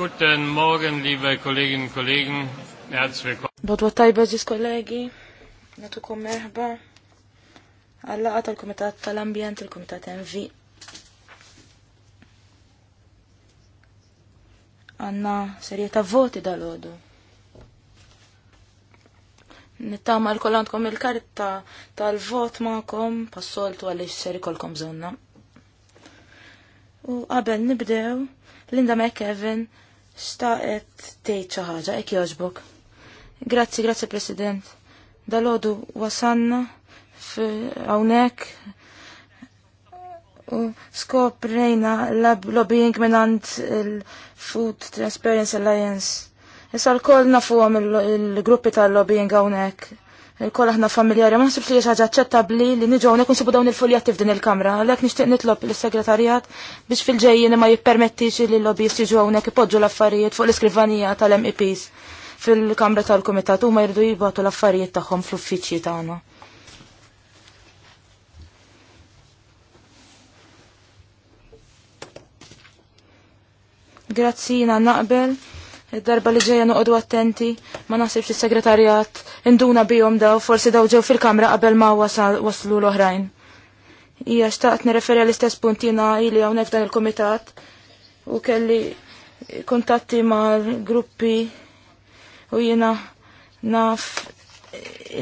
Guten Morgen, liebe Kolleginnen und Kollegen. Herzlich willkommen. Bodwa tajba ġis kollegi, natukom Alla Għallaqa tal-Komitat tal-Ambjent, il-Komitat MV. Għanna serjeta voti dal-ħodu. Nittama l-koll għandkom il-karta tal-vot ma'kom, passoltu għalix ser ikolkom zonna. U qabel nibdew, Linda McEvin Staqet tgħid xi ħaġa joġbok. jogħġbok. Grazzi, grazzi President. Dalodu wasanna hawnhekk u skoprejna lobbying minant il-Food Transparency Alliance. Issa l-koll nafu għam il-gruppi tal-lobbying għawnek. Kolla aħna familjari, ma nasibx li ħaġa ċettabli li niġu hawnhekk insibu dawn il-fuljatti f'din il-kamra, għalhekk nixtieq nitlob lis-segretarjat biex fil-ġejjin ma jippermettix li l-lobbyist jiġu hawnhekk ipoġġu l-affarijiet fuq l-iskrivanija tal-MEPs fil-kamra tal-kumitat huma jridu jibgħatu l-affarijiet tagħhom fl-uffiċċji tagħna. Grazzina naqbel Darba li ġeja nuqodu attenti, ma nasibx il-segretarjat, induna bijom daw, forsi daw ġew fil-kamra qabel ma waslu l-oħrajn. Ija xtaqt nireferi l-istess puntina ili għaw dan il-komitat u kelli kontatti ma gruppi u jina naf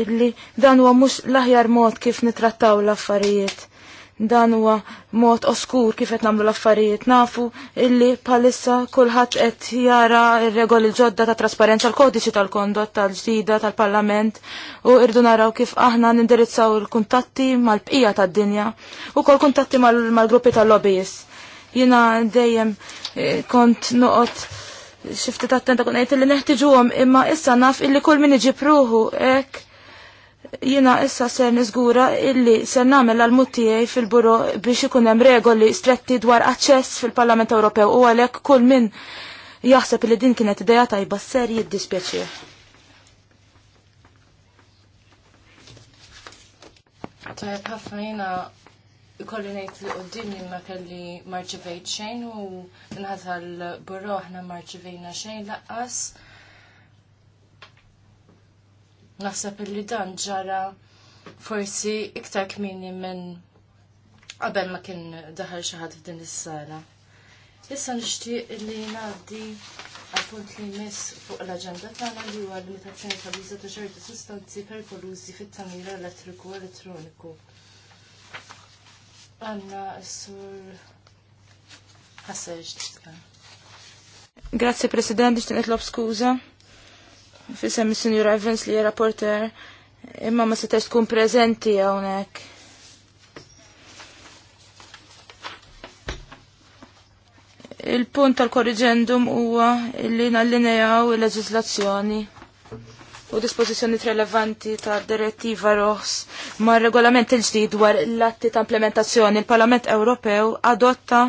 illi dan huwa mhux l-aħjar mod kif nitrattaw l-affarijiet. Dan huwa mod oskur kif qed nagħmlu l-affarijiet nafu illi palissa kulħadd qed jara r-regoli ġodda ta' trasparenza l-kodiċi tal-kondott tal-ġdida tal-Parlament u irdu naraw kif aħna nindirizzaw il-kuntatti mal-bqija tad-dinja u kol kuntatti mal-gruppi tal lobbies Jina dejjem eh, kont noqgħod ftit attenta kun qed li neħtiġuhom imma issa naf illi kull min iġi pruħu hekk Jina issa ser nizgura illi ser namel għal muttijaj fil buru biex ikun hemm regoli stretti dwar aċċess fil-Parlament Ewropew u għalhekk kull min jaħseb li din kienet ideja tajba ser jiddispieċi. Tajab ħafna jina ikolli ngħid li qudiem li ma kelli marċivejt xejn u nħazħal burro aħna marċivejna xejn laqqas. Naħseb illi dan ġara forsi iktar kmini minn qabel ma kien daħal xi ħadd f'din is-sala. Issa nixtieq illi ngħaddi għal-punt li jmiss fuq l-aġenda tagħna li huwa limitazzjoni tal-użu ta' ċerti sustanzi perikolużi fit-tamir elettriku elettroniku. Għanna s-sur ħasseġ Grazie President, nixtieq nitlob skuża fissem il-Sinjura Evans li rapporter imma ma setax tkun prezenti hawnhekk. Il-punt tal-korriġendum huwa li nallinejaw il-leġislazzjoni u dispożizzjoni relevanti ta' direttiva Roħs ma' regolament il-ġdid dwar l-atti ta' implementazzjoni. Il-Parlament Ewropew adotta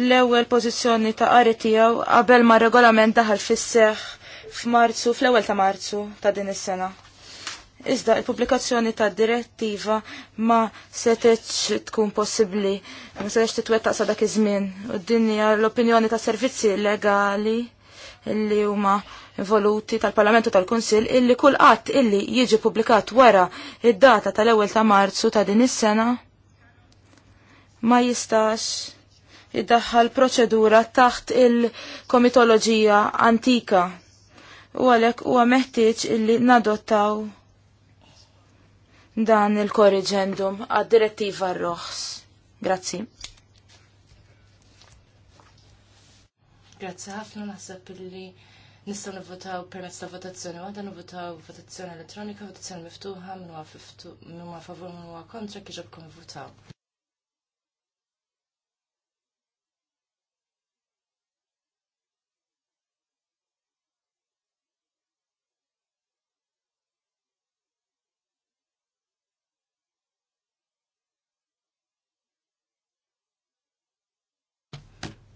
l-ewwel pożizzjoni ta' qari tiegħu qabel ma' regolament daħal fis-seħħ f'Marzu, fl-ewwel ta' Marzu ta' din is-sena. Iżda il-pubblikazzjoni ta' direttiva ma setex tkun possibbli, ma setex titwettaq sa dak iż-żmien. U din hija l-opinjoni ta' servizzi legali illi huma involuti tal-Parlamentu tal-Kunsill illi kull qatt illi jiġi publikat wara id-data tal-ewwel ta' Marzu ta' din is-sena ma jistax iddaħħal proċedura taħt il-komitoloġija antika u għalek huwa meħtieġ illi nadottaw dan il-korriġendum għad-direttiva r-roħs. Grazzi. Grazzi ħafna naħseb illi nistgħu nivvotaw permezz ta' votazzjoni waħda nivvotaw votazzjoni elettronika, votazzjoni miftuħa, minnu favur huwa kontra kieġobkom votaw.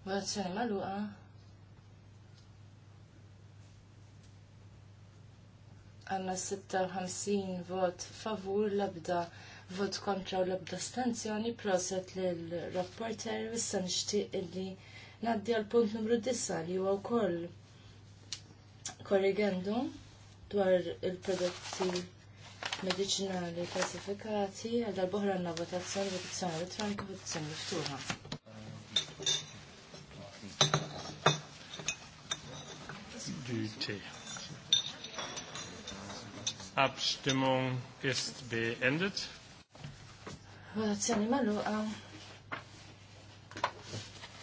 Votazzjoni maluqa. Għanna 56 vot favur labda vot kontra u labda stanzjoni proset l-rapporter issa nixtieq illi naddi għal punt numru 9 li huwa wkoll korrigendum dwar il-prodotti medicinali klasifikati għal darbohra għanna votazzjoni votazzjoni elettronika votazzjoni miftuħa. UT. Abstimmung ist beendet. magħluqa.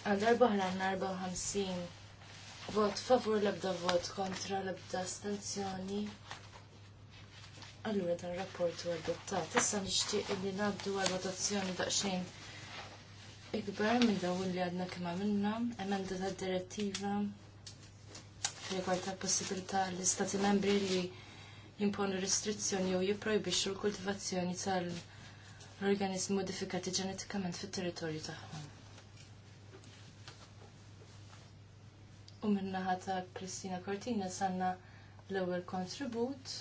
Għal darba ħna 54 vot favur l-ebda vot kontra l stanzjoni. Allura dan rapport u adottat. Issa nixtieq li ngħaddu għal votazzjoni daqxin ikbar minn dawn li għadna kemm għamilna, emenda tad-direttiva rigward tal-possibilità li Stati membri li jimponu restrizzjoni jew jipprojbixxu l-kultivazzjoni tal-organizmi modifikati ġenetikament fit-territorju tagħhom. U minnaħa ta' Kristina Cortina sanna l-ewwel kontribut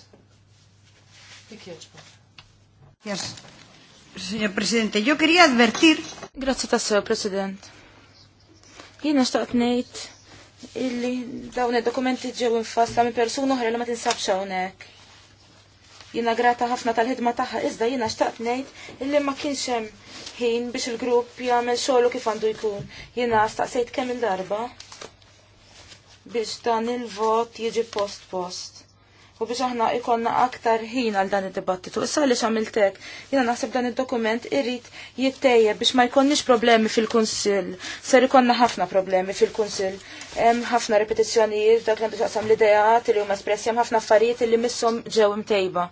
li kieġbu. Yes. Signor Presidente, io quería advertir. Grazie tassew, President. Jiena xtaqt ngħid illi dawn id-dokumenti ġew infassa minn persuna oħra li ma tinsabx hawnhekk. Jiena grata ħafna tal-ħidma tagħha iżda jiena xtaqt ngħid illi ma kienx hemm ħin biex il-grupp jagħmel xogħlu kif għandu jkun. Jiena staqsejt kemm il-darba biex dan il-vot jiġi post post u biex aħna ikonna aktar ħin għal dan id-dibattitu. Issa li xamiltek, jina naħseb dan id-dokument irrit jittejje biex ma jkonniex problemi fil-Kunsill. Ser ikonna ħafna problemi fil-Kunsill. Hemm ħafna repetizzjonijiet dak li xaqsam l-idejat li huma espressi hemm ħafna affarijiet li missom ġew imtejba.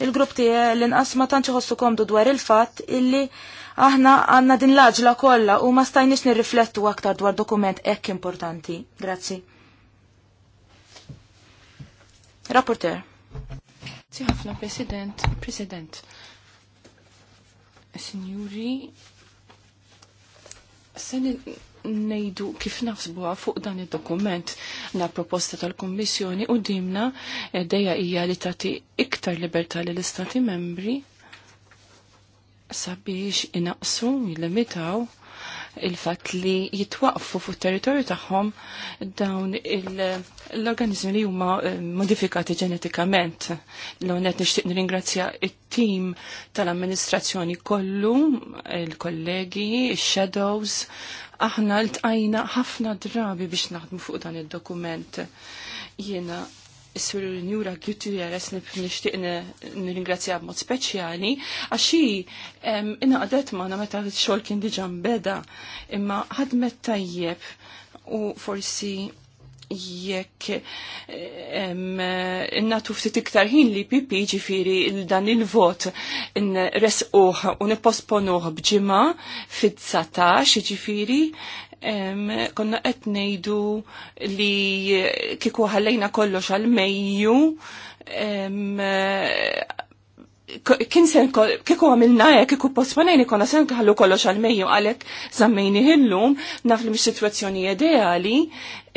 Il-grupp tiegħi l-inqas ma tantx iħossu komdu dwar il-fatt illi aħna għandna din l-aġla kollha u ma stajniex nirriflettu aktar dwar dokument hekk importanti. Grazzi. Rapporter. ħafna President, President. Signori, sen nejdu kif nafsbuha fuq dan il-dokument na proposta tal-Kommissjoni u dimna eh, dejja hija li tagħti iktar libertà lill istati membri sabiex inaqsu jilimitaw il-fat li jitwaqfu fuq territorju tagħhom dawn l-organizmi li huma eh, modifikati ġenetikament. L-għonet nixtieq nirringrazzja it-tim tal-amministrazzjoni kollu, il-kollegi, il-shadows, aħna l-tqajna ħafna drabi biex naħdmu fuq dan il-dokument. Jiena Is-surin Sur Njura Gutierrez nishtiq nir-ingrazzja b'mod speċjali, għaxi inaqdet ma'na meta xol kien diġan beda, imma ħadmet tajjeb u forsi jekk innatu ftit iktar ħin li pipi ġifiri dan il-vot n-resquħ u n-posponuħ bġima fit-19 ġifiri konna qed ngħidu li kieku ħallejna kollox għal Mejju kien sen kieku għamilna hekk kiku posponejni konna sen kħallu kollox għal Mejju għalhekk zammejni hillum, naf li mis-sitwazzjoni ideali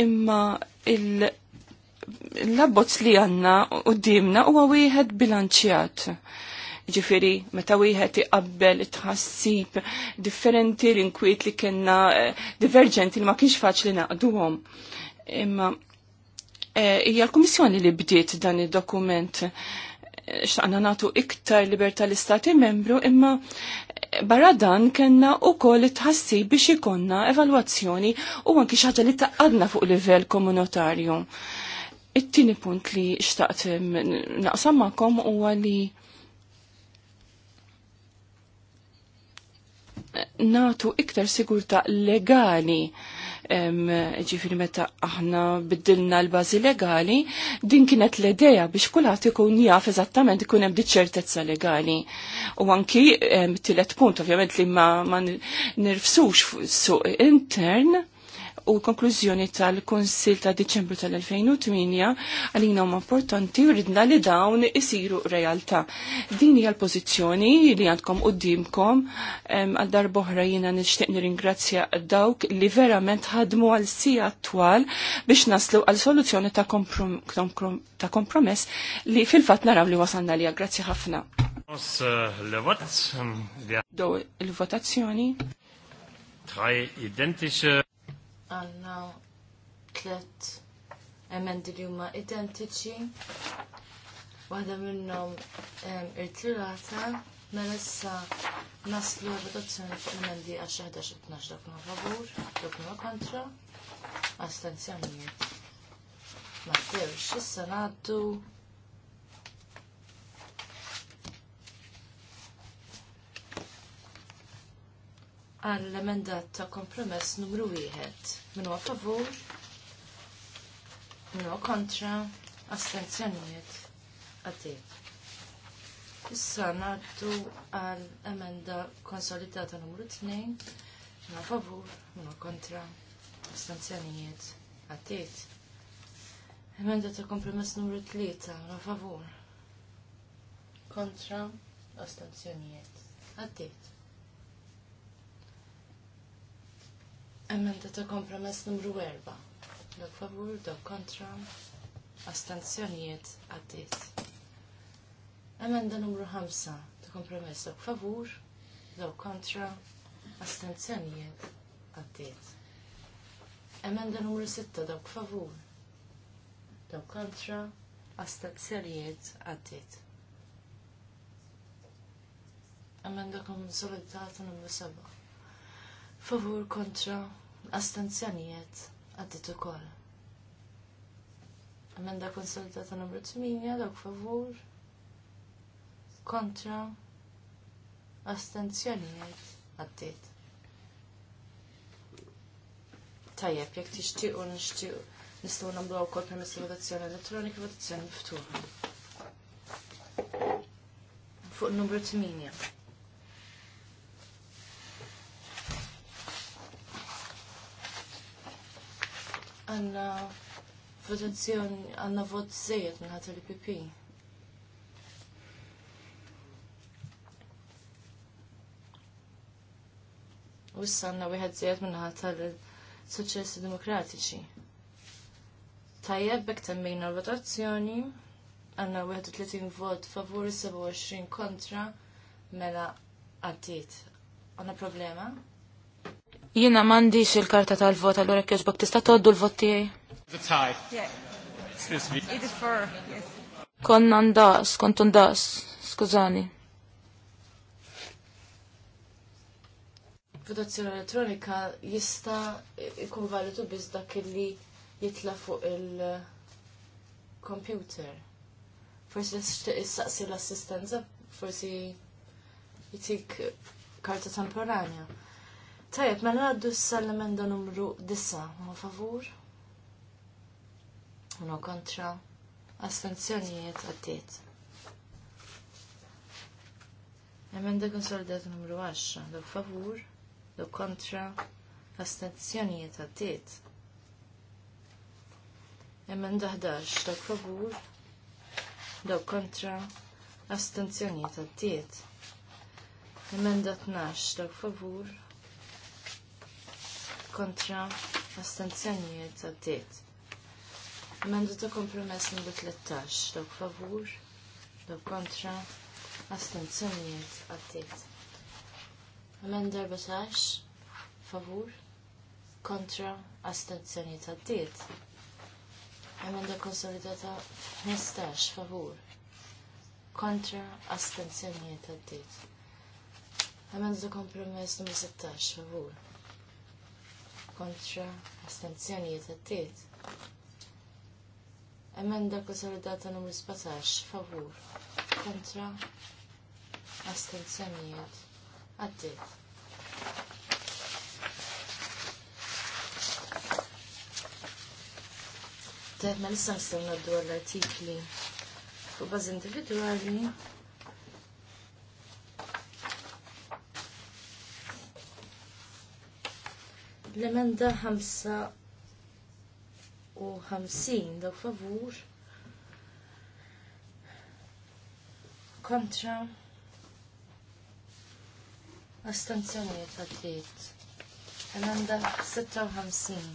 imma il l-abbozz li għanna u dimna u għawijħed bilanċjat ġifiri meta wieħed iqabbel tħassib differenti l-inkwiet li kienna eh, divergenti li ma kienx faċli naqduhom. Imma eh, hija l-Kummissjoni li bdiet dan id-dokument eh, xtaqna natu iktar libertà l-istati membru imma barra dan kena u koll tħassib biex ikonna evalwazzjoni u anki xaġa li taqadna fuq livell komunitarju. It-tieni punt li xtaqt mm, naqsam magħkom huwa li natu iktar sigurta legali ġifiri meta aħna biddilna l-bazi legali, din kienet l-ideja biex kulħat ikun jaf eżattament ikun hemm ċertezza legali. U anki tillet punt ovvjament li ma, ma nirfsux suq intern, u konklużjoni tal-Konsil ta' Diċembru tal-2008 għalina huma importanti u ridna li dawn isiru realtà. Din hija l-pożizzjoni li għandkom qudiemkom għal darboħra jiena nixtieq nirringrazzja dawk li verament ħadmu għal sija attwal biex naslu għal soluzzjoni ta' ta' kompromess li fil-fatt naraw li wasalna lija. Grazzi ħafna. Eh, Do il-votazzjoni. Drei identische għanna tlet emendi li huma identiċi. Waħda minnhom irtirata mela issa naslu votazzjoni fuq emendi għax 11-12 dak ma favur, dak ma kontra, astenzjonijiet. Ma tewx, issa ngħaddu għall emenda ta' kompromess numru wieħed. Min huwa favur, min huwa kontra, astenzjonijiet għaddiet. Issa naddu għal emenda konsolidata numru 2, minna favur, minna kontra, Astenzjoniet. għattiet. Emenda ta' kompromess numru 3, minna favur, kontra, stanzjanijiet, għattiet. Emenda ta' kompromess numru 4. Dok favur, dok kontra, astenzjonijiet għaddit. Emenda numru 5 ta' kompromess dok favur, dok kontra, astenzjonijiet għaddit. Emenda numru 6 dok favur, dok kontra, astenzjonijiet għaddit. Emenda kom solidata numru 7 favur kontra astenzjonijiet għaddit ukoll. Emenda konsultata numru 8, dawk favur kontra astenzjonijiet għaddit. Tajjeb, jekk tixtiequ nixtiequ nistgħu nagħmlu wkoll permezz votazzjoni elettronika votazzjoni miftuħa. Fuq numru 8. għanna votazzjoni għanna vot zejet minn ħadd l-PP. U issa għanna wieħed zejet minn tal l-Soċjalisti Demokratiċi. Tajjeb bekk temmejna l-votazzjoni għanna 31 vot favur 27 kontra mela għaddiet Għanna problema? Jina mandiċ il-karta tal-vot, għallura kjoġbok tista toddu l-vot tijaj. Konna nandas, kon tundas, skużani. Votazzjoni elettronika jista ikun validu biz dak li jitla fuq il-computer. Forsi s l-assistenza, forsi jitik karta temporanja. Tajab, mela għaddu s emenda numru 9, ma favur? Uno kontra astenzjonijiet għattiet. Emenda konsolidat numru 10, do favur, do kontra astenzjonijiet għaddiet. Emenda 11, do favur, do kontra astenzjonijiet għaddiet. Emenda 12, do favur, kontra astenzjonijiet għaddiet. Mendu ta' kompromess numru 13, dok favur, dok kontra astenzjonijiet għaddiet. Emenda 14, favur, kontra astenzjonijiet għaddiet. Emenda konsolidata 15, favur, kontra astenzjonijiet għaddiet. Għamendu kompromess numru 16, favur kontra astenzjonijiet għaddiet. Emenda konsolidata numru 17, favur, kontra, astenzjonijiet, għaddit. Teħna l-sansan għaddu l artikli fuq baż individwali L-emenda 55 daw favur kontra astanzjoniet għaddit. Emenda 56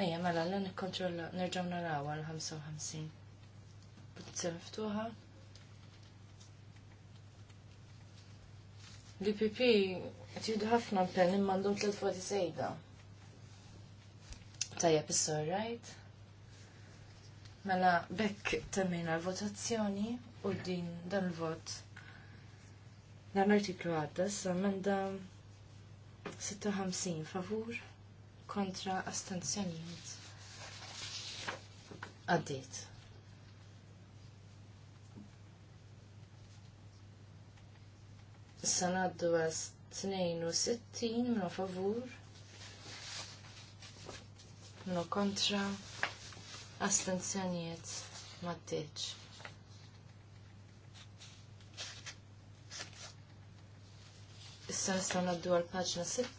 Mejja, mela, l-għan kontrolla, nerġaw naraw għal-55. ftuħa. DPP, ipp qed ħafna impenn imma għandhom tliet sejda. Tajja issa rajt. Mela bekk temmina l-votazzjoni u din dan il-vot dan l-artiklu għadda sa menda 56 favur kontra astenzjonijiet. Għaddit. sanaddu għas 62 minu favur. Minu kontra. astenzjoniet maddeċ. Issa nistaw naddu għal paġna 6.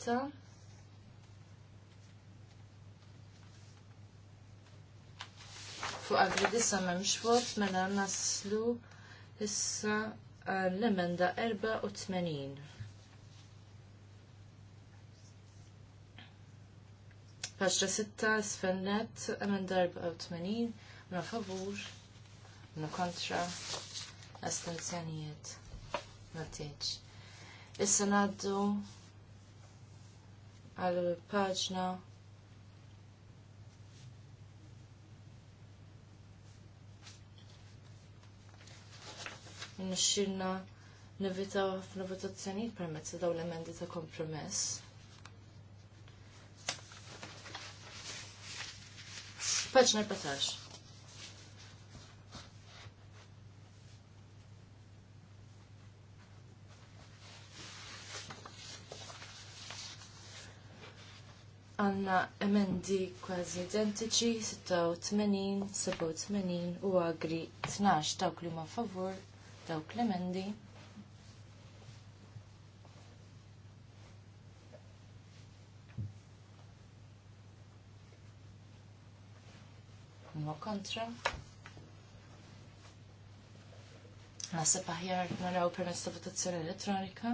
fuq għagri disa memx vot mela naslu issa l-emenda 84. Paċra 6 sfennet emenda 84 na favur na kontra astenzjonijiet ma tiġ. Issa naddu għal paġna 84 nixxilna nevitaw ħafna votazzjonijiet permezz daw l-emendi ta' kompromess. Paġna 14. għanna emendi kważi identiċi 86, 87 u għagri 12 dawk li ma favur taw Klemendi. Mwa kontra. Nasa paħjar naraw permess ta' votazzjoni elettronika.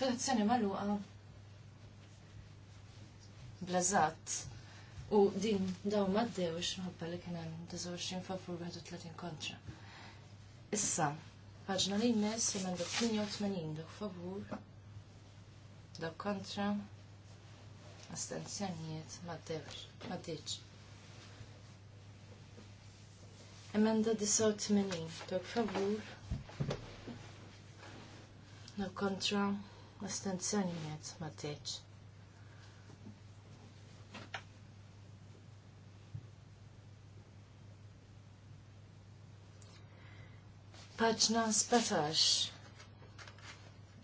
Votazzjoni maluqa blazat. U din daw maddew ix mħabba li kien hemm 29 favur 31 kontra. Issa, paġna li jmess jemenda 88 dawk favur, dawk kontra, astenzjonijiet ma ddewx, ma ddewx. Emenda 89, dawk favur, dawk kontra, astenzjonijiet ma Paġna 17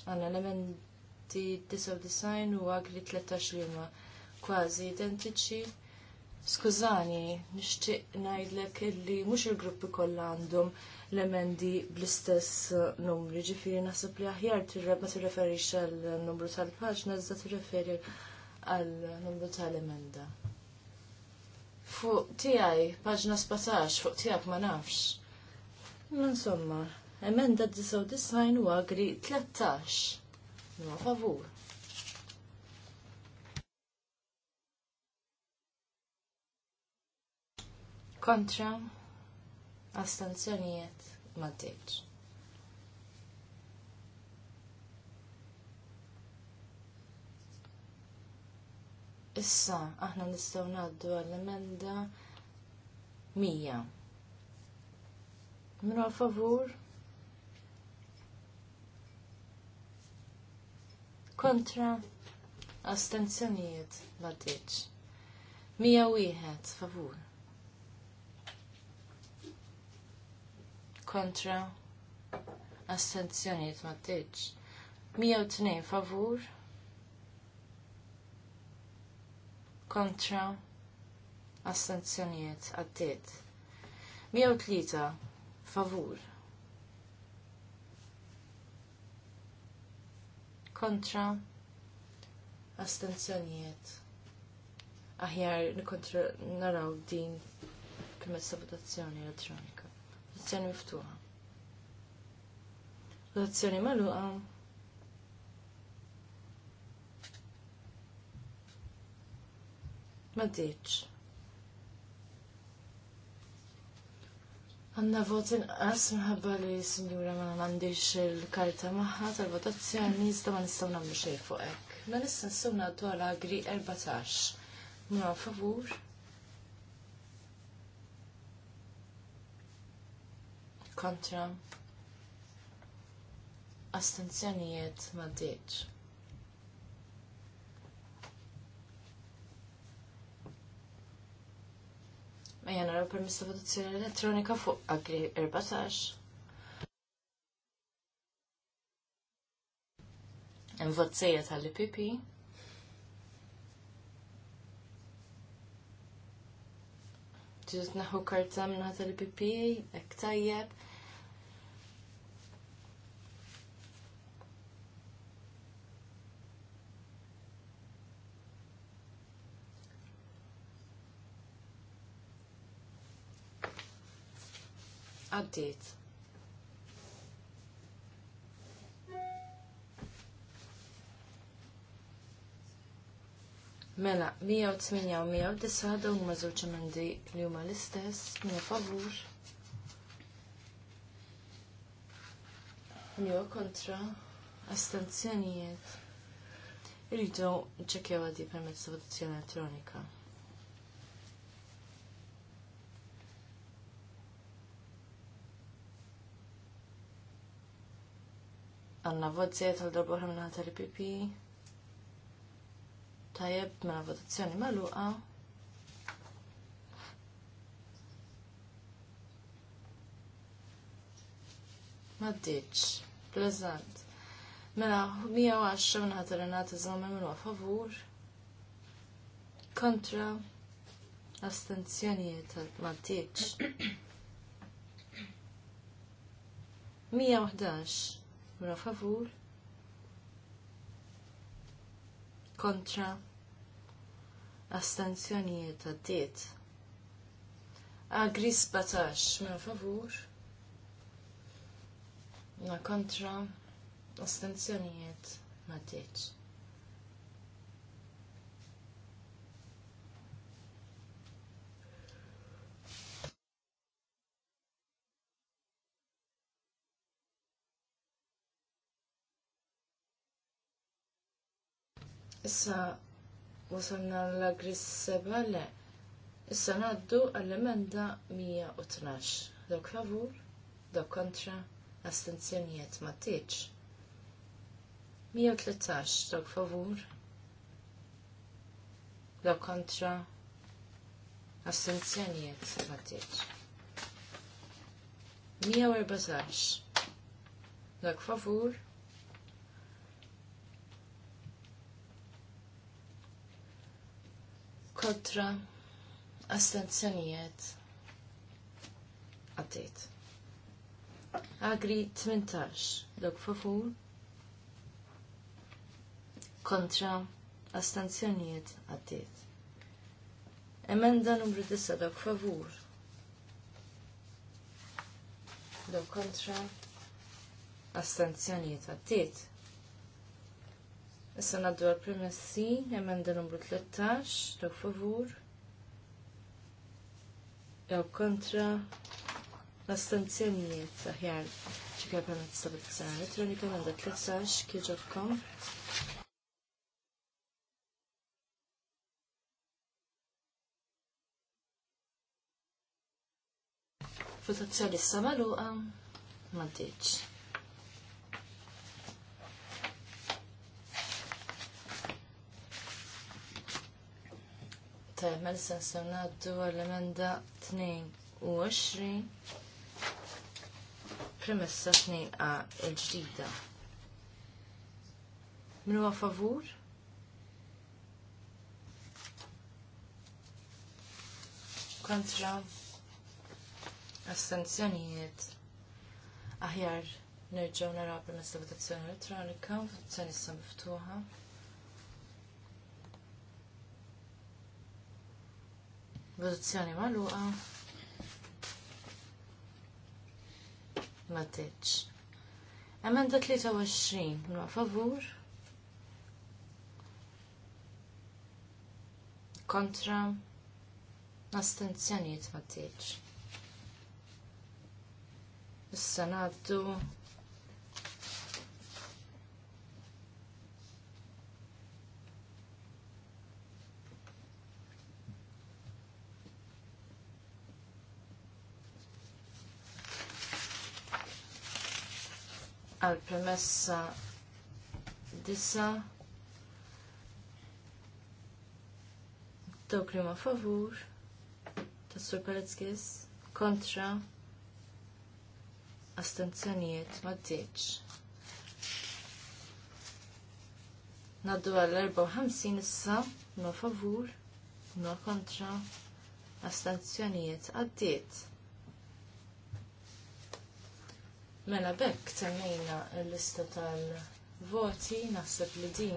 għanna elementi 99 u għagri 13 kważi identiċi. Skużani, nixtieq ngħidlek li mhux il-gruppi kollha għandhom l-emendi bl-istess uh, numri, Ġifiri naħseb li aħjar tirreb ma referi għal numru tal-paġna, iżda tirreferi għal numru tal-emenda. Fuq tiegħi, paġna 17, fuq tiegħek ma nafx. Insomma, emenda 99 u għagri 13. ma favur. Kontra astanzjonijiet ma teċ. Issa, aħna nistgħu ngħaddu għall-emenda 100. Minu favur. Kontra. Astenzjonijiet maddiċ. Mija wieħed favur. Kontra. Astenzjonijiet maddiċ. Mija u tnejn favur. Kontra. Astenzjonijiet għaddiet. Mija u tlita favur. Kontra astenzjonijiet. Aħjar nikontra naraw din permezz ta' votazzjoni elettronika. Votazzjoni miftuħa. Votazzjoni magħluqa. Ma ditx. Għanna vot inqas minħabba li sinjura ma m'għandix il-karta maħħa tal-votazzjoni iżda ma nistgħu nagħmlu xejn fuq hekk. Ma nista' nistgħu ngħaddu għal agri 14. Mura favur. kontra astenzjonijiet ma' deċ. ma jena naraw permess ta' votazzjoni elettronika fuq Agri 14. Invot sejja tal-IPP. Ġiet naħu karta minna tal-IPP, ek tajjeb. Għaddit. Mela, 108 u 109 dawn huma żewġ emendi li huma l-istess, minn favur. Mija kontra astenzjonijiet. Irridu ċekjaw għaddi permezz votazzjoni elettronika. Għanna vot zjed għal darba ħra għata l pp Tajjeb minna mela votazzjoni maluqa. Maddiċ. Plezzant. Mela, 110 minna tal-Renata Zomer minna favur. Kontra. Astenzjonijiet tal-maddiċ. 111. minu mela, favur kontra astenzjonijiet għaddiet. Agri Batax minu mela, favur na mela, kontra astenzjonijiet ma' Issa wasalna l-agris seba le. Issa naddu għall-emenda 112. Dok favur, dok kontra, astenzjonijiet ma tiċ. 113 dok favur, dok kontra, astenzjonijiet ma tiċ. 114 dok favur, kontra astenzjonijiet għaddit. Agri 18, dok favur kontra astenzjonijiet għaddit. Emenda numru 9, dok favur dok kontra astenzjonijiet għaddit. Issa naddu għal-premessi, emenda numru 13, dok favur. Jaw kontra l-astanzjonijiet aħjar ċikja panna t-stabil t-sena elektronika, emenda 13, kieġobkom. Votazzjoni s-samaluqa, ma' mal mela se nsemnaddu għall-emenda 22 premessa 2a il ġdida Minu huwa favur? Kontra astenzjonijiet aħjar nerġgħu naraw premessa votazzjoni elettronika, votazzjoni issa miftuħa. Produzzjoni maluqa. Ma tiġ. Emenda 23, minu favur. Kontra. Astenzjoniet ma tiġ. Issa naddu għal premessa dissa dawk li ma favur tas Sur Paleckis kontra astenzjonijiet ma ddiċ. Naddu għall 54 issa ma favur ma kontra astenzjonijiet għaddiet. Mela bekk temmejna l-lista tal-voti, naħseb li din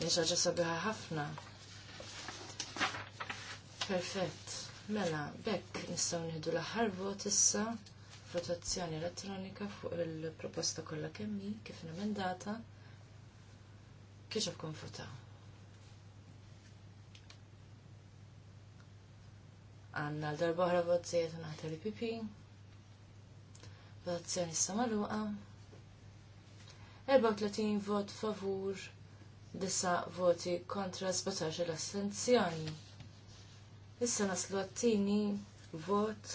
jaxħaġa sabiħa ħafna. Perfett. Mela bekk nistgħu nieħdu l-aħħar vot issa votazzjoni elettronika fuq il-proposta kollha kemm hi kif emendata kif konfutaw. Għanna l-darba ħra vot zejt naħta li pipi. Votazzjoni issa magħluqa. 34 vot favur, 9 voti kontra 17 l-astenzjoni. Issa naslu għattini vot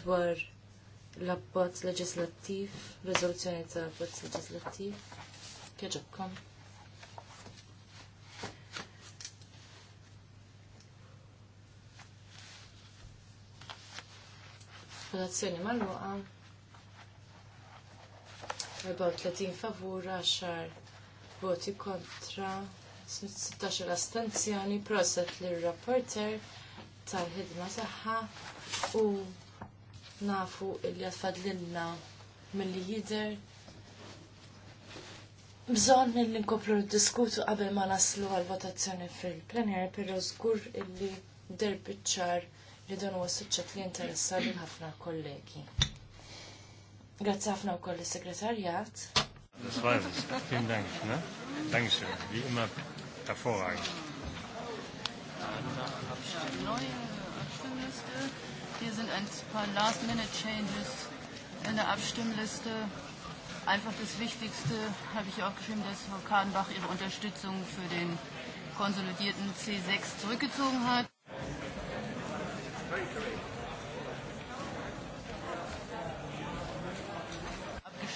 dwar l-abbozz leġislattiv, rezoluzzjoni ta' abbozz leġislattiv. Kieġobkom. Votazzjoni mal 34 favur, 10 voti kontra, 16 astenzjoni, proset l-rapporter tal-ħidma taħħa u nafu li għatfadlinna mill-li jider. Bżon mill-li nkoplu diskutu qabel ma naslu għal-votazzjoni fil-plenar, pero żgur li derbitċar li dan huwa suċċett li interessali ħafna kollegi. Grazie a wkoll con il Das war Vielen Dank. Wie immer hervorragend. Neue Abstimmliste. Hier sind ein paar Last-Minute-Changes in der Abstimmliste. Einfach das Wichtigste habe ich auch geschrieben, dass Frau Kahnbach ihre Unterstützung für den konsolidierten C6 zurückgezogen hat.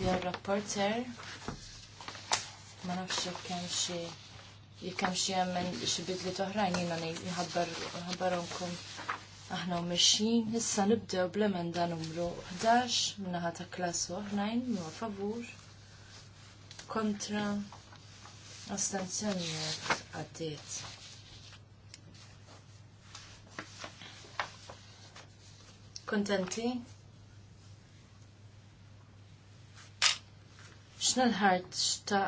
li rapporter ma nafx jekk kemm xi jekk xi hemm xi bidli toħrajn jiena nħabbarhomkom aħna mexxin. Issa nibdew bl-emenda numru 11 minnaħa ta' klasu oħrajn huwa favur kontra astenzjonijiet għaddiet. Kontenti? ħart xta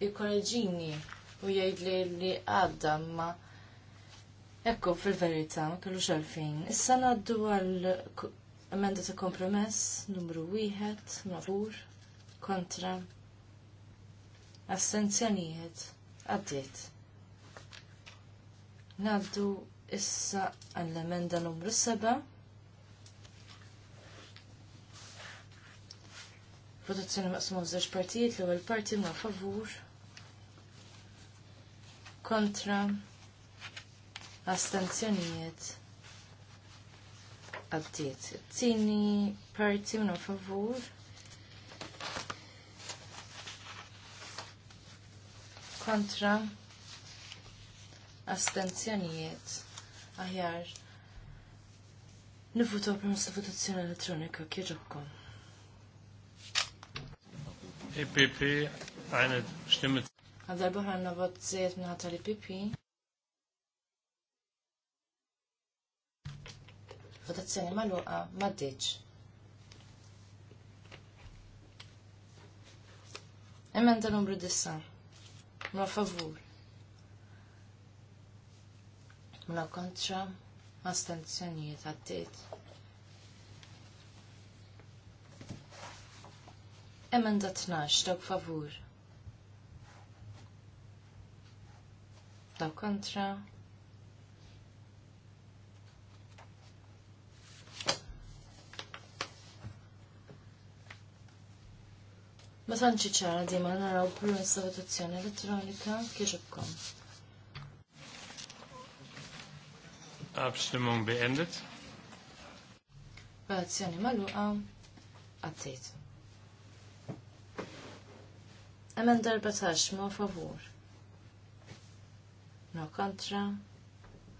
jikoraġini u jgħidli li għadda ma ekku fil-verita ma kellu xalfejn. Issa naddu għal emenda ta' kompromess numru wieħed mavur kontra assenzjonijiet għaddit. Naddu issa għall-emenda numru 7 votazzjoni maqsmu żewġ partijiet l-ewwel parti ma' favur kontra astenzjonijiet għaddiet. Tini parti ma' favur kontra astenzjonijiet aħjar nivutu permess votazzjoni elettronika kieġobkom. EPP eine Stimme. Għadar buħanna vot zejet minnaħta li e PP. Votazzjoni maluqa, maddiċ. Emenda numru dissa. Ma favur. Ma kontra. Astenzjonijiet għaddit. Emenda 12, dawk favur. Dawk kontra. Ma tanċi ċara di ma naraw permess ta' votazzjoni elettronika kieġibkom. Abstimmung beendet. Votazzjoni magħluqa Attejtu. Emenda taċ, ma favur. No kontra.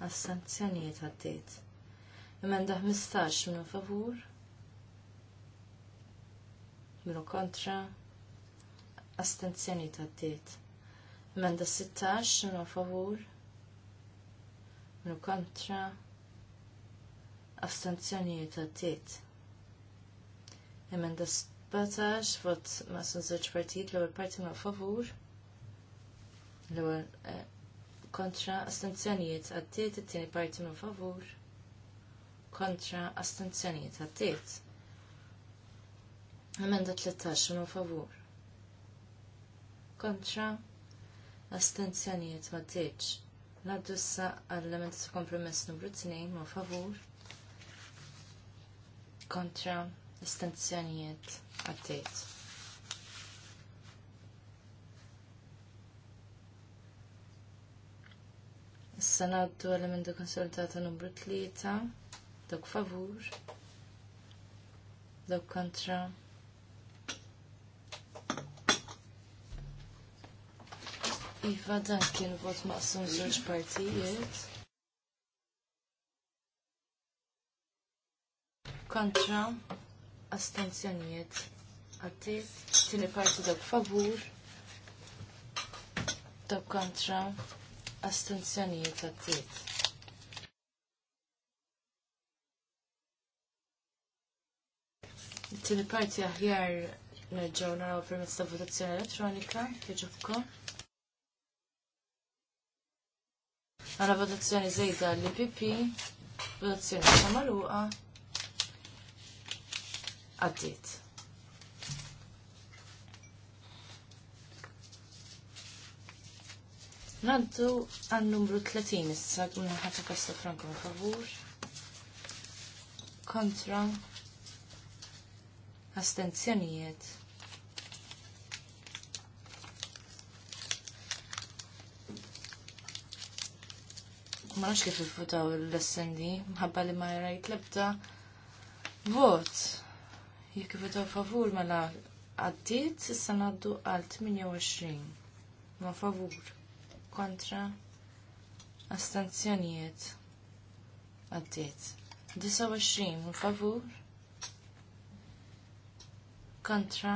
Astenzjonijiet għaddit. Emenda 15 ma favur. No kontra. Astenzjonijiet għaddit. daħ 16 ma favur. No kontra. Astenzjonijiet għaddit. Emenda 16 Batax vot ma' sunżoġ partijiet, l parti ma' favur, l eh, kontra astenzjonijiet għaddiet, it-tieni parti ma' favur, kontra astenzjonijiet għaddiet. Emenda 13 ma' favur, kontra astenzjonijiet ma' ddiċ. Naddu issa għall-element ta' kompromess numru 2 ma' favur, kontra astenzjonijiet Għaddejt. Issa għaddu għal-emendu konsultata numru 3, dok favur, dok kontra. Iva dan kien vot maqsum żewġ partijiet. Kontra astenzjonijiet għaddit, tini parti dak favur, dak kontra astenzjonijiet għaddit. Tini parti aħjar nerġaw naraw permezz ta' votazzjoni elettronika, kieġobkom. Għana votazzjoni zejda l-PP, votazzjoni ta' maluqa għaddit. Naddu għan numru 30 issa, għuna ħata kasta franka ma favur. Kontra. Astenzjonijiet. Ma nafx kif il-futaw l-SND, mħabba li ma jrajt lebda vot. Jekk votaw favur mela għaddiet, issa ngħaddu għal 28. Ma favur kontra astanzjonijiet għaddiet. 29 ma favur kontra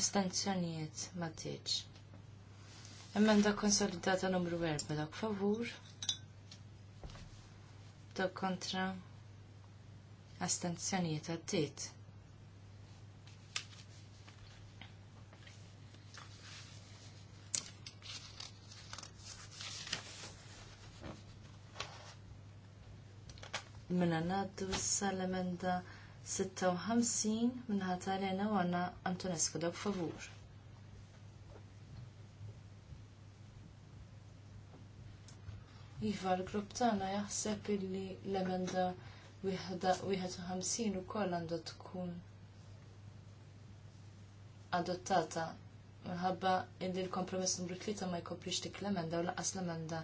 astanzjonijiet ma ddiċ. Emenda konsolidata numru 4 dak favur. Dak kontra astenzjonijiet għaddit. minna naddu sal-emenda 56 minna ħatarena u għanna Antonescu dawk favur. Iva, l-grupp tagħna jaħseb illi l-emenda 51 ukoll għandha tkun adottata minħabba illi l-kompromess numru 3 ma jkoprix dik l-emenda u lanqas l-emenda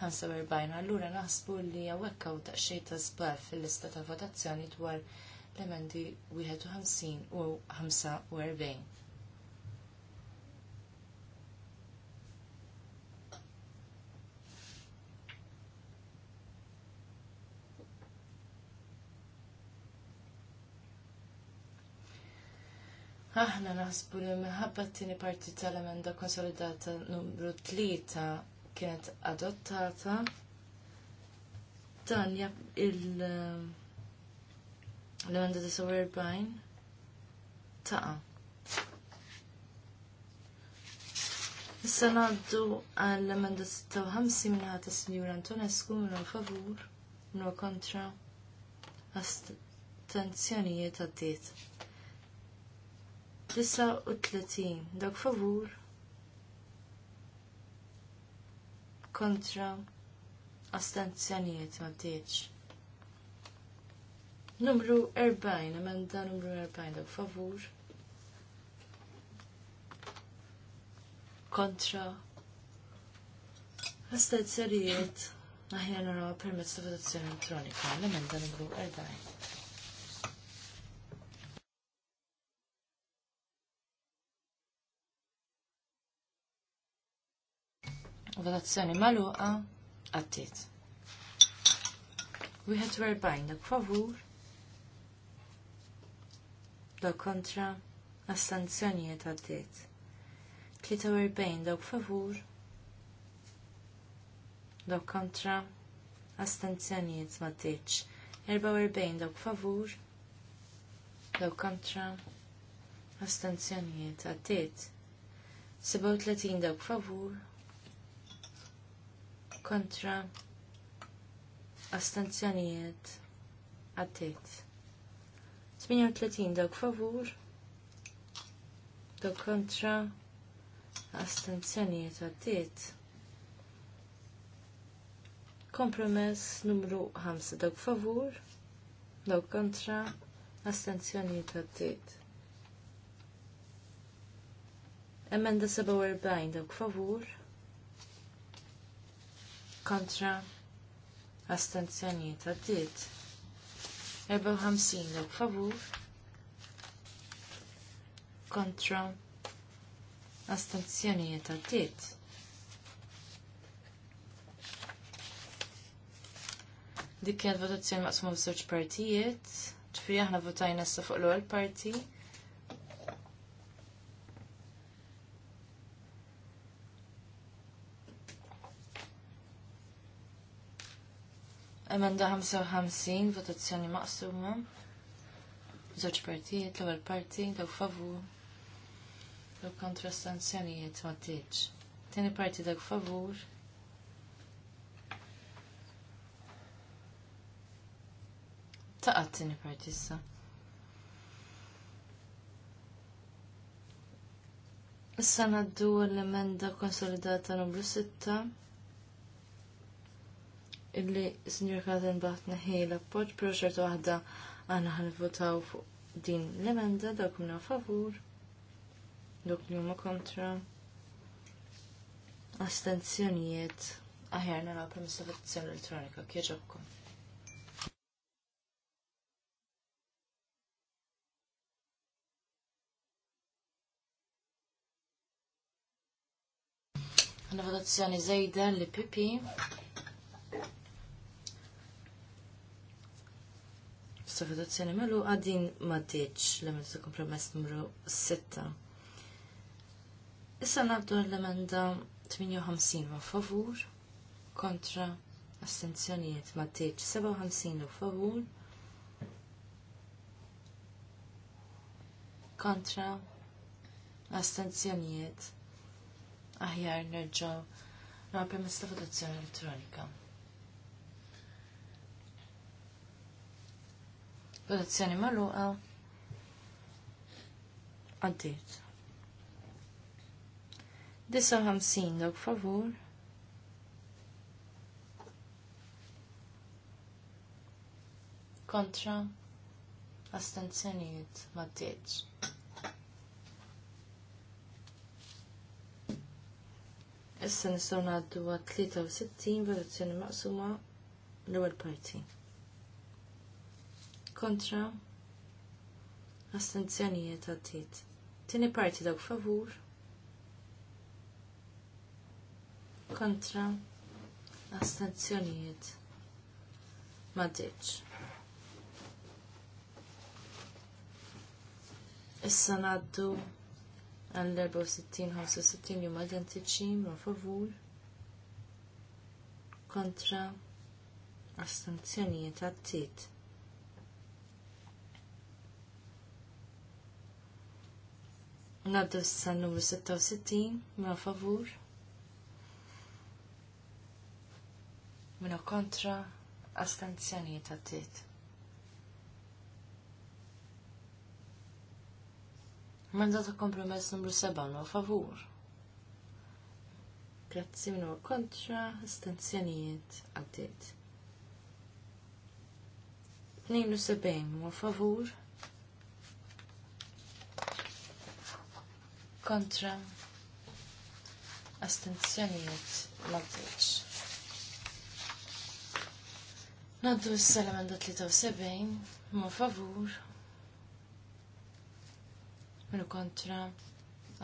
45. Allura naħsbu li hawnhekk ta' daqsxejn ta' żball fil-lista ta' votazzjoni dwar l-emendi 51 u 45. Aħna naħsbu li minħabba t-tieni parti tal-emenda konsolidata numru 3 kienet adottata dan il- um, l-emenda bajn taqa. Issa naddu għall-emenda 56 minna ta' Sinjur Antonescu minna favur, minna kontra astenzjonijiet għaddiet. 39 dak favur kontra astanzjaniet ma bdiċ. Numru 40, emenda numru 40, dak favur. Kontra astanzjonijiet aħjar naraw permezz ta' votazzjoni elektronika, l-emenda numru 40. Votazzjoni maluqa għattiet. Wieħed werbajn dak favur dak kontra għas-sanzjonijiet għaddiet. 43 dak favur dak kontra astenzjonijiet ma tiċ 44 dak favur dak kontra astenzjonijiet Sebaw 37 dawk favur kontra astanzjonijiet għattiet. 38 dawk favur, dawk kontra astanzjonijiet għattiet. Kompromess numru 5 dawk favur, dawk kontra astanzjonijiet għattiet. Emenda 47 dawk favur, kontra astenzjoniet għaddiet? 54 dawk favur kontra astenzjoniet għaddiet. Dik kienet votazzjoni maqsmu b'żewġ partijiet, ġifieri aħna votajna issa fuq l-ewwel parti Emenda 55, votazzjoni maqsuma. Żewġ partijiet, l-ewwel parti, daw favur. Daw kontra stanzjonijiet ma tiġ. Tieni parti daw favur. Taqat tieni parti issa. Issa naddu l-emenda konsolidata numru 6 illi Kazen baħt neħi l-appoġġ, pero xertu waħda għal-votaw fuq din l-emenda dawk minna favur, dawk li huma kontra, astenzjonijiet, aħjar naraw permessa votazzjoni elettronika, kieġobkom. Għanna votazzjoni zejda li pipi. issa votazzjoni malu għadin ma tiċ l-emenda kompromess numru 6. Issa naddu l-emenda 58 ma favur kontra astenzjonijiet ma tiċ 57 u favur kontra astenzjonijiet aħjar nerġaw. Rabbi, mista votazzjoni elettronika. Votazzjoni maluqa. Għaddit. 59 dawk favur. Kontra Astenzjoniet ma ddieċ. Issa nistgħu ngħaddu għat 63 votazzjoni maqsuma l-ewwel parti kontra astenzjonijiet għaddit. Tini parti dawk favur kontra astenzjonijiet maddiċ. Issa naddu għall-64-65 jum identiċi ma favur kontra astenzjonijiet għattit. Naddu s-san numru 66, ma' favur. Minu kontra, astanzjoniet għaddit. Mandat ta' kompromess numru 7, ma' favur. Grazzi minu kontra stanzjonijiet Nimlu 7, ma favur kontra astenzjonijiet maddiċ. Naddu s-salamanda salam 73, ma favur, minu kontra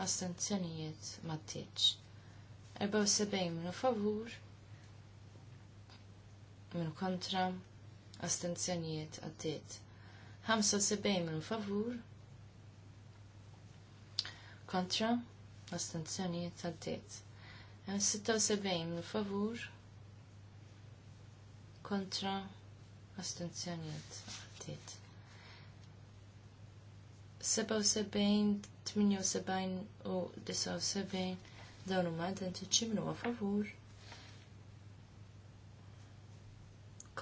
astenzjonijiet maddiċ. 74 minu favur, minu kontra astenzjonijiet għaddiet. 75 minu favur, kontra l-astenzjoni astenzjonijiet għaddiet. 76 minn favur kontra l-astenzjoni astenzjonijiet għaddiet. 77, 78 u 79 dawnu huma identiċi minn huwa favur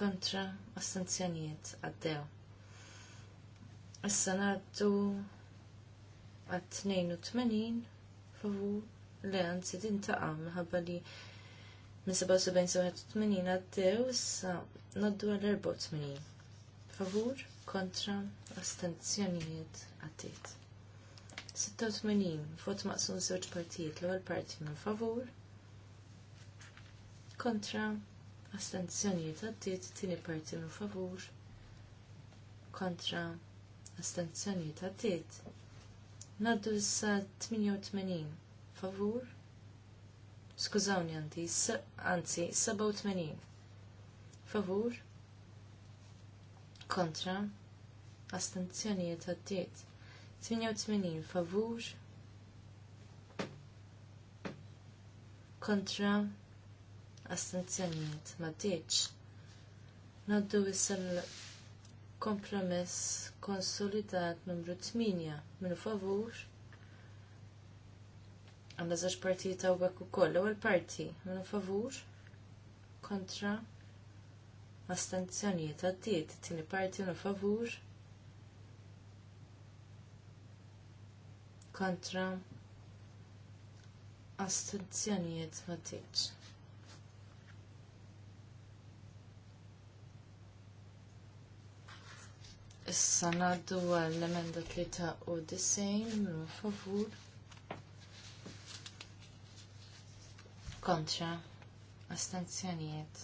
kontra astenzjonijiet għaddew. Issa ngħaddu għat 82 favur le għanzi din taqa minħabba li minn 77 78 għaddew sa naddu għal 84 favur kontra astenzjonijiet għattiet. 86 fot maqsum żewġ partijiet l-ewwel parti minn favur kontra astenzjonijiet għaddit tieni parti minn favur kontra astenzjonijiet għattiet Naddu issa 88 favur. Skużawni għanti, anzi 87 favur. Kontra. Astenzjonijiet għaddiet. 88 favur. Kontra. Astenzjonijiet ma' Naddu issa l Kompromess konsolidat numru 8 minn favur. Għanna zaċ partijiet ta' u koll. għal parti minn favur kontra astanzjonijiet għaddiet. Tini parti minn favur kontra astanzjonijiet għaddiet. Issa naddu għall-emenda 93 minn favur. Kontra. Astenzjonijiet.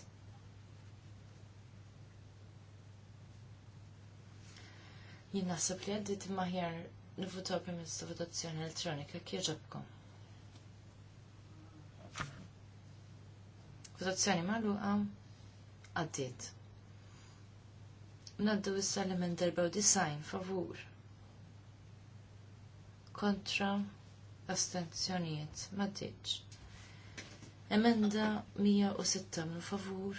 Jien naħseb li għaddit maħjar nivutaw permezz ta' votazzjoni elettronika kieġabkom. Votazzjoni magħluqa għaddit. Naddu issa li minn darba u disajn, favur. Kontra astenzjoniet, ma tiġ. Emenda 106 minn favur,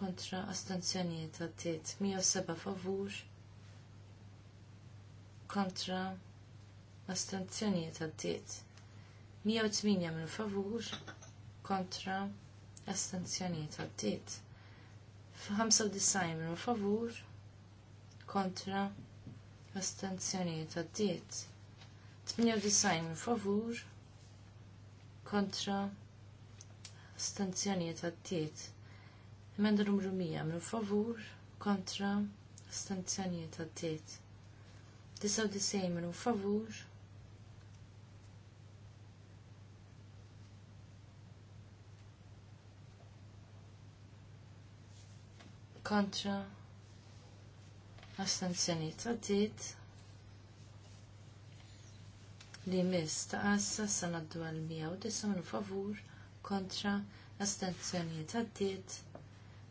kontra astenzjonijiet għattiet, 107 favur, kontra astenzjonijiet għattiet. 108 minn favur, kontra astenzjonijiet għattiet. 95 minn favur, kontra astenzjoni astenzjonijiet diet. 98 favur kontra astenzjonijiet għaddiet. Emenda numru 100 minn favur kontra astenzjoni astenzjonijiet diet. 99 minn favur kontra astenzjoniet għaddit li mis ta' għassa għaddu għal 109 minu favur kontra astenzjoniet għaddit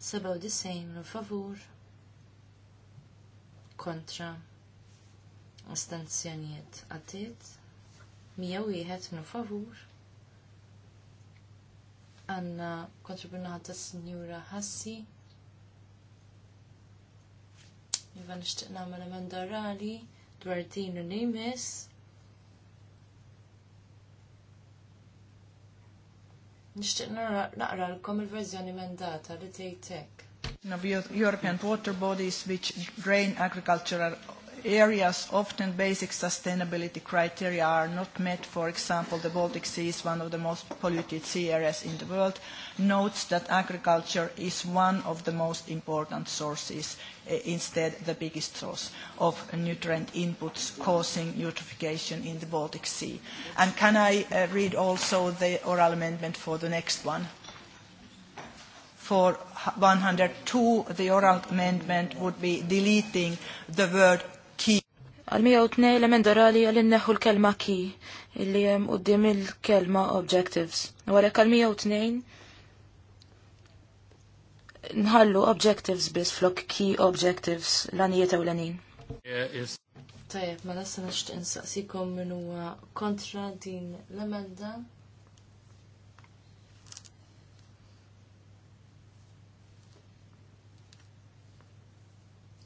97 minu favur kontra astenzjoniet għaddit 101 minu favur għanna kontribunata ta' signora Hassi Iva nishtiq namel emenda orali dwar din u jmiss. Nishtiq naqra l-kom il-verżjoni mendata li tejtek. hekk. European water bodies which drain agricultural areas often basic sustainability criteria are not met. For example, the Baltic Sea is one of the most polluted sea areas in the world. Notes that agriculture is one of the most important sources, uh, instead the biggest source of nutrient inputs causing eutrophication in the Baltic Sea. And can I uh, read also the oral amendment for the next one? for 102, the oral amendment would be deleting the word Għal-102 l emendorali għal-inneħu l-kelma ki illi jem uddim il-kelma objectives. Għalek għal-102 nħallu objectives bis flok ki objectives l-anijiet u l-anin. Tajab, ma mela lassa naxt insaqsikom minu kontra din l-emenda.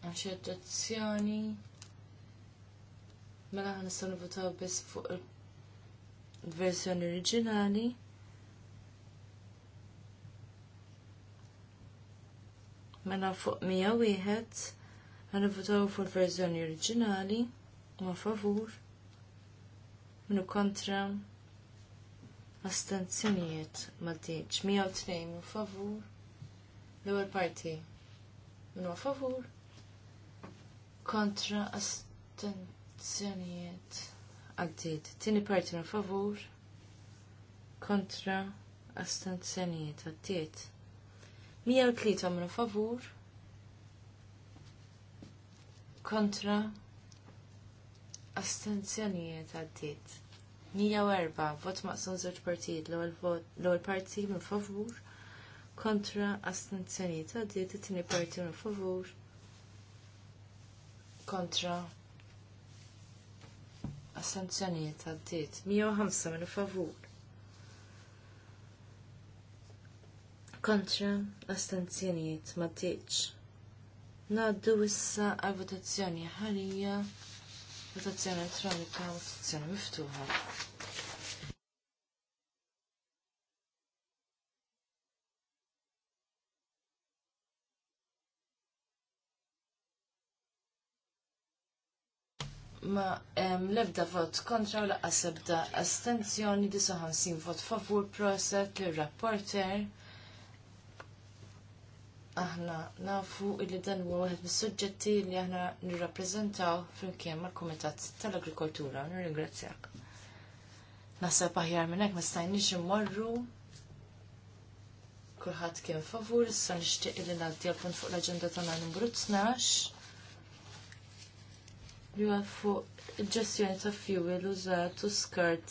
Għaxħeġazzjoni. Mela ħan nistgħu nivutaw biss fuq il-verżjoni oriġinali. Mela fuq mija wieħed ħan nivutaw fuq il-verżjoni oriġinali ma favur minu kontra astenzjonijiet ma diġ. Mija u tnejn minu favur l-ewwel parti minu favur kontra astenzjonijiet astenzjonijiet għaddit. Tini parti minn favur kontra astenzjonijiet għaddit. 103 minn favur kontra Astanzjonijiet għaddit. 104 vot maqsum żewġ partijiet l għol parti minn favur kontra astenzjonijiet għaddit it-tieni parti minn favur kontra għas Assenzjonijiet għaddit. 105 minn favur. Kontra astenzjonijiet ma ddiċ. Naddu issa għal votazzjoni ħarija, votazzjoni elettronika, votazzjoni miftuħa. ma l-ebda vot kontra u laqqas ebda astenzjoni 59 vot favur proset lir rapporter aħna nafu illi dan huwa wieħed mis-suġġetti li aħna nirrappreżentaw flimkien mal-Kumitat tal-Agrikoltura. Nirringrazzjak. Naħseb aħjar minn hekk ma stajnix immorru kulħadd kien favur, issa nixtieq li ngħaddi punt fuq l-aġenda tagħna numru 12 li fuq il-ġestjoni ta' fuel użat u skart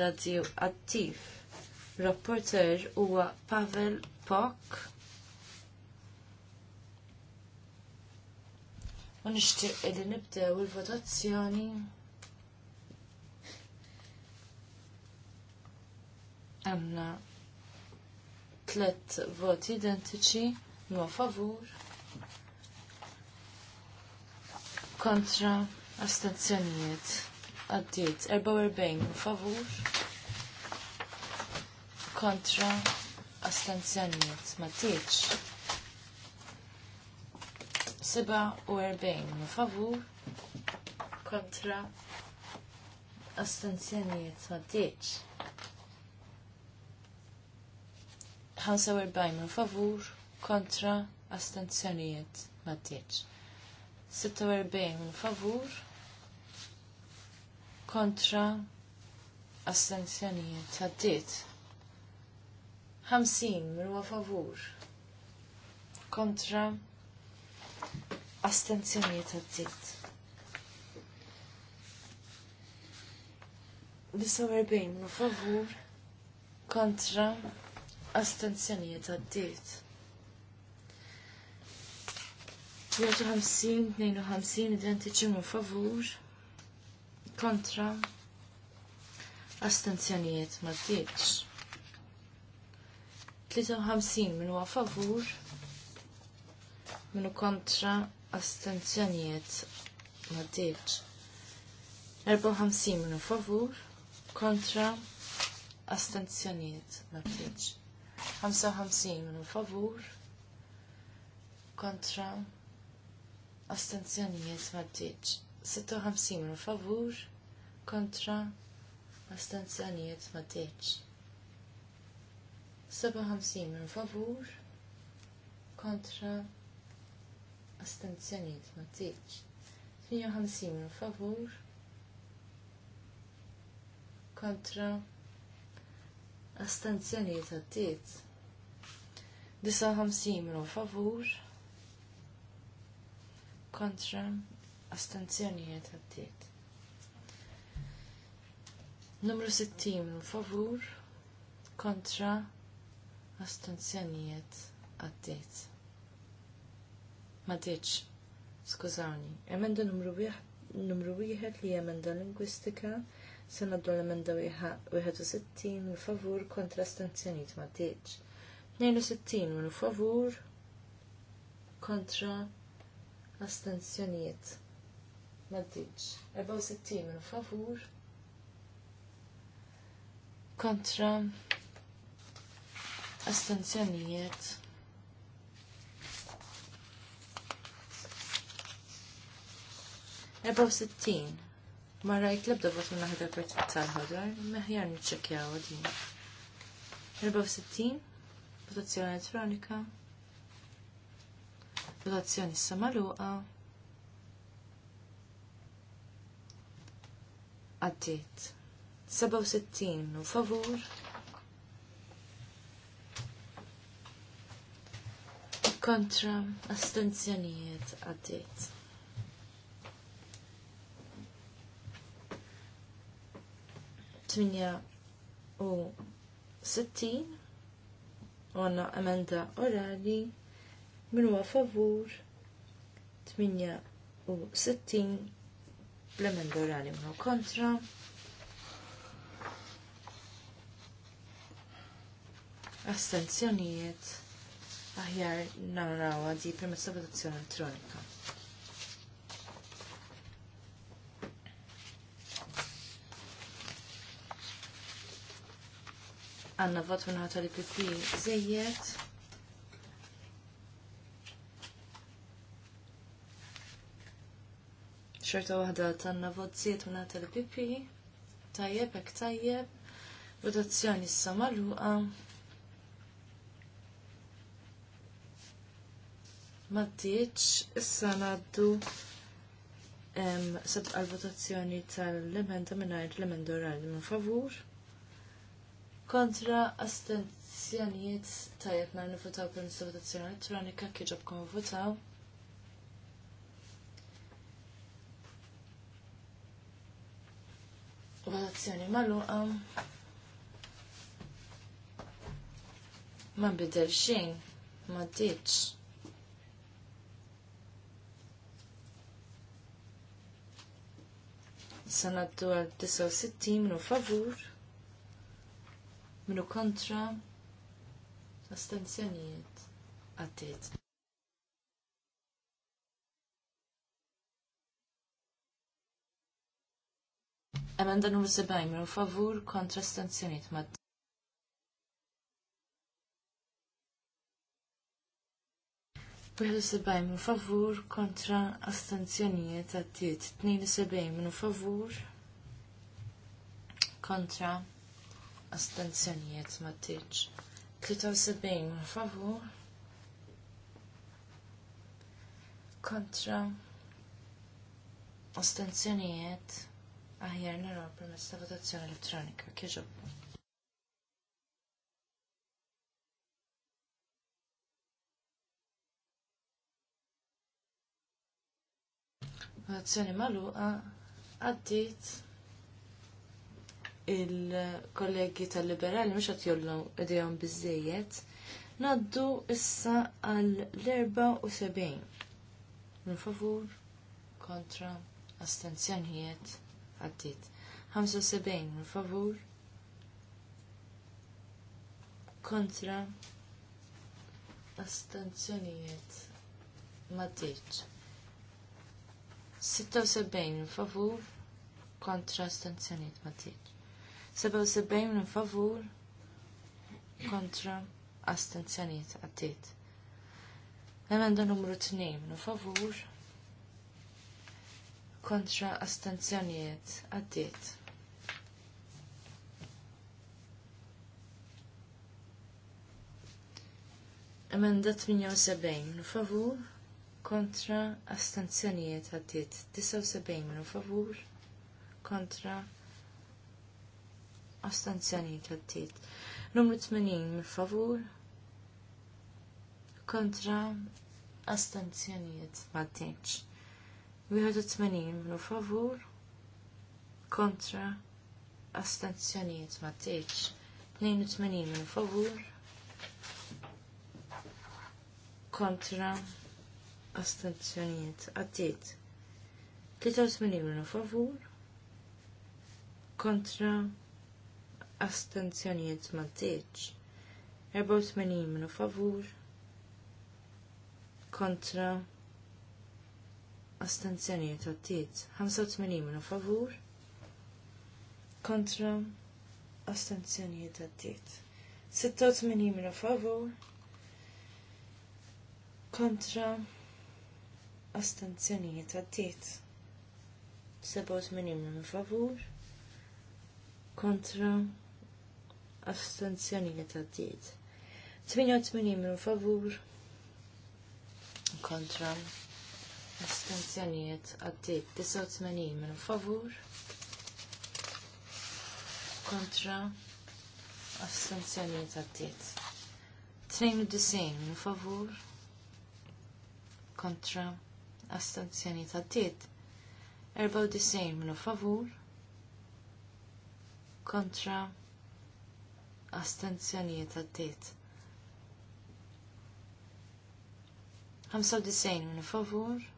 radioattiv. Rapporter huwa Pavel Pok. U nixtieq li nibdew il-votazzjoni. Għanna tlet voti identiċi, ma favur. kontra astanzjoniet. għaddiet 44 favur kontra astanzjoniet. ma tiċ 47 favur kontra astanzjoniet. ma tiċ 45 favur kontra astanzjoniet. ma tiċ 46 favur kontra astenzjonijiet għaddit. 50 mirwa favur kontra astenzjonijiet għaddit. 49 mirwa favur kontra astenzjonijiet għaddit. 52 identiċi favur kontra astenzjonijiet ma ddiċ. 53 minn huwa favur minn kontra astenzjonijiet ma ddiċ. 54 minn favur kontra astenzjonijiet ma ddiċ. 55 minn favur kontra astenzjonijiet astenzjonijiet maddiċ. 56 minu favur kontra astenzjonijiet maddiċ. 57 minu favur kontra astenzjonijiet maddiċ. 58 minu favur kontra astenzjonijiet maddiċ. 59 minu favur kontra kontra astenzjonijiet għaddiet. Numru 60 favur kontra astenzjonijiet għaddiet. Ma diċ, skużawni, emenda numru 1 numru wieħed li emenda lingwistika se naddu l-emenda 61 minn favur kontra astenzjonijiet ma diċ. 62 minn favur kontra astensjonijiet maddiċ 64 minn favur kontra astensjonijiet u sittin. Ma rajt lebda vot minna ħadar partit tal-ħodar, meħjar nċekjaw Eba u sittin, votazzjoni elettronika relazzjoni s magħluqa. Għaddit. 67 u favur. Kontra astenzjonijiet għaddit. Tminja u 60 u għanna emenda orali Min huwa favur 68 bl-emenda orali minnu kontra. Astenzjonijiet aħjar narawa di permessa votazzjoni elettronika. għanna vot minnħata li pipi zejjed. ċerta waħda tanna vozziet minna tal pipi tajjeb, ek tajjeb, votazzjoni issa samaluqa Maddiċ, issa naddu sab għal-votazzjoni tal-lemenda minna l-lemenda orali minn favur. Kontra astenzjonijiet tajjeb nar mela nifutaw per votazzjoni elettronika kieġobkom votaw. votaw relazzjoni mal-luqa Ma bidel xejn, ma ditx. Sanaddu għal 69 minu favur, minu kontra, astenzjonijiet għattiet Emenda numru 70 minu favur kontra stanzjoniet mad. Wieħed sebgħin minn favur kontra astenzjonijiet għaddiet. Tnejn sebgħin minn favur kontra astanzjonijiet ma tgħidx. Tlieta minn favur kontra astenzjonijiet aħjar naraw permezz ta' votazzjoni elettronika. kieġob. Votazzjoni magħluqa għaddit il-kollegi tal-liberali mhux qed jollu idejhom bizzejiet Naddu issa għal l-74. Min favur kontra astenzjonijiet għaddit. 75 minn favur kontra astanzjonijiet maddiċ. 76 minn favur kontra astanzjonijiet maddiċ. 77 minn favur kontra astanzjonijiet għaddit. Emenda numru 2 minn favur kontra astanzjonijiet għaddiet. Emenda 78 favur kontra astanzjonijiet għaddiet. 79 favur kontra astanzjonijiet għaddiet. Numru 80 favur kontra astanzjonijiet għaddiet. 81 minu favur kontra astenzjoniet ma tiċ 82 minu favur kontra astenzjoniet għaddit 83 minu favur kontra astenzjoniet ma tiċ 84 minu favur kontra astenzjonijiet għaddit 85 minu favur kontra astenzjonijiet għaddit 86 minu favur kontra astenzjonijiet għaddit 87 minu favur kontra astenzjonijiet għaddit 88 minu favur kontra Astenzjonijiet għaddit 89 minn favur kontra astenzjonijiet għaddit 92 minn favur kontra astenzjonijiet għaddit 94 minn favur kontra astenzjonijiet għaddit 95 minn favur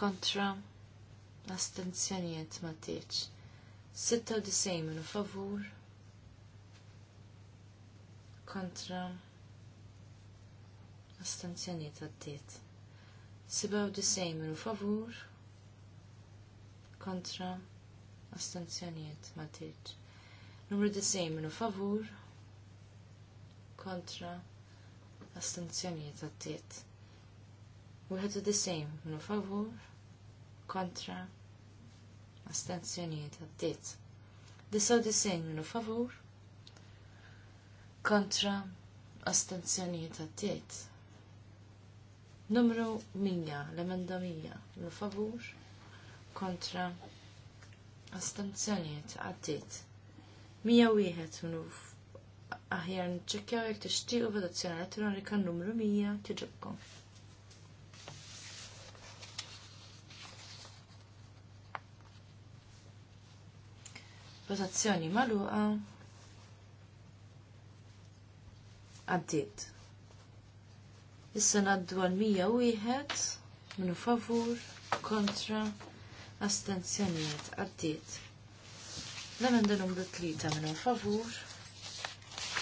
kontra astenzjonijiet ma tiċ. 96 minu favur kontra astenzjonijiet għaddiet. 97 minu favur kontra astenzjonijiet ma tiċ. Numru 90 minu favur kontra astenzjonijiet ma Wieħed u minu favur kontra astenzjonijiet għaddit. Disaw disajn minu favur kontra astenzjonijiet għaddit. Numru 100, l-emenda 100, minu favur kontra astenzjonijiet għaddit. 101 minu aħjar nċekjaw jek t-ixtiju votazzjoni elettronika numru 100 tiġibkom. Rotazzjoni maluqa. Għaddit. Issa naddu għal 101 minu favur, kontra, astenzjoniet, għaddit. L-emenda numru 3 minu favur,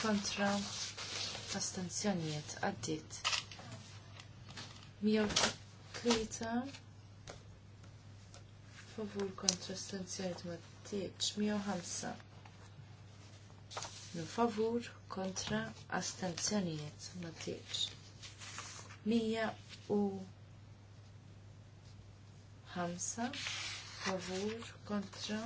kontra, astenzjoniet, għaddit. 103 favur kontra astenzjoniet, taħtieġ 105. Min favur kontra astenzjonijiet ma taħtieġ. 105 favur kontra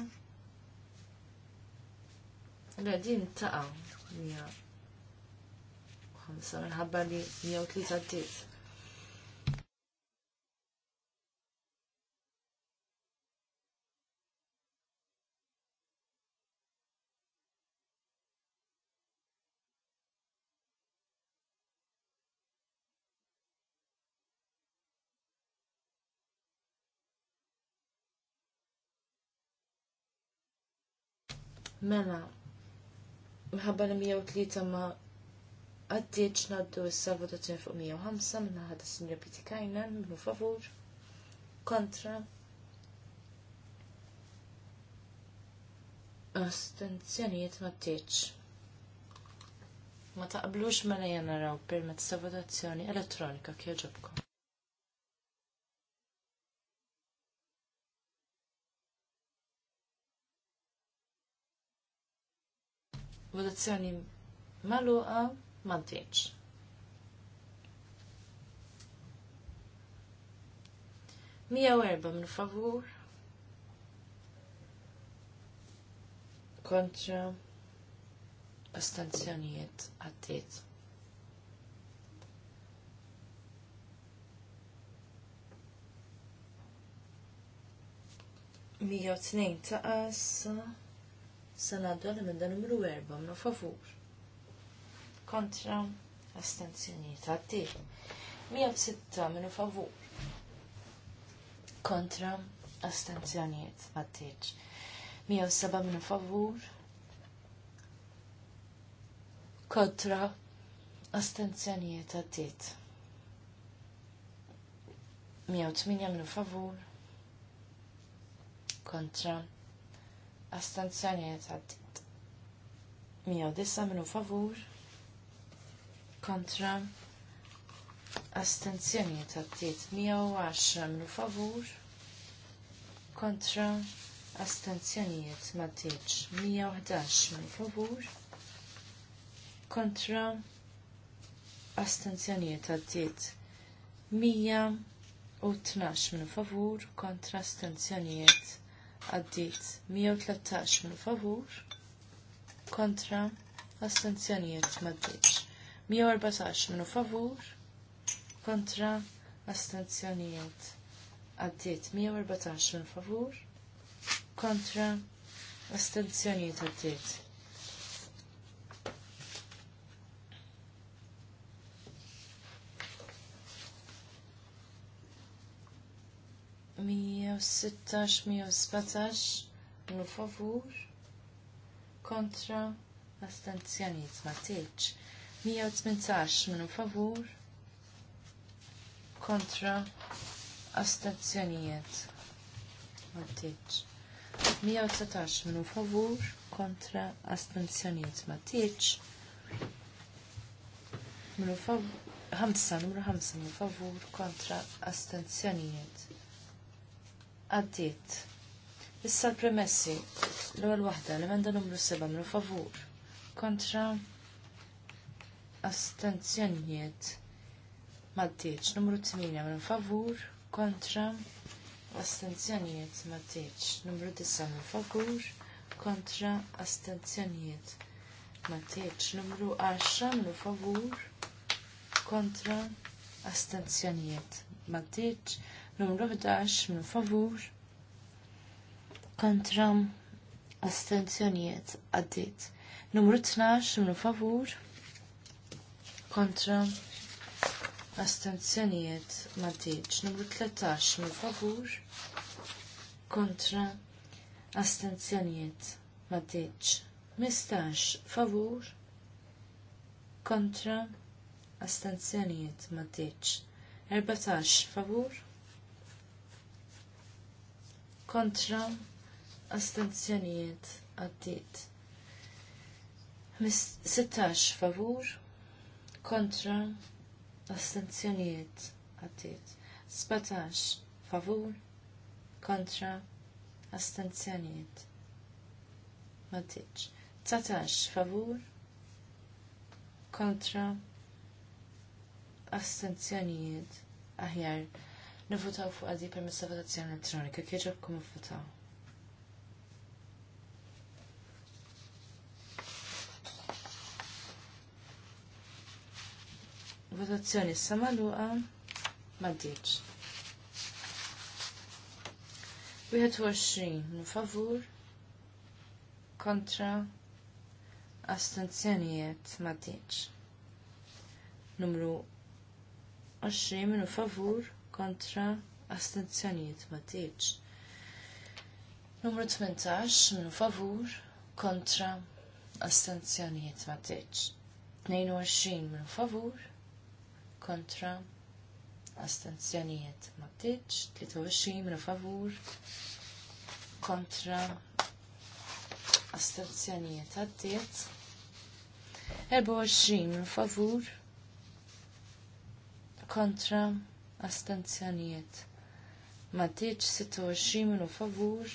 Għadin taqaw 105 minħabba li 103 Mela, mħabba li 103 ma għaddiċ naddu s-salvatazzjoni fuq 105 minna ħadda s-sinja Pitikajnen minnu favur kontra astenzjonijiet ma għaddiċ. Ma taqblux mela raw permezz ta' votazzjoni elettronika kjoġobkom. Votazzjoni maluqa mantiċ. Mija werba minn favur. Kontra astanzjonijiet għattiet. Mija u t-nejn ta' assa sanaddu għal-emenda numru 4 minn favur. Kontra astenzjoniet għaddit. 106 minn favur. Kontra astenzjoniet għaddit. 107 minn favur. Kontra astenzjoniet għaddit. 108 minn favur kontra astanzjonijiet għaddit. 109 minu favur kontra astanzjonijiet għaddit. 110 minu favur kontra astenzjonijiet ma tiġ 111 minn favur kontra astenzjonijiet għaddiet tnax minu favur kontra astenzjonijiet għaddit 113 minn favur kontra astenzjonijiet maddiċ 114 minn favur kontra astenzjonijiet għaddit 114 minn favur kontra astenzjonijiet għaddit mi 116-117 nu favur kontra astenzjoniet ma tiċ 118 minu favur kontra astenzjoniet ma tiċ 119 minu favur kontra astenzjoniet ma tiċ minu favur 5 minu 5 favur kontra astenzjoniet għaddit. Issa l-premessi, l-ewwel wahda, l-emenda numru 7 minu favur kontra astenzjoniet maddiċ. Numru 8 minu favur kontra astenzjoniet maddiċ. Numru 9 minu favur kontra astenzjoniet maddiċ. Numru 10 minu favur kontra astenzjoniet maddiċ numru 11 minn favur kontra astenzjoniet għaddit. Numru 12 minn favur kontra astenzjoniet maddit. Numru 13 minn favur kontra astenzjoniet maddit. 15 favur kontra astenzjoniet maddit. 14 favur kontra kontra astenzjonijiet għaddit. 16 favur kontra astenzjonijiet għaddit. 17 favur kontra astenzjonijiet għaddit. 19 favur kontra astenzjonijiet aħjar Nifutaw fuq għadi permessa votazzjoni elettronika, kieġab kum nifutaw. Votazzjoni samaluqa maddiċ. 21 favur kontra astenzjonijiet maddiċ. Numru 20 minu favur kontra astenzjonijiet ma tiġ. Numru 18 minn favur kontra astenzjonijiet ma tiġ. 22 minn favur kontra astenzjonijiet ma tiġ. 23 minn favur kontra astenzjonijiet għaddiet. 24 minn favur kontra Ma Maddiċ 26 minu favur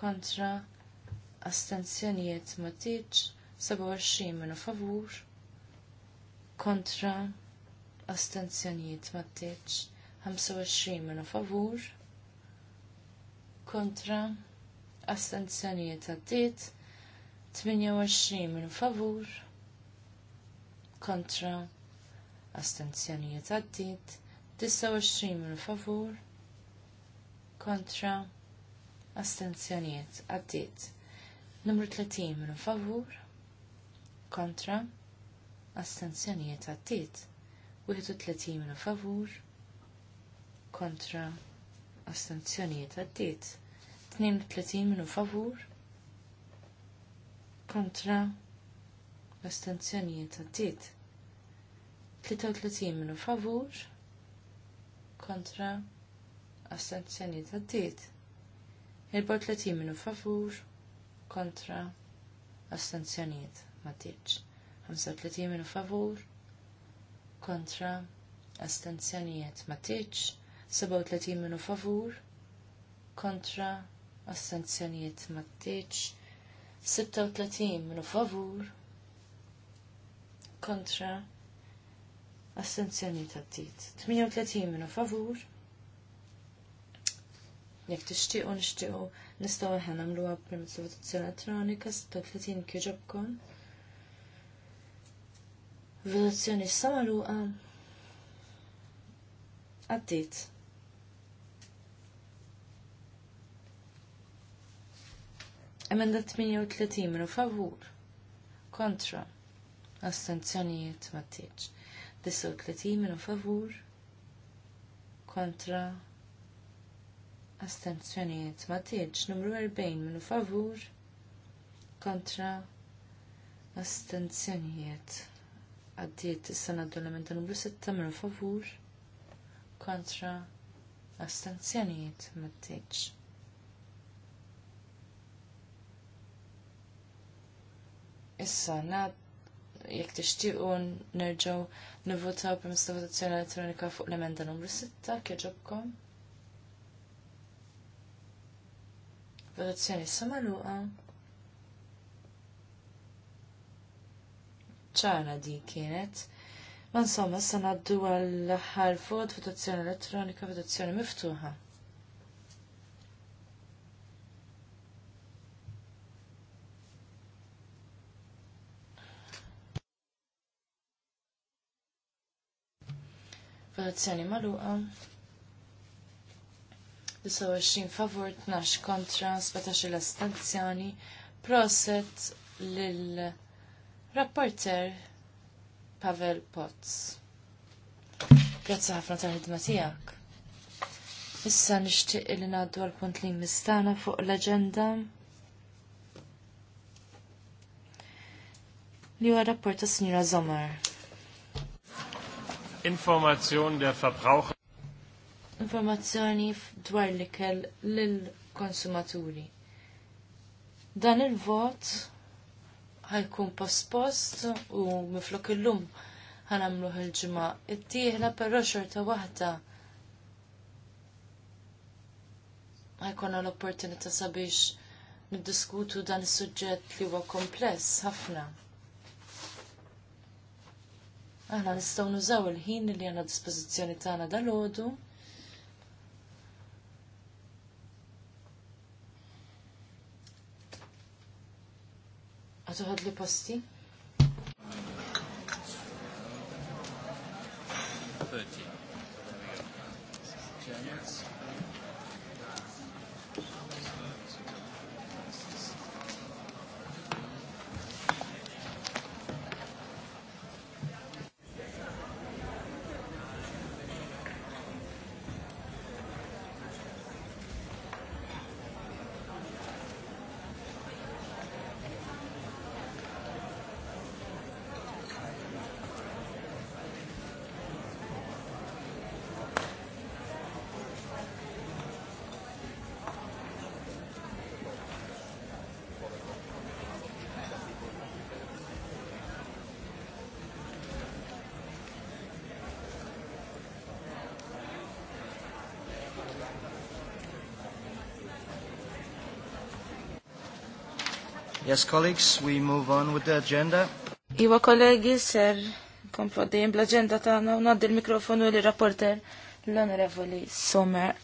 kontra Ma Maddiċ 27 minu favur kontra Ma Maddiċ 25 minu favur kontra Ma Għaddit 28 minu favur kontra Ma 28 astenzjonijiet għaddit, 29 minn favur kontra astenzjoniet għaddit. Numru 30 minn favur kontra astenzjoniet għaddit. 31 minn favur kontra astenzjoniet għaddit. 32 minn favur kontra astenzjoniet għaddit. 33 minn favur kontra ta' għaddiet. Il-bord 30 minu favur kontra astenzjoniet maddiċ. 35 minu favur kontra astenzjoniet maddiċ. 37 minu favur kontra astenzjoniet maddiċ. 36 minu favur kontra Astenzjoni tit. 38 minu favur. Jek tixtiqu nixtiqu nistaw ħan għamlu għab permezz votazzjoni elettronika 36 kieġobkom. Votazzjoni samaluqa. Għaddit. Emenda 38 minu favur. Kontra. Astenzjonijiet ma 39 minu favur kontra astenzjoniet ma tiġ numru 40 minu favur kontra astenzjoniet għaddiet s-sena d-dolamenta numru 6 minu favur kontra astenzjoniet ma tiġ Issa nad jekk tixtiequ nerġgħu nivvotaw permezz ta' votazzjoni elettronika fuq l-emenda numru 6 kieġobkom. Votazzjoni issa magħluqa. ċara di kienet. Ma insomma, s-sanaddu għal ħar vot, votazzjoni elettronika, votazzjoni miftuħa. Votazzjoni maluqa. 29 favur, 12 kontra, 17 l-astanzjani. Proset lil-rapporter Pavel Potts. Grazzi ħafna tal-ħidma tiegħek. Issa nixtieq li ngħaddu għal punt li mistana fuq l-aġenda. Li huwa rapport ta' Sinjura Zomar. Informazzjoni der Verbraucher. Informazzjoni dwar l lill-konsumaturi. Dan il-vot ħajkun pospost u miflok il-lum ħanamluħ il-ġimgħa. Ittieħla però xorta waħda ħajkun l-opportunità sabiex niddiskutu dan is-suġġett li huwa kompless ħafna aħna nistgħu nużaw il-ħin li għandna dispożizzjoni tagħna dal-għodu. Għatuħad li posti? Thirteen. Yes, colleagues, we move on with the agenda. Iwa kollegi, ser komplodin bl-agenda ta' għana, ngħaddi l-mikrofonu li rapporter l-Onorevoli Sommer.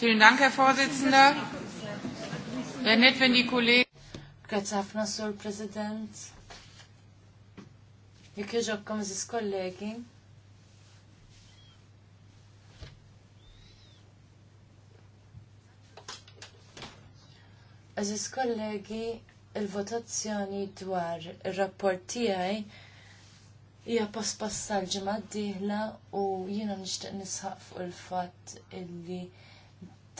Vielen Dank, Herr Vorsitzender. Wäre nett, wenn die Kollegen... Grazie kriege Sur President. Jekk jogħġobkom, Kollegen? Eżis kollegi, il-votazzjoni dwar il-rapport tiegħi hija pospost tal-ġimgħa d-dieħla u jiena nixtieq nisħaq fuq il-fatt illi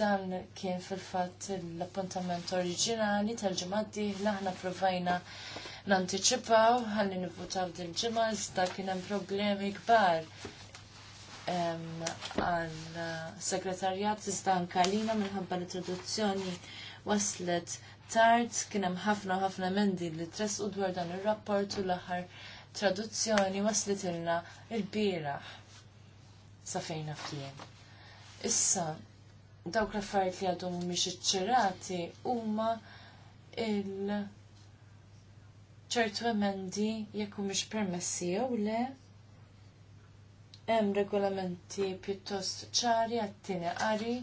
dan kien fil-fatt l-appuntament oriġinali tal-ġimgħa d-dieħla aħna provajna nantiċipaw ħalli nivvotaw din ġimgħa iżda kien hemm problemi kbar għal segretarjat iżda anke għalina minħabba l-introduzzjoni waslet tard, kien hemm ħafna ħafna mendi li u dwar dan ir-rapport u l-aħħar traduzzjoni waslet ilna il-bieraħ sa fejna fien. Issa, dawk l-affarijiet li għadhom mhumiex iċċerati huma il ċertu emendi jekk mhumiex permessi jew le hemm regolamenti pjuttost ċari għat-tieni qari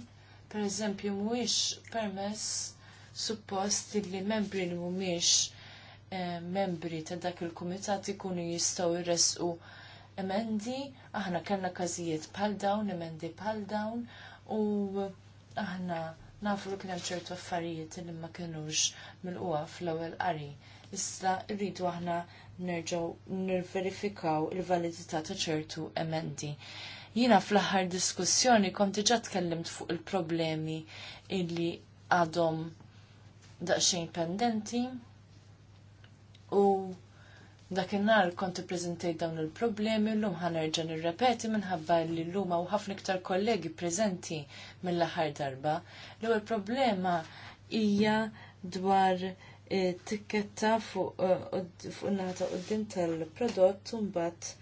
per eżempju, mhuwiex permess suppost li membri li mhumiex eh, membri ta' dak il komitat ikunu jistgħu jirresqu emendi, aħna kellna każijiet pal dawn, emendi pal dawn u aħna nafu li kien hemm ċertu affarijiet li ma kinux mill-qwa fl-ewwel qari. Issa rridu aħna nerġgħu nirverifikaw il-validità ta' ċertu emendi. Jina fl-aħħar diskussjoni kont diġà tkellimt fuq il-problemi illi għadhom daqsxejn pendenti u dakinnar kont ippreżentej dawn il-problemi llum ħanerġa' nirrepeti minħabba li llum hawn ħafna iktar kollegi preżenti mill-aħħar darba. L-ewwel problema hija dwar tikketta fuq eh, nata qoddim tal-prodott mbagħad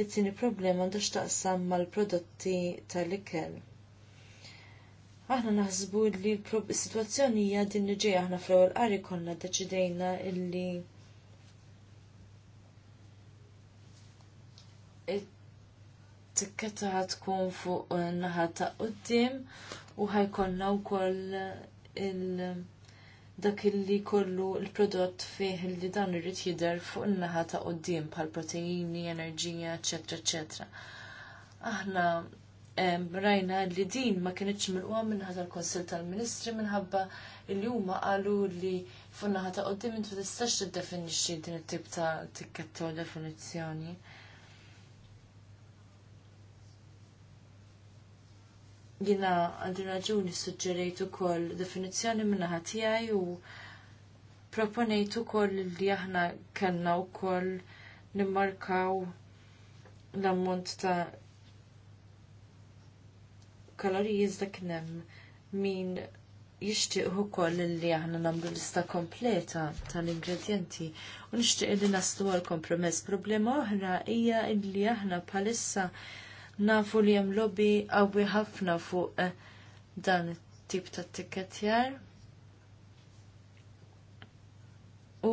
It-tieni problema għandax taqsam mal-prodotti tal-ikel. Aħna naħsbu li l-situazzjoni hija din li aħna fl-ewwel qari konna deċidejna illi it tikketa tkun fuq naħa ta' qudiem u ħajkonna wkoll il- dak illi kollu l-prodott fih li dan irrid jidher fuq in-naħa ta' quddiem bħal proteini, enerġija, eċetera, eċetera. Aħna rajna li din ma kienitx milquha minħa tal-Konsil tal-Ministri minħabba li huma qalu li fuq in-naħa ta' quddiem intu tistax tiddefinixxi din it-tip ta' tikketti u definizzjoni. jina għandi raġuni suġġerejt ukoll definizzjoni minna ħatijaj u proponejt ukoll li aħna kellna wkoll nimmarkaw l-ammont ta' kaloriji iżda kien min jishtiq jixtieq ukoll li aħna nagħmlu lista kompleta tal-ingredjenti u nixtieq li naslu għal kompromess. Problema oħra hija li aħna bħalissa nafu li hemm lobby qawwi ħafna fuq eh, dan it-tip ta' tikketjar. U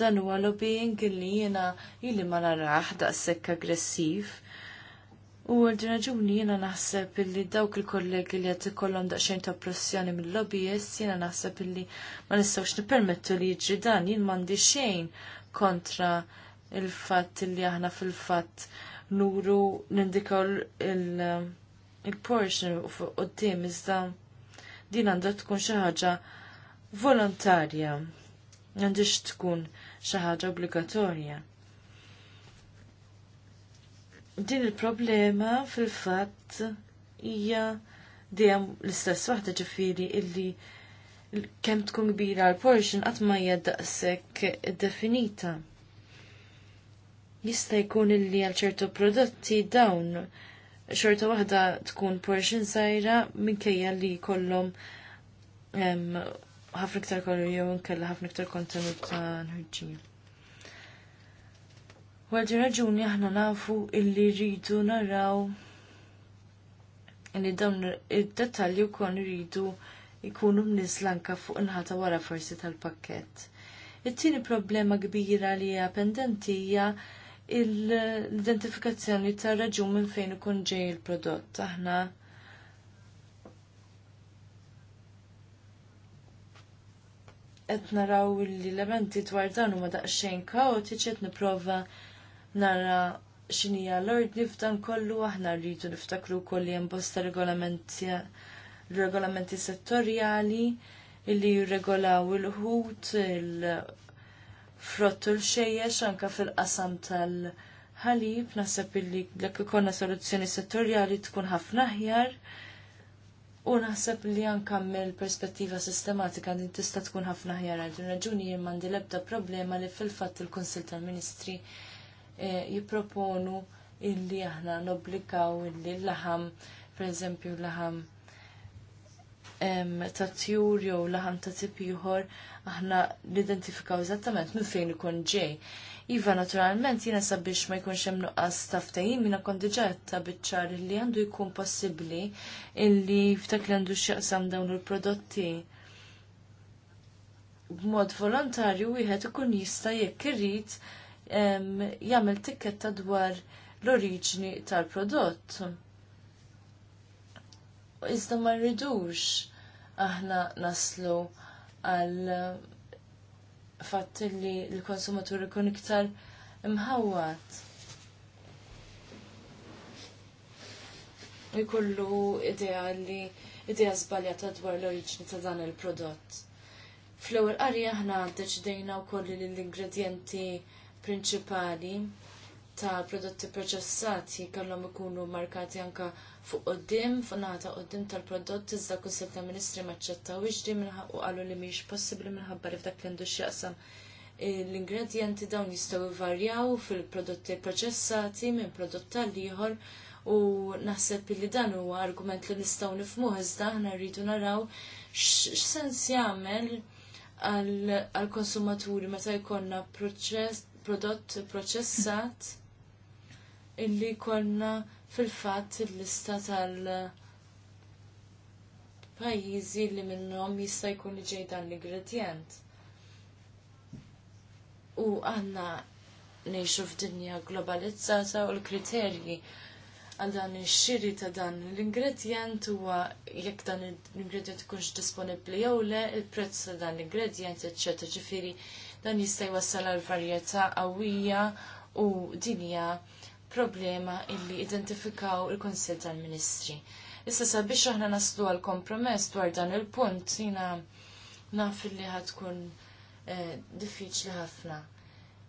dan huwa lobbying li jiena illi ma naraħ daqshekk aggressiv. U għal raġuni jiena naħseb illi dawk il-kollegi li qed ikollhom daqsxejn ta' pressjoni mill jess jiena naħseb illi ma nistgħux nippermettu li jiġri dan jien m'għandi xejn kontra il-fatt li aħna fil-fatt nuru nindikaw um, il-portion il fuq qoddim iżda din għandha tkun xi ħaġa volontarja għandix tkun xi ħaġa obbligatorja. Din il-problema fil-fatt hija dejjem l-istess waħda ġifieri illi kemm tkun kbira l-portion qatt ma hija daqshekk jista' jkun illi għal ċertu prodotti dawn xorta waħda tkun portion sajra minkejja li kollom ħafna iktar kollu jew inkella ħafna iktar kontenut ta' nħuġġin. Għaddi raġuni aħna nafu illi rridu naraw illi dawn id-dettalji kon rridu jkunu mnislanka fuq inħata wara forsi tal-pakkett. It-tieni problema kbira li hija pendenti hija l-identifikazzjoni ta' raġun minn fejn ikun ġej il-prodott. Aħna qed naraw l-elementi dwar dan huma daqsxejn kaotiċi qed nipprova nara x'inhija l-ordni f'dan kollu aħna rridu niftakru wkoll li hemm bosta regolamenti settorjali illi jirregolaw il-ħut, frottu l-xejjex anka fil-qasam tal-ħalib, naħseb illi dak ikonna soluzzjoni settorjali tkun ħafna aħjar. U naħseb li anka mill perspettiva sistematika din tista' tkun ħafna ħjar għal din raġuni jien m'għandi l-ebda problema li fil-fatt il konsil tal-Ministri eh, jipproponu illi aħna nobbligaw illi l-laħam, pereżempju l-laħam ta' tjur jew laħam ta' tip ieħor aħna l-identifikaw eżattament minn fejn ikun ġej. Iva, naturalment, jiena sabiex ma jkunx hemm nuqqas taftajim, jiena kont diġà biċċar li għandu jkun possibbli illi ftak li għandu x'jaqsam dawn il-prodotti b'mod volontarju wieħed ikun jista' jekk irrid jagħmel tikketta dwar l-oriġni tal-prodott. Iżda ma rridux aħna naslu għal fatt li l-konsumatur ikun iktar imħawat. jkollu idea li idea zbaljata dwar l-oriġni ta' dan il-prodott. Fl-ewwel qari aħna deċidejna wkoll li l-ingredjenti prinċipali ta' prodotti proċessati kellhom ikunu markati anka fuq qoddim, nata qoddim tal-prodott iżda kunsil ta' ministri maċċettaw iġdi minħabba u qalu li mhix possibbli minħabba li f'dak l-indu x'jaqsam eh, l-ingredienti dawn jistgħu jvarjaw fil-prodotti proċessati minn prodott tal-ieħor u naħseb li dan huwa argument li nistgħu nifhmuh iżda aħna rridu naraw x'sens jagħmel għall konsumaturi meta jkollna prodott proċessat illi jkollna fil-fatt il-lista tal-pajjiżi li minnhom jista' jkun li ġej dan l-ingredient. U għandna ngħixu f'dinja globalizzata u l-kriterji għal dan ix-xiri ta' dan l-ingredient huwa jekk dan l-ingredient ikunx disponibbli jew le, il-prezz ta' dan l-ingredient, eċċetera. Ġifieri dan jista' jwassal għal varjetà qawwija u dinja problema illi identifikaw il-Konsil tal-Ministri. Issa sabiex aħna naslu għal kompromess dwar dan il-punt jina naf li ħatkun eh, diffiċli ħafna.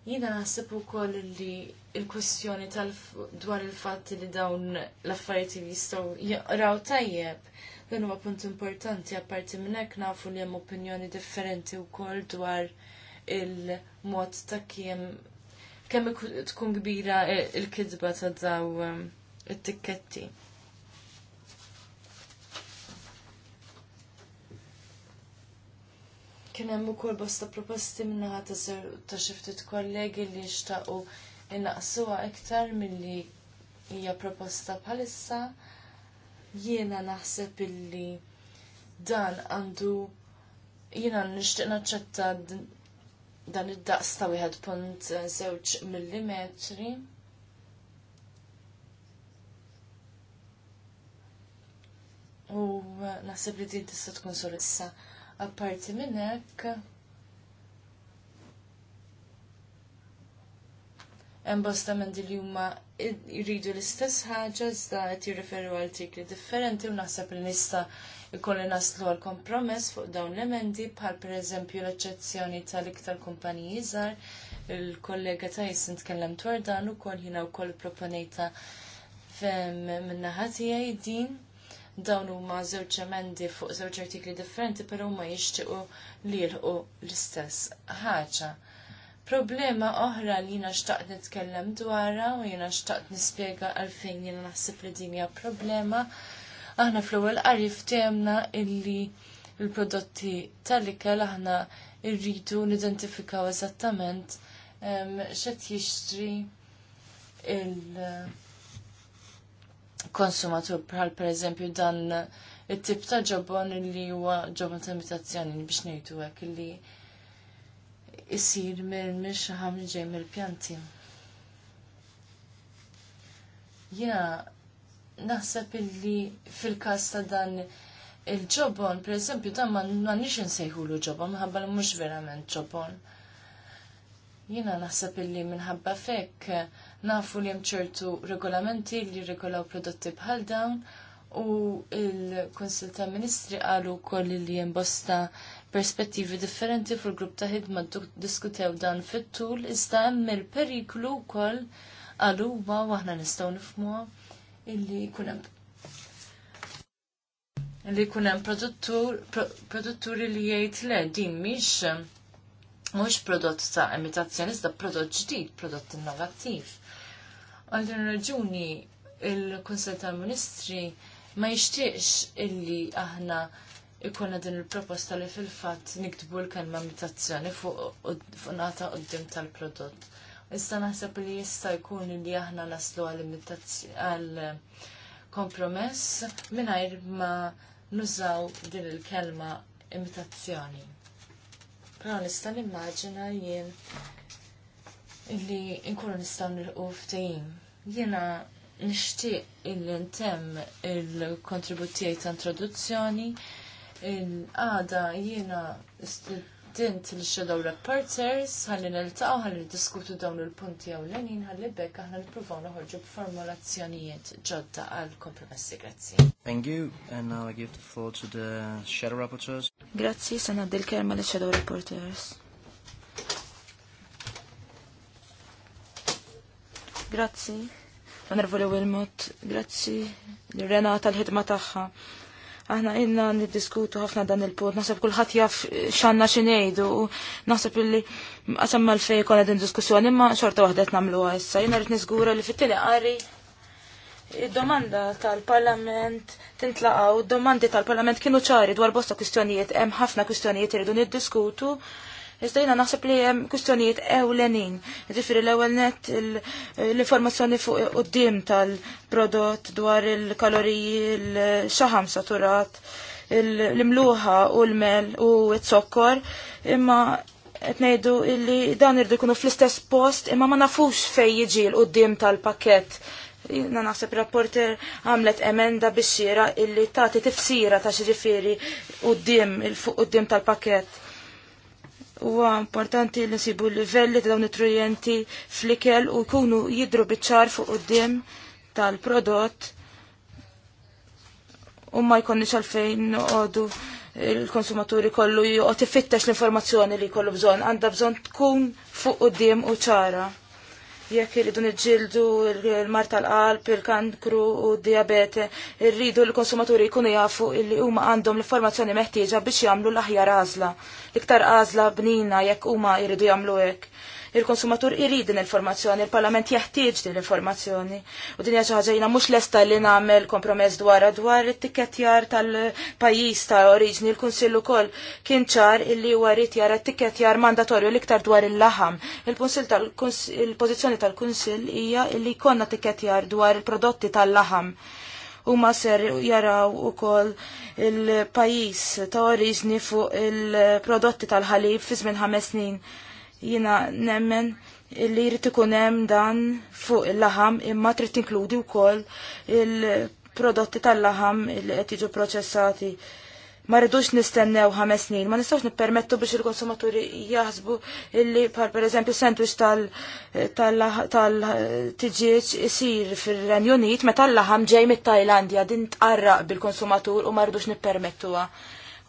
Jina naħseb ukoll li il-kwestjoni tal dwar il fat li dawn l-affarijiet li jistgħu jaqraw tajjeb. Dan huwa punt importanti apparti minnek nafu li hemm opinjoni differenti wkoll dwar il-mod ta' kiem kemm tkun kbira eh, il-kidba ta' daw ehm, it-tikketti. Kien hemm ukoll bosta proposti minnaħa ta' xi ftit kollegi li xtaqu innaqsuha iktar milli hija proposta bħalissa. Jiena naħseb illi dan għandu jiena nixtieq naċċetta dan id-daqs ta' 1.0 eh, mm. U eh, naħseb li din tista' tkun sorissa. Apparti minn hekk hemm bosta mendi li huma jridu l-istess ħaġa iżda qed jirriferu artikli differenti u naħseb li nista' jkolli naslu għal kompromess fuq dawn l-emendi bħal pereżempju l-eċċezzjoni tal-iktar kumpaniji iżgħar, il-kollega ta' jisin tkellem dwar dan ukoll jiena wkoll proponejta min-naħa tiegħi din dawn huma żewġ emendi fuq żewġ artikli differenti però huma jixtiequ li jilħqu l-istess ħaġa. Problema oħra li jina xtaqt nitkellem dwar u jina xtaqt nispjega għalfejn jina naħseb li din hija problema. Aħna fl-ewwel qarif temna illi l-prodotti tal-ikel aħna rridu nidentifikaw eżattament x'qed jixtri il-konsumatur bħal pereżempju dan it-tip ta' ġobon li huwa ġobon ta' imitazzjoni biex ngħidu hekk illi isir minn xi ħaġa ġej mill-pjanti. Jena, naħseb illi fil-każ ta' dan il-ġobon, pereżempju, dan m'għandniex l ġobon, maħabba l mhux verament ġobon. Jiena naħseb illi minħabba fekk nafu li hemm ċertu regolamenti li regolaw prodotti bħal dawn u il-Konsil ta' Ministri qalu wkoll li hemm perspettivi differenti fil grupp ta' ħidma diskutew dan fit-tul iżda hemm il-periklu wkoll għal u aħna nistgħu nifhmuha illi jkun hemm li kunem produttur, produtturi li jgħid le, din miex mhux prodott ta' imitazzjoni, iżda prodott ġdid, prodott innovattiv. Għal din raġuni il kunsell tal-Ministri ma jixtieqx illi aħna ikonna din il-proposta li fil-fatt niktbu l-kelma mutazzjoni fuq nata qoddim tal-prodott. Issa naħseb li jista' jkun li aħna naslu għal eh, kompromess mingħajr ma nużaw din il-kelma imitazzjoni. Però nista' nimmaġina jien li nkunu nistgħu nilqu ftehim. Jiena nixtieq illi ntemm il-kontributtijiet ta' introduzzjoni għada jiena student l-Shadow Reporters, ħalli nil-taqaw, ħalli diskutu dawn il-punti għaw l għanin ħalli bekk ħalli nipruvaw noħorġu b'formulazzjonijiet ġodda għal kompromessi. Grazzi. Thank you, and now I give the floor to the Shadow Rapporteurs. Grazzi, sanna dil kerma li shadow Rapporteurs. Grazzi. Onorevole Wilmot, grazzi l-Renata l-ħidma tagħha. Aħna inna niddiskutu ħafna dan il-punt, naħseb kulħadd jaf x'għandna xi ngħidu u naħseb illi qasam mal-fej kollha din diskussjoni imma xorta waħda qed nagħmluha issa. Jiena rrid niżgura li fit-tieni qari id-domanda tal-Parlament tintlaqgħu, d domandi tal-Parlament kienu ċari dwar bosta kwistjonijiet, hemm ħafna kwistjonijiet iridu niddiskutu. diskutu Iżda jina naħseb li hemm kustjonijiet ewlenin. Ġifieri l-ewwel net l-informazzjoni fuq dim tal-prodott dwar il-kaloriji, il-xaħam saturat, l-imluħa u l-mel u t-sokkor, imma qed ngħidu li dan irdu jkunu fl-istess post imma ma nafux fejn jiġi l-qudiem tal-pakett jina naħseb rapporter għamlet emenda biex xira illi tati tifsira ta' xirifiri u d-dim, fuq tal pakket huwa importanti li nsibu livelli ta' dawn it-trujenti fl-ikel u jkunu jidru biċ-ċar fuq quddiem tal-prodott u ma jkunniex għalfejn noqogħdu il-konsumaturi kollu joqgħod ifittex l-informazzjoni li jkollu bżonn, għandha bżonn tkun fuq quddiem u ċara jekk iridu niġġieldu l-mar tal-qalb, il-kankru u d-diabete, irridu l-konsumaturi jkunu jafu li huma għandhom l-informazzjoni meħtieġa biex jagħmlu l-aħjar għażla, l-iktar għażla bnina jekk huma jridu jagħmlu hekk. Il-konsumatur irid din informazzjoni, il-Parlament jeħtieġ din informazzjoni. U din hija xi ħaġa jiena mhux lesta li nagħmel kompromess dwar dwar it-tikketjar tal-pajjiż ta' oriġni l-Kunsill ukoll kien ċar illi huwa rid jara t-tikketjar mandatorju l-iktar dwar il-laħam. Il-Kunsill tal-pożizzjoni tal-Kunsill hija illi jkollna tikketjar dwar il-prodotti tal-laħam u ma ser jaraw u kol il-pajis ta' oriġni fuq il-prodotti tal-ħalib fi żmien ħames snin. Jina nemmen li jrid ikun hemm dan fuq il-laħam imma trid tinkludi wkoll il-prodotti tal-laħam li qed jiġu proċessati. Ma rridux nistennew ħames snin, ma nistax nippermettu biex il-konsumaturi jaħsbu illi par pereżempju sandwich tal-tiġieġ isir fir-Renju Unit meta l-laħam ġej mit-Tajlandja din tqarraq bil-konsumatur u ma rridux nippermettuha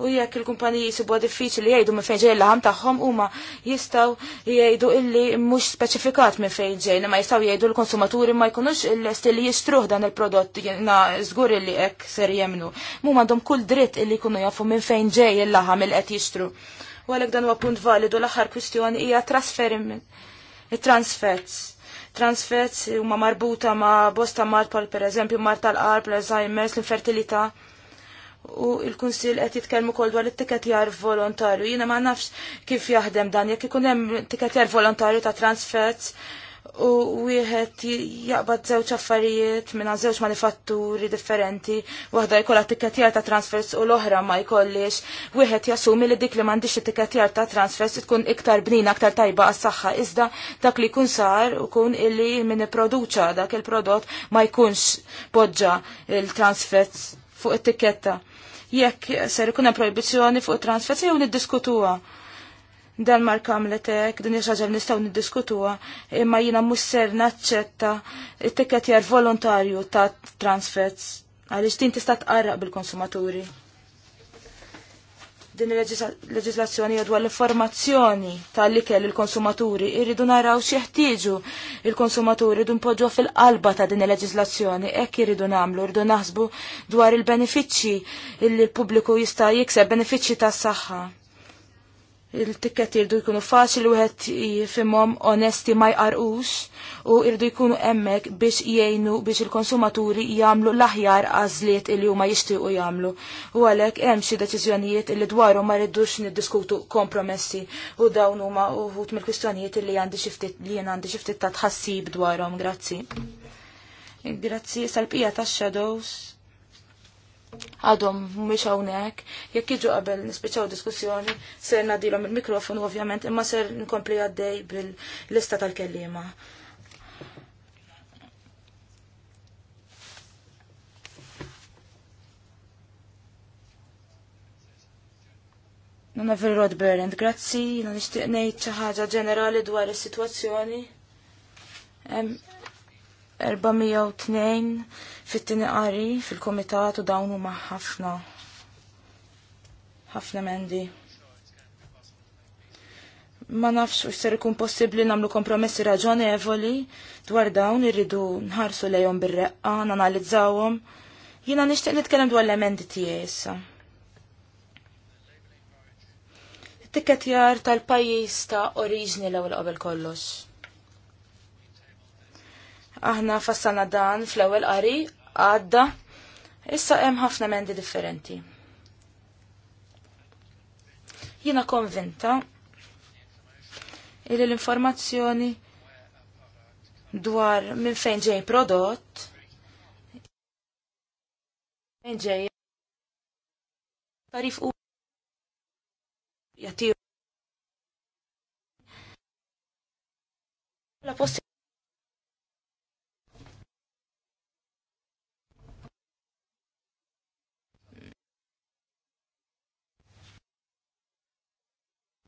u jekk il-kumpaniji jisibu diffiċli jgħidu minn fejn ġej l-ħam tagħhom huma jistgħu jgħidu illi mhux speċifikat minn fejn ġej, ma jistgħu jgħidu l-konsumaturi ma jkunux lest li jistruh dan il-prodott na żgur illi hekk ser jemnu. Mhuma għandhom kull dritt illi jkunu jafu minn fejn ġej il-laħam il qed jixtru. U għalhekk dan huwa punt validu l-aħħar kwistjoni hija trasferiment. Transfers transfets huma marbuta ma' bosta marpal pal per eżempju mart tal-qalb, l-Alzheimer's, l-infertilità u il-Kunsil qed jitkellmu kol dwar it-tiketjar volontarju. Jiena ma nafx kif jaħdem dan jekk ikun hemm tiketjar volontarju ta' transfers u wieħed jaqbad żewġ affarijiet minn żewġ manifatturi differenti, waħda jkollha tikketjar ta' transfers u l-oħra ma jkollix, wieħed jassumi li dik li m'għandix tikketjar ta' transfers tkun iktar bnina, aktar tajba għas-saħħa, iżda dak li jkun sar ukun illi min produċa dak il-prodott ma jkunx poġġa il-transfers fuq it-tikketta jekk ser ikun hemm proibizzjoni fuq transfer se jew niddiskutuha. Denmark għamlet hekk, din ix raġel nistgħu niddiskutuha, imma jiena mhux ser naċċetta t jar volontarju ta' transfers għaliex din tista' tqarraq bil-konsumaturi din il-leġislazzjoni jadwa l-informazzjoni tal-ikel il-konsumaturi irridu naraw xieħtiġu il-konsumaturi irridu npoġġu fil-qalba ta' din il-leġislazzjoni ekk irridu namlu, irridu naħsbu dwar il-benefiċċji il-pubbliku jista' jikseb benefiċċji tas-saħħa il-tikket irdu jkunu faċli u wieħed jifimom onesti ma jqarqux u irdu jkunu hemmhekk biex jgħinu biex il-konsumaturi jagħmlu l-aħjar il li huma jixtiequ jagħmlu. U għalhekk hemm xi deċiżjonijiet li dwarhom ma rridux niddiskutu kompromessi u dawn huma uħut mill-kwistjonijiet li għandi xiftit li jien għandi xi ftit ta' tħassib dwarhom. Grazzi. Grazzi sal-bqija tax-shadows għadhom mhumiex hawnhekk, jekk jiġu qabel nispiċċaw diskussjoni ser nadilhom il-mikrofonu ovvjament imma ser nkompli għaddej bil-lista tal-kellima. Nuna fil Rod Berend, grazzi, jina nishtiq nejt ħaġa ġenerali dwar is-sitwazzjoni. 402 fit-tini qari fil-komitat u dawn huma ħafna ħafna mendi. Ma nafx u ser ikun possibbli nagħmlu kompromessi raġonevoli dwar dawn irridu nħarsu lejhom bir-reqqa, nanalizzawhom. Jiena nixtieq nitkellem dwar l-emendi tiegħi issa. tikketjar tal-pajis ta' oriġni l ewwel qabel kollox. Aħna fassana dan fl-ewwel qari għadda issa hemm ħafna mendi differenti. Jiena konvinta Li l-informazzjoni dwar minn fejn ġej prodott, fejn ġej tarif u jatiju. La possibilità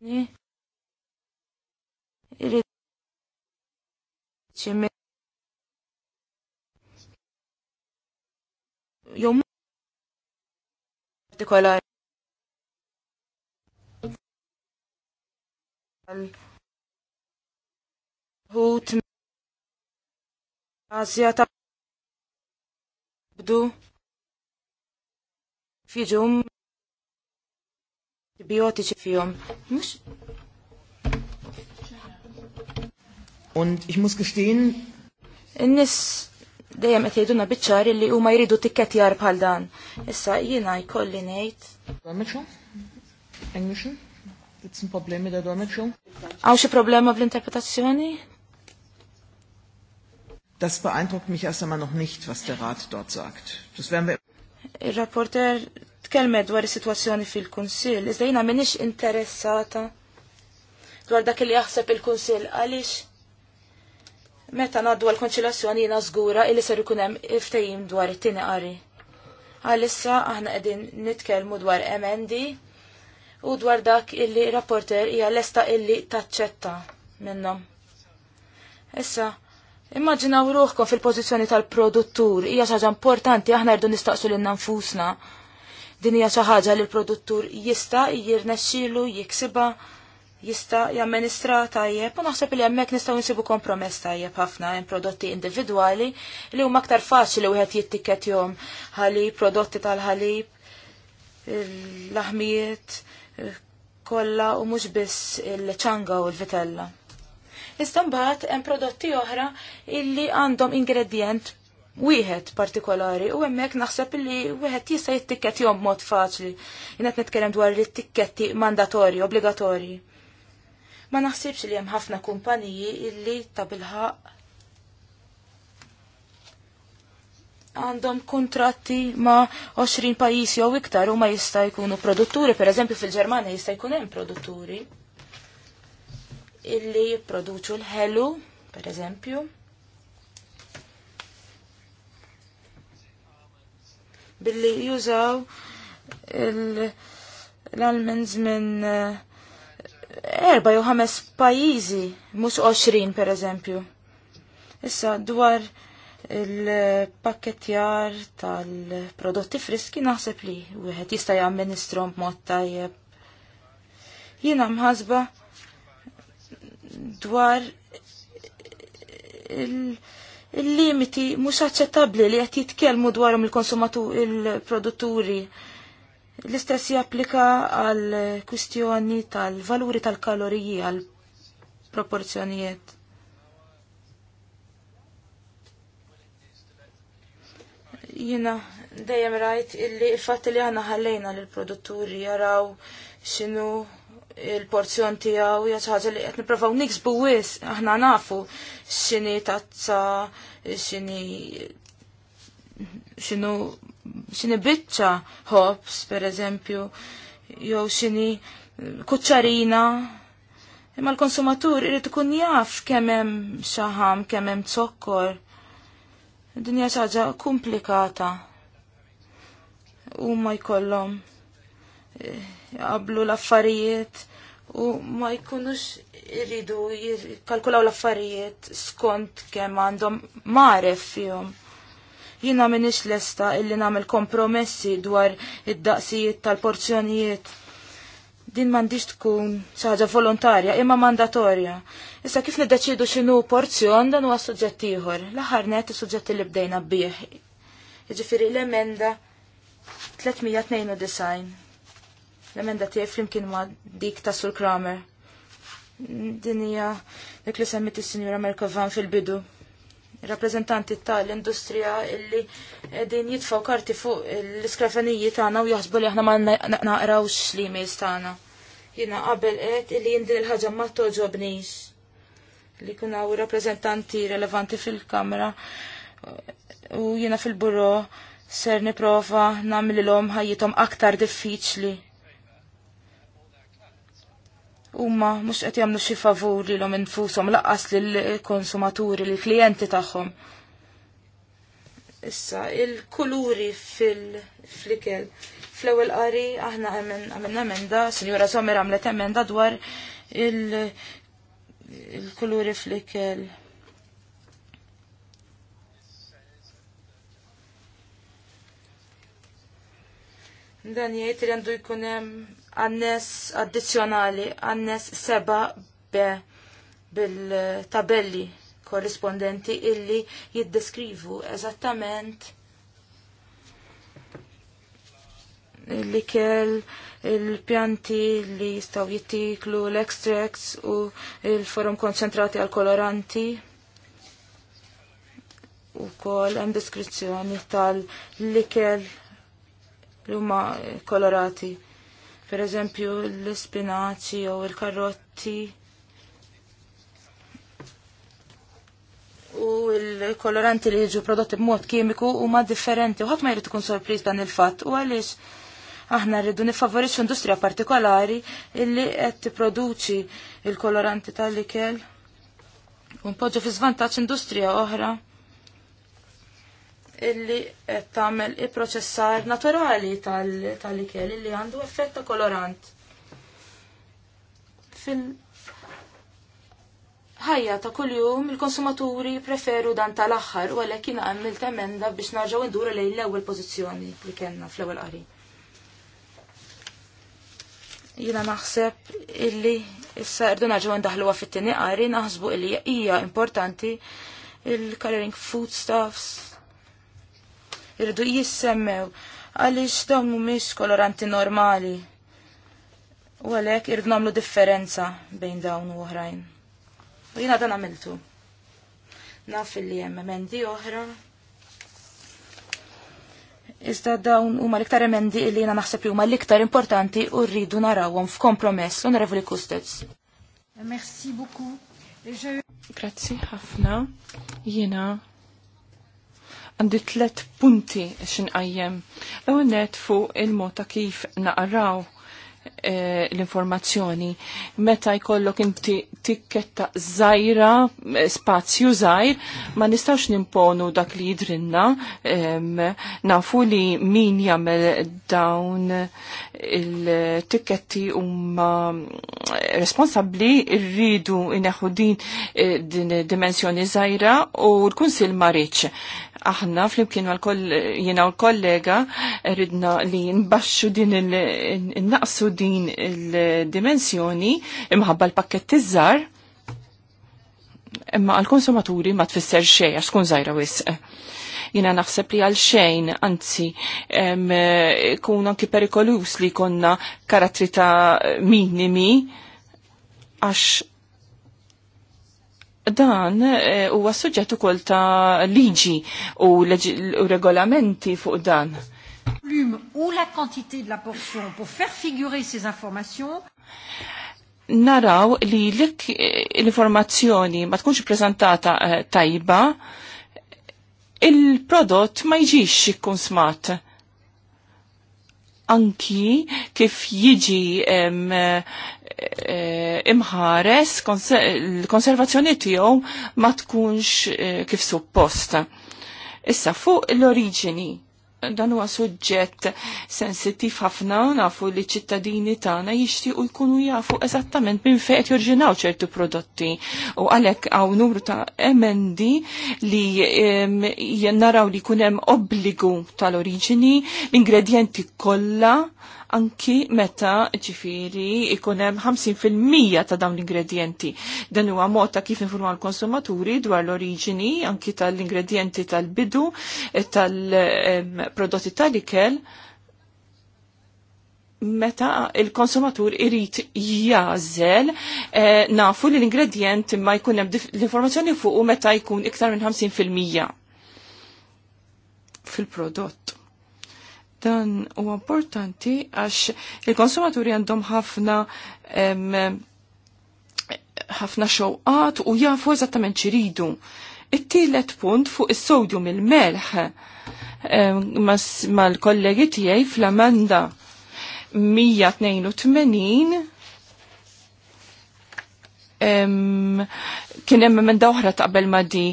Irrid ċemmi. Jom partikolari. Hut Asja ta' bdu fiġum antibiotiċi fihom. Mhux Und ich muss gestehen, Innis dejjem qed jgħiduna biċċar li huma jridu tikket jar bħal dan. Issa jiena jkolli ngħid. Dolmetxu? Englixu? Gibt's problemi da dolmetxu? Hawn xi problema bl-interpretazzjoni? Das beeindruckt mich erst einmal noch nicht, was der Rat dort sagt. Das werden wir Il-rapporter tkellmet dwar is-sitwazzjoni fil-Kunsill, iżda jiena m'iniex interessata dwar dak li jaħseb il-Kunsill għaliex meta ngħaddu għall-konċilazzjoni jiena żgura li ser ikun hemm iftejjim dwar it-tieni qari. Għalissa aħna qegħdin nitkellmu dwar emendi u dwar dak illi rapporter hija lesta illi taċċetta minnhom. Issa, Immaġinaw ruħko fil-pożizzjoni tal-produttur, hija xi ħaġa importanti aħna rdu nistaqsu lil nfusna. Din hija xi ħaġa li l-produttur jista' jirnexxielu, jiksiba, jista' jamministra tajjeb u naħseb li hemmhekk nistgħu nsibu kompromess tajjeb ħafna hemm prodotti individwali li huma aktar faċli wieħed jittikket jom ħalib, prodotti tal-ħalib, l-aħmijiet kollha u mhux biss il-ċanga u l-vitella. Istambat, mbagħad hemm prodotti oħra illi għandhom ingredient wieħed partikolari u hemmhekk naħseb li wieħed jista' jittikketjhom b'mod faċli. Jien qed nitkellem dwar l-ittikketti mandatorji, obbligatorji. Ma naħsibx li hemm ħafna kumpaniji illi ta' bilħaq għandhom kontratti ma' 20 pajjiż jew iktar u ma jista' jkunu produtturi, pereżempju fil-Ġermanja jista' jkun hemm produtturi illi jipproduċu l-ħelu, per eżempju. Billi jużaw l almenz minn eh, erba jew ħames pajjiżi, mhux 20 per eżempju. Issa dwar il-pakketjar tal-prodotti friski naħseb li wieħed jista' jamministrom b'mod tajjeb. Jiena mħasba dwar il-limiti il mhux aċċettabbli li qed jitkellmu dwarhom il-konsumaturi il-produtturi. L-istess japplika għal kwistjoni tal-valuri tal-kaloriji għal proporzjonijiet. Jina, dejjem rajt illi fat li għana ħallejna l-produtturi jaraw xinu il-porzjon tijaw jaċħaġa li għetni niprofaw niksbu wis, aħna nafu xini tazza, xini xinu xini bitċa hops, per eżempju, jew xini kuċċarina. Imma l-konsumatur irrid ikun jaf kemm hemm xaħam, kemm hemm zokkor. Dinja ħaġa komplikata. jkollom. jkollhom eh, jgħablu l-affarijiet u ma jkunux iridu jkalkulaw l-affarijiet skont kemm għandhom maref fihom. Jina minix lesta illi namel kompromessi dwar id-daqsijiet tal-porzjonijiet. Din mandiġ tkun ħaġa volontarja imma mandatorja. Issa kif niddeċidu xinu porzjon dan huwa suġġett ieħor. L-aħħar net is-suġġetti li bdejna bih. Jiġifieri l-emenda 392 l-emenda tiegħi flimkien ma' dik ta' Sur Kramer. Din hija dak li semmiet is-Sinjura Merkovan fil-bidu. Rappreżentanti tal-industrija illi qegħdin jitfgħu karti fuq l iskrafenijiet tagħna u jaħsbu li aħna ma naqrawx l-emails tagħna. Jiena qabel qed illi jindin il-ħaġa ma toġobnix li hawn rappreżentanti relevanti fil-kamera u jiena fil-buro ser niprofa namli l-om ħajjitom aktar diffiċli huma mhux qed jagħmlu xi favur lilhom infushom laqqas lill-konsumaturi lill klijenti tagħhom. Issa il-kuluri fil-flikel. Fl-ewwel qari aħna għamilna emenda, Sinjura Somer għamlet emenda dwar il-kuluri fl flikel. Dan jgħid li għandu jkun hemm għannes addizjonali għannes seba be bil-tabelli korrispondenti illi jiddeskrivu eżattament l-ikel, il-pjanti li jistaw jittiklu, l-extracts u il-forum konċentrati għal koloranti u kol hemm deskrizzjoni tal-likel l huma kolorati per eżempju l-spinaċi jew il-karotti u l-koloranti li jiġu prodotti b'mod kimiku huma differenti u ħadd ma jrid ikun sorpriż dan il-fatt u għaliex aħna rridu nifavorixxu industrija partikolari illi qed tipproduċi il-koloranti tal-ikel u npoġġu fi żvantaġġ industrija oħra illi qed tagħmel il-proċessar naturali tal-ikel illi għandu effetta kolorant. Fil ħajja ta' kuljum il-konsumaturi preferu dan tal-aħħar u għalhekk kien għamilt emenda biex narġgħu nduru lejn l-ewwel pożizzjoni li kellna fl-ewwel qari. Jiena naħseb illi issa irdu narġaw ndaħluha fit-tieni qari naħsbu illi hija importanti il-coloring foodstuffs irridu jissemmew għaliex dawn mhumiex koloranti normali. U għalhekk irridu nagħmlu differenza bejn dawn u oħrajn. U jiena dan għamiltu. Naf li hemm emendi oħra. Iżda dawn huma l-iktar emendi li jiena naħseb li huma l-iktar importanti u rridu narawhom f'kompromess U onorevoli Kustez. Merci beaucoup. Grazie Grazzi ħafna. Jiena Għandi tlet punti xinqajjem. għajjem. għu net fuq il-mota kif naqraw eh, l-informazzjoni. Meta jkollok inti tikketta zaħira, eh, spazju zaħir, ma nistax nimponu dak li jidrinna, nafu li min jamel dawn il-tikketti umma eh, responsabli rridu ineħu din din dimensjoni zaħira u l-kunsil marriċ aħna flimkien jiena u l-kollega ridna li nbaxxu din il-naqsu din il-dimensjoni imħabba l-pakket iż-żar imma għal-konsumaturi ma tfisser xej għax kun żgħira wisq. Jiena naħseb li għal xejn, anzi, kun anki perikolus li konna karatri ta' minimi għax dan eh, huwa suġġett ukoll ta' liġi u regolamenti fuq dan. Plume u la quantité de la portion pour faire figurer ces informations. Naraw li lik eh, l-informazzjoni ma tkunx prezentata eh, tajba, il-prodott ma jġix ikkun smat. Anki kif jiġi Eh, imħares l-konservazzjoni tiegħu ma tkunx eh, kif suppost. Issa fuq l-oriġini dan huwa suġġett sensittiv ħafna nafu li ċittadini tagħna jixtiequ jkunu jafu eżattament minn fejn qed jorġinaw ċertu prodotti. U għalhekk hawn numru ta' emendi li naraw li jkun hemm obbligu tal-oriġini, l-ingredjenti kollha anki meta ġifiri ikunem 50% ta' dawn l-ingredienti. Dan huwa mod ta' kif informa l-konsumaturi dwar l-oriġini anki tal-ingredienti tal-bidu, eh, tal-prodotti tal-ikel, meta il-konsumatur irrit jażel e, nafu li l-ingredient ma jkun hemm l-informazzjoni fuq u meta jkun iktar minn 50% fil-prodott Dan u importanti għax il-konsumaturi għandhom ħafna ħafna xewqat u jafu eżattament ċiridu. It-tielet punt fuq is-sodium il-melħ mal-kollegi tiegħi fl-Amanda 182 kien hemm minn oħra taqbel ma di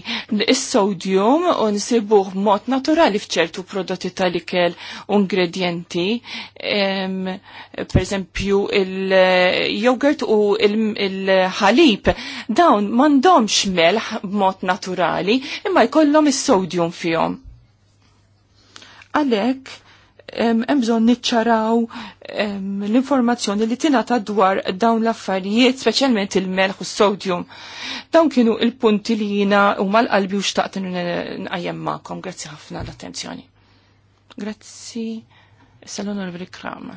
is-sodium u nsibuh mod naturali f'ċertu prodotti tal-ikel u ingredienti. Per esempio il-jogurt u il-ħalib dawn m'għandhomx melħ b'mod naturali imma jkollhom is-sodium fihom. Għalhekk hemm bżonn niċċaraw l-informazzjoni li tingħata dwar dawn l-affarijiet, speċjalment il-melħ u s-sodium. Dawn kienu il-punti li jiena huma l-qalbi u xtaqt nqajjem magħkom. Grazzi ħafna l-attenzjoni. Grazzi. Salon Orvri Kram.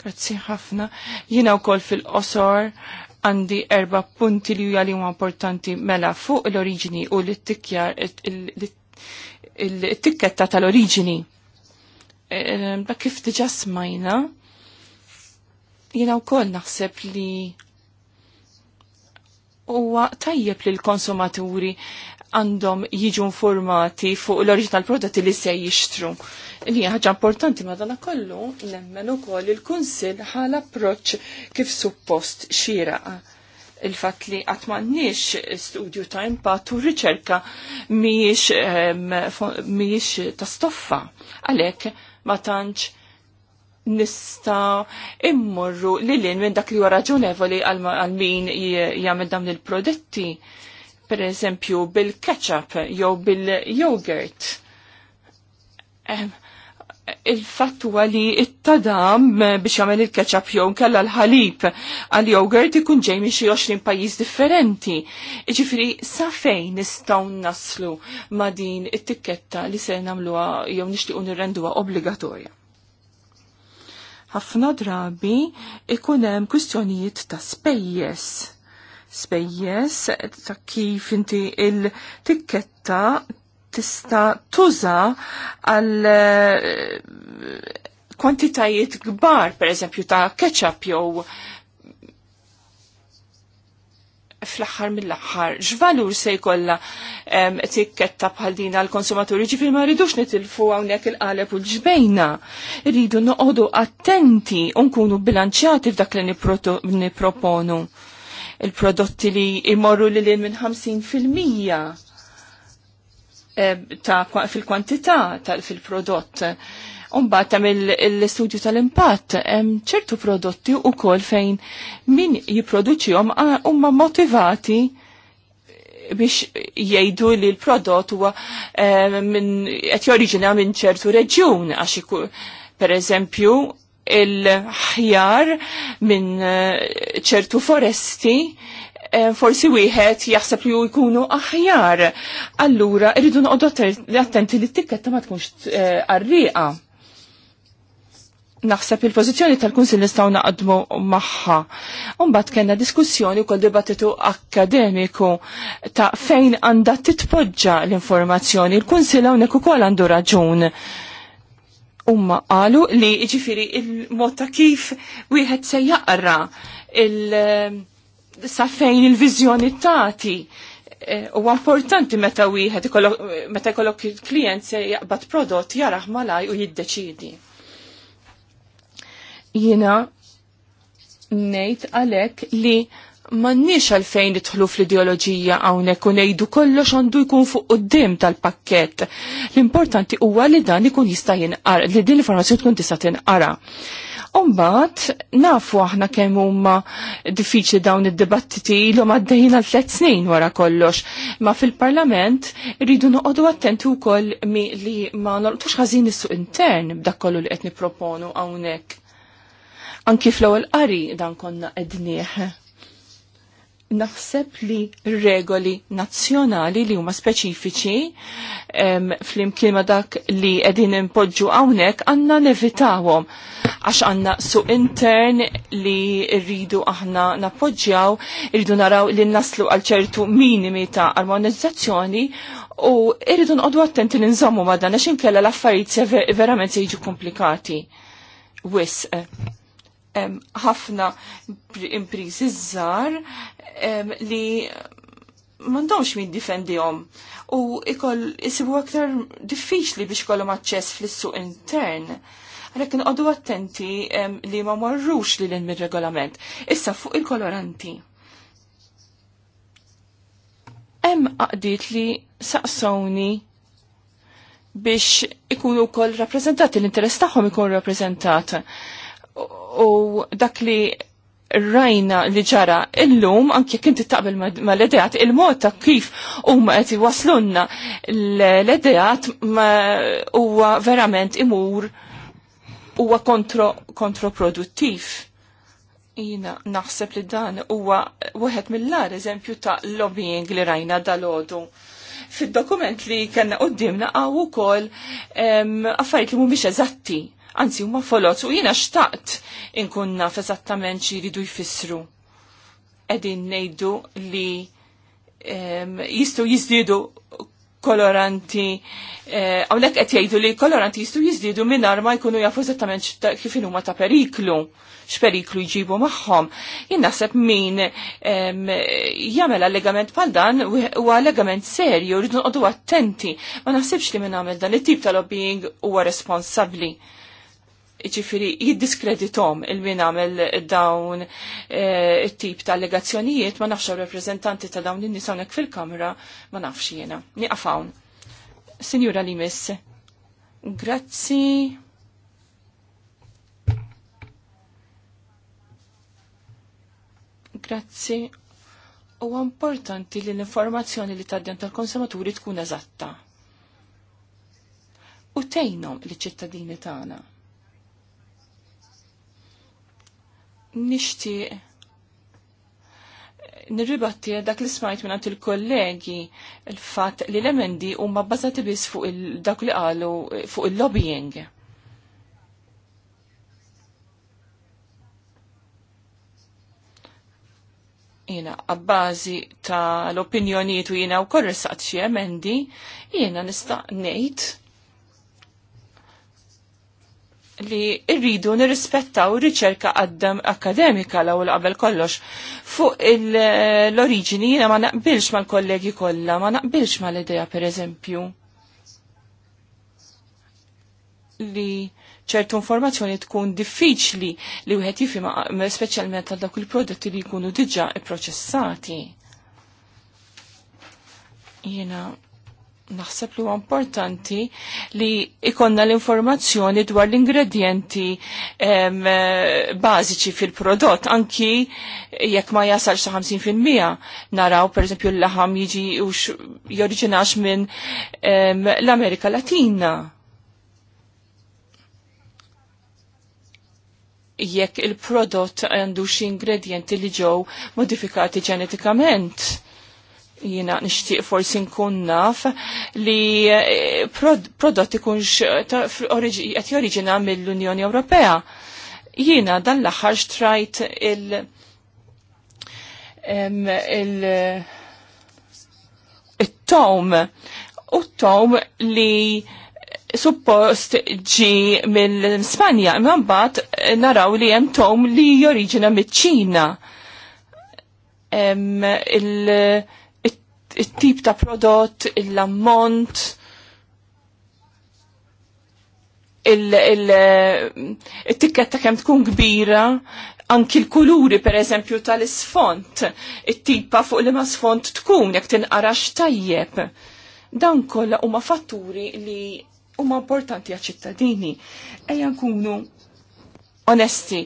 Grazzi ħafna. Jiena wkoll fil-qosor għandi erba punti li huma importanti mela fuq l-oriġini u l-tikjar il-tikketta tal-oriġini. E, ba kif diġa smajna, jina u koll naħseb li huwa tajjeb li l-konsumaturi għandhom jiġu informati fuq l-original prodotti li se jixtru. Li ħaġa importanti madana kollu, nemmen u koll il-kunsil ħala approċċ kif suppost xira il-fat li għatmannix studju ta' impatt u riċerka miex, miex ta' stoffa. Għalek ma tantx nista immurru li l-in minn dak li huwa raġunevoli għal min jagħmel dawn il-prodotti. Per eżempju bil-ketchup jew bil-yogurt il fattwa li it-tadam eh, biex jagħmel il-ketchup jew kellha l-ħalib għal yogurt ikun ġej minn xi 20 pajjiż differenti. Iġifieri sa fejn nistgħu naslu ma' din it-tikketta li se nagħmluha jew nixtiequ nirrenduha obbligatorja. Ħafna drabi ikun hemm kwistjonijiet ta' spejjeż spejjes ta' kif inti il-tikketta tista' tuża għal eh, kwantitajiet kbar, per eżempju, ta' ketchup jew fl-axar mill-axar, ġvalur se jkolla tikketta bħal din għal-konsumaturi, ġifir ma rridux nitilfu għawnek il-qalep u l-ġbejna. Rridu noqodu attenti unkunu bilanċjati f'dak li niproponu. Il-prodotti li imorru li l minn 50%. Eh, ta' fil-kwantità fil-prodott. Umbat tam l-istudju tal-impatt, ċertu prodotti u kol fejn min jiproduċijom umma motivati biex jgħidu li l-prodott huwa eh, qed joriġina minn ċertu reġjun għax per eżempju il-ħjar minn eh, ċertu foresti Eh, forsi wieħed jaħseb li jkunu aħjar. Allura, irridu noqgħod attenti li t-tikketta ma tkunx eh, arriqa. Naħseb il-pożizzjoni tal kunsill nistgħu naqdmu magħha. Mbagħad kellna diskussjoni wkoll dibattitu akademiku ta' fejn għandha titpoġġa l-informazzjoni. il kunsill hawnhekk ukoll għandu raġun umma qalu li ġifiri il-mod ta' kif wieħed se jaqra il- sa fejn il-vizjoni tagħti. E, u importanti meta wieħed meta jkollok il-klient se jaqbad prodott jaraħ malaj u jiddeċidi. Jiena ngħid għalhekk li m'għandniex għalfejn nidħlu fl-ideoloġija hawnhekk u ngħidu kollox għandu jkun fuq quddiem tal pakkett L-importanti huwa li dan ikun jista' jinqara, li din l-informazzjoni tkun tista' tinqara. Umbat, nafu aħna kemm huma diffiċli dawn id-dibattiti ilhom għaddejjin għal tliet snin wara kollox. Ma fil-Parlament rridu noqogħdu attenti wkoll li ma nortux ħażin is-suq intern b'dak kollu li qed nipproponu hawnhekk. Anki fl-ewwel qari dan konna qednieh naħseb li regoli nazzjonali li huma speċifiċi fl-imkien ma dak li qegħdin impoġġu hawnhekk għandna nevitawhom għax għandna suq intern li rridu aħna nappoġġjaw, rridu naraw li naslu għal ċertu minimi ta' armonizzazzjoni u rridu nqogħdu attenti li nżommu ma dan għax inkella l-affarijiet verament se jiġu komplikati. Wis. Eh ħafna imprisi żgħar li mandomx min jom. u ikoll isibu aktar diffiċli biex kollhom aċċess fl suq intern. Għalhekk inqogħdu attenti li ma marrux li l regolament Issa fuq il-koloranti. Hemm qaqdiet li saqsawni biex ikunu kol rappresentati, l-interess tagħhom ikun rappresentat u dak li rajna li ġara illum anke kien taqbel mal-edeat il-mod ta' kif huma qed iwaslunna l-edeat huwa verament imur huwa kontroproduttiv. Jina naħseb li dan huwa wieħed mill-ar eżempju ta' lobbying li rajna dal-għodu fil-dokument li kanna qoddimna għaw u kol affarijiet li mumiex eżatti anzi huma folot u jiena xtaqt inkun naf eżattament x'iridu jfissru. Qegħdin ngħidu li jistgħu jiżdiedu koloranti eh, hawnhekk qed jgħidu li koloranti jistgħu jiżdiedu mingħajr ma jkunu jafu eżattament kif huma ta' periklu x'periklu jġibu magħhom. Jien naħseb min jagħmel allegament bħal dan huwa allegament serju rridu nqogħdu attenti. Ma naħsibx li min għamel dan it-tip ta' lobbying huwa responsabbli ġifiri jiddiskreditom il-min għamil dawn e, it-tip ta' allegazzjonijiet, ma nafx reprezentanti ta' dawn in hawnhekk fil-kamra, ma nafx jiena. Niqafawn. Signora Limis, grazzi. Grazzi. U importanti li l-informazzjoni li tadden tal-konsumaturi tkun eżatta. U tejnom li ċittadini tagħna nixtieq nirribatti dak li smajt minn il-kollegi il-fat li l-emendi huma bbażati biss fuq il dak li qalu fuq il-lobbying. Jena, għabbażi ta' l-opinjoniet u jena u korresat xie emendi, jena nista' ngħid li rridu nirrispettaw riċerka għaddam akademika l-għol qabel kollox. Fuq l-oriġini jina ma naqbilx mal-kollegi kollha, ma naqbilx mal-idea per eżempju li ċertu informazzjoni tkun diffiċli li wieħed jifhim speċjalment għal dawk il-prodotti li jkunu diġà ipproċessati. Jiena naħseb li importanti li ikonna l-informazzjoni dwar l-ingredienti eh, bażiċi fil-prodott, anki jekk ma jasal sa' 50% naraw per esempio l-laħam jiġi joriġinax minn l-Amerika Latina. Jekk il-prodott għandu xi ingredienti li ġew modifikati ġenetikament jina nishtiq forsi nkun naf li eh, prodotti kunx qed joriġina mill-Unjoni Ewropea. Jina dan l-aħħar xtrajt il- il- tom u tom li suppost ġi mill-Spanja, imma mbagħad eh, naraw li hemm tom li joriġina miċ-Ċina. il- it-tip ta' prodott, l-ammont, il-tikketta kemm tkun kbira, anki l-kuluri per eżempju tal-isfont, it-tipa fuq li ma sfont tkun jekk tinqarax tajjeb. Dawn kollha huma fatturi li huma importanti għal ċittadini. Ejja nkunu onesti.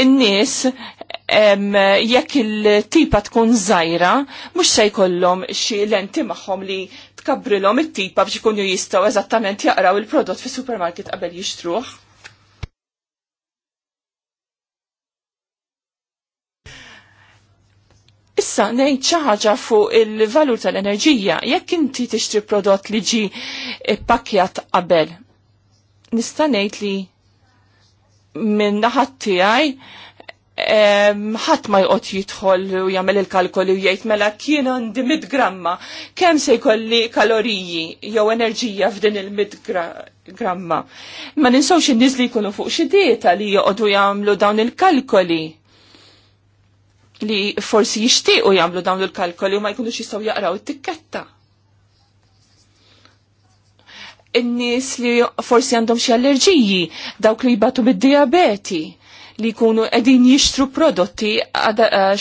In-nies jekk il-tipa tkun żajra, mhux se jkollhom xi lenti magħhom li tkabbrilhom it-tipa biex ikunu jistgħu eżattament jaqraw il-prodott fis-supermarket qabel jixtruh. Issa ngħid xi ħaġa fuq il-valur tal-enerġija jekk inti tixtri prodott li ġi pakjat qabel. Nista' ngħid li minn naħat tiegħi ħadd ma jqgħod jidħol u jagħmel il-kalkoli u jgħid mela kien għandi mid gramma kemm se jkolli kaloriji jew enerġija f'din il-mid gramma. Ma ninsawx in-nies li jkunu fuq xi dieta li joqogħdu jagħmlu dawn il-kalkoli li forsi jixtiequ jagħmlu dawn il-kalkoli u ma jkunux jistgħu jaqraw it-tikketta n-nies li forsi għandhom xi allerġiji, dawk li jibatu bid-diabeti li jkunu qegħdin jixtru prodotti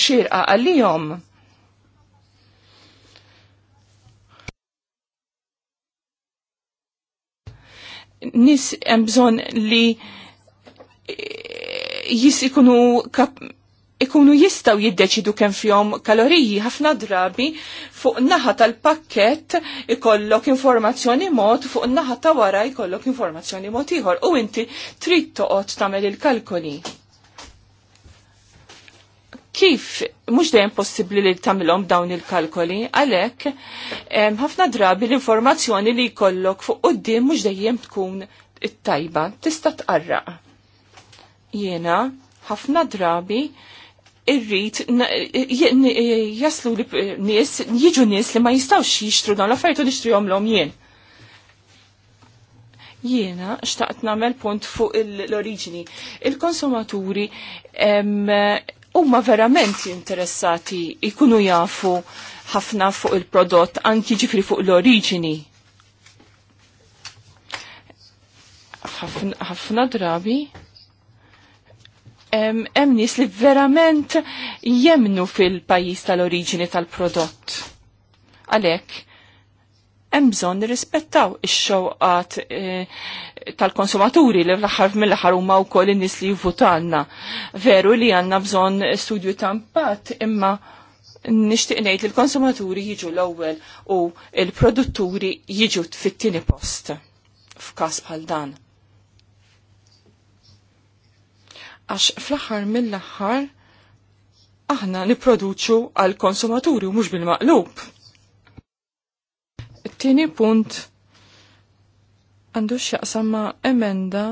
xirqa għalihom. Nis hemm bżonn li jis ikunu kap ikunu jistaw jiddeċidu kemm fjom kaloriji ħafna drabi fuq naħa tal-pakket ikollok informazzjoni mod fuq naħa ta' wara jkollok informazzjoni mod ieħor u inti trid toqgħod tagħmel il-kalkoli. Kif mhux dejjem possibbli li tagħmilhom dawn il-kalkoli, għalhekk ħafna drabi l-informazzjoni li jkollok fuq quddiem mhux dejjem tkun it-tajba tista' tqarraq. Jiena ħafna drabi irrid jaslu li nies, jiġu nies li ma jistawx jixtru dan l u li jom l-om jien. Jiena, xtaqt namel punt fuq l-oriġini. Il-konsumaturi huma verament interessati ikunu jafu ħafna fuq il-prodott, anki ġifri fuq l-oriġini. ħafna drabi hemm nies li verament jemnu fil-pajjiż tal-oriġini tal-prodott. Għalhekk hemm bżonn nirrispettaw ix-xewqat eh, tal-konsumaturi li fl-aħħar mill-aħħar huma wkoll in-nies li għandna, Veru li għandna bżonn studju ta' impatt imma nixtieq ngħid li l-konsumaturi jiġu l-ewwel u l-produtturi jiġu fit-tieni post f'każ bħal dan għax fl-aħħar mill-aħħar aħna niproduċu għal konsumaturi u mhux bil-maqlub. It-tieni punt għandu x'jaqsam ma' emenda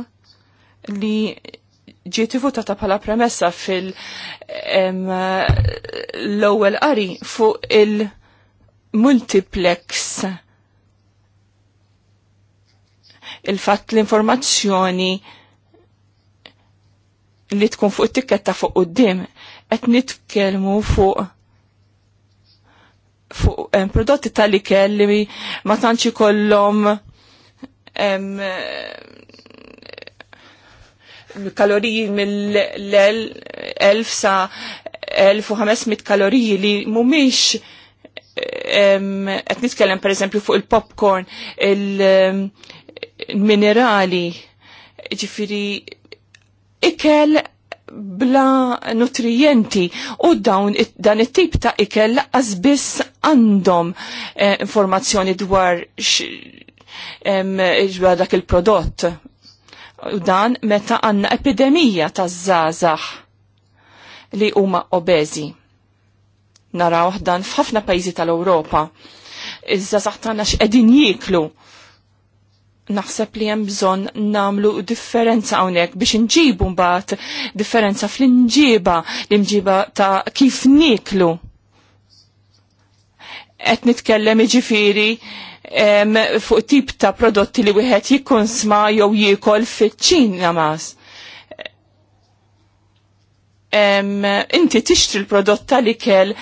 li ġieti votata bħala premessa fil l-ewwel qari fuq il-multiplex il-fatt l-informazzjoni il multiplex il fat l informazzjoni li tkun fuq it-tikketta fuq qudiem qed nitkellmu fuq fuq prodotti tal kelli ma tantx ikollhom kaloriji mill-1000 sa 1500 kaloriji li mhumiex qed nitkellem pereżempju fuq il-popcorn il-minerali ġifiri ikel bla nutrijenti u dawn dan it-tip ta' ikel laqqas biss għandhom eh, informazzjoni dwar ġwa dak il-prodott. U dan meta għanna epidemija ta' zazax li huma obezi. Naraw dan f'ħafna pajjiżi tal-Ewropa. Iż-żazax tagħna x'qegħdin jieklu naħseb li hemm bżonn nagħmlu differenza hawnhekk biex inġibu mbagħad differenza fl-inġiba l-imġiba ta' kif niklu. Qed nitkellem iġifieri fuq tip ta' prodotti li wieħed jikkonsma jew jiekol fiċ ċin mas. Inti tixtri l-prodott tal-ikel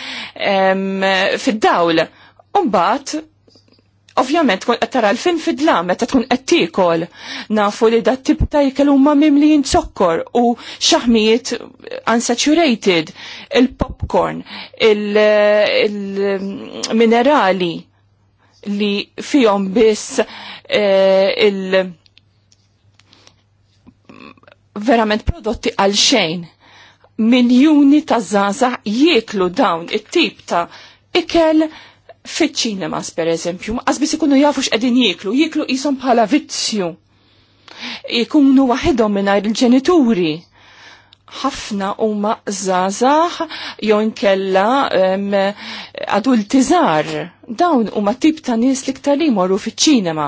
fid-dawl. Umbat, Ovvjament, kun tara l-fin fidla, meta tkun qed nafu li dat tip ta' ikel huma mimlijin jintzokkor u xaħmijiet unsaturated, il-popcorn, il-minerali li fihom biss eh, il- verament prodotti għal xejn. Miljuni ta' zaza jieklu dawn it-tip ta' ikel fiċ-ċinemas per eżempju, għazbis ikunu jafu edin jiklu, jiklu qishom bħala vizzju. Jikunu waħedhom mingħajr il-ġenituri. Ħafna huma maqżazax jew adultizar. adulti żgħar. Dawn huma tip ta' nies li ktar jmorru fiċ-ċinema.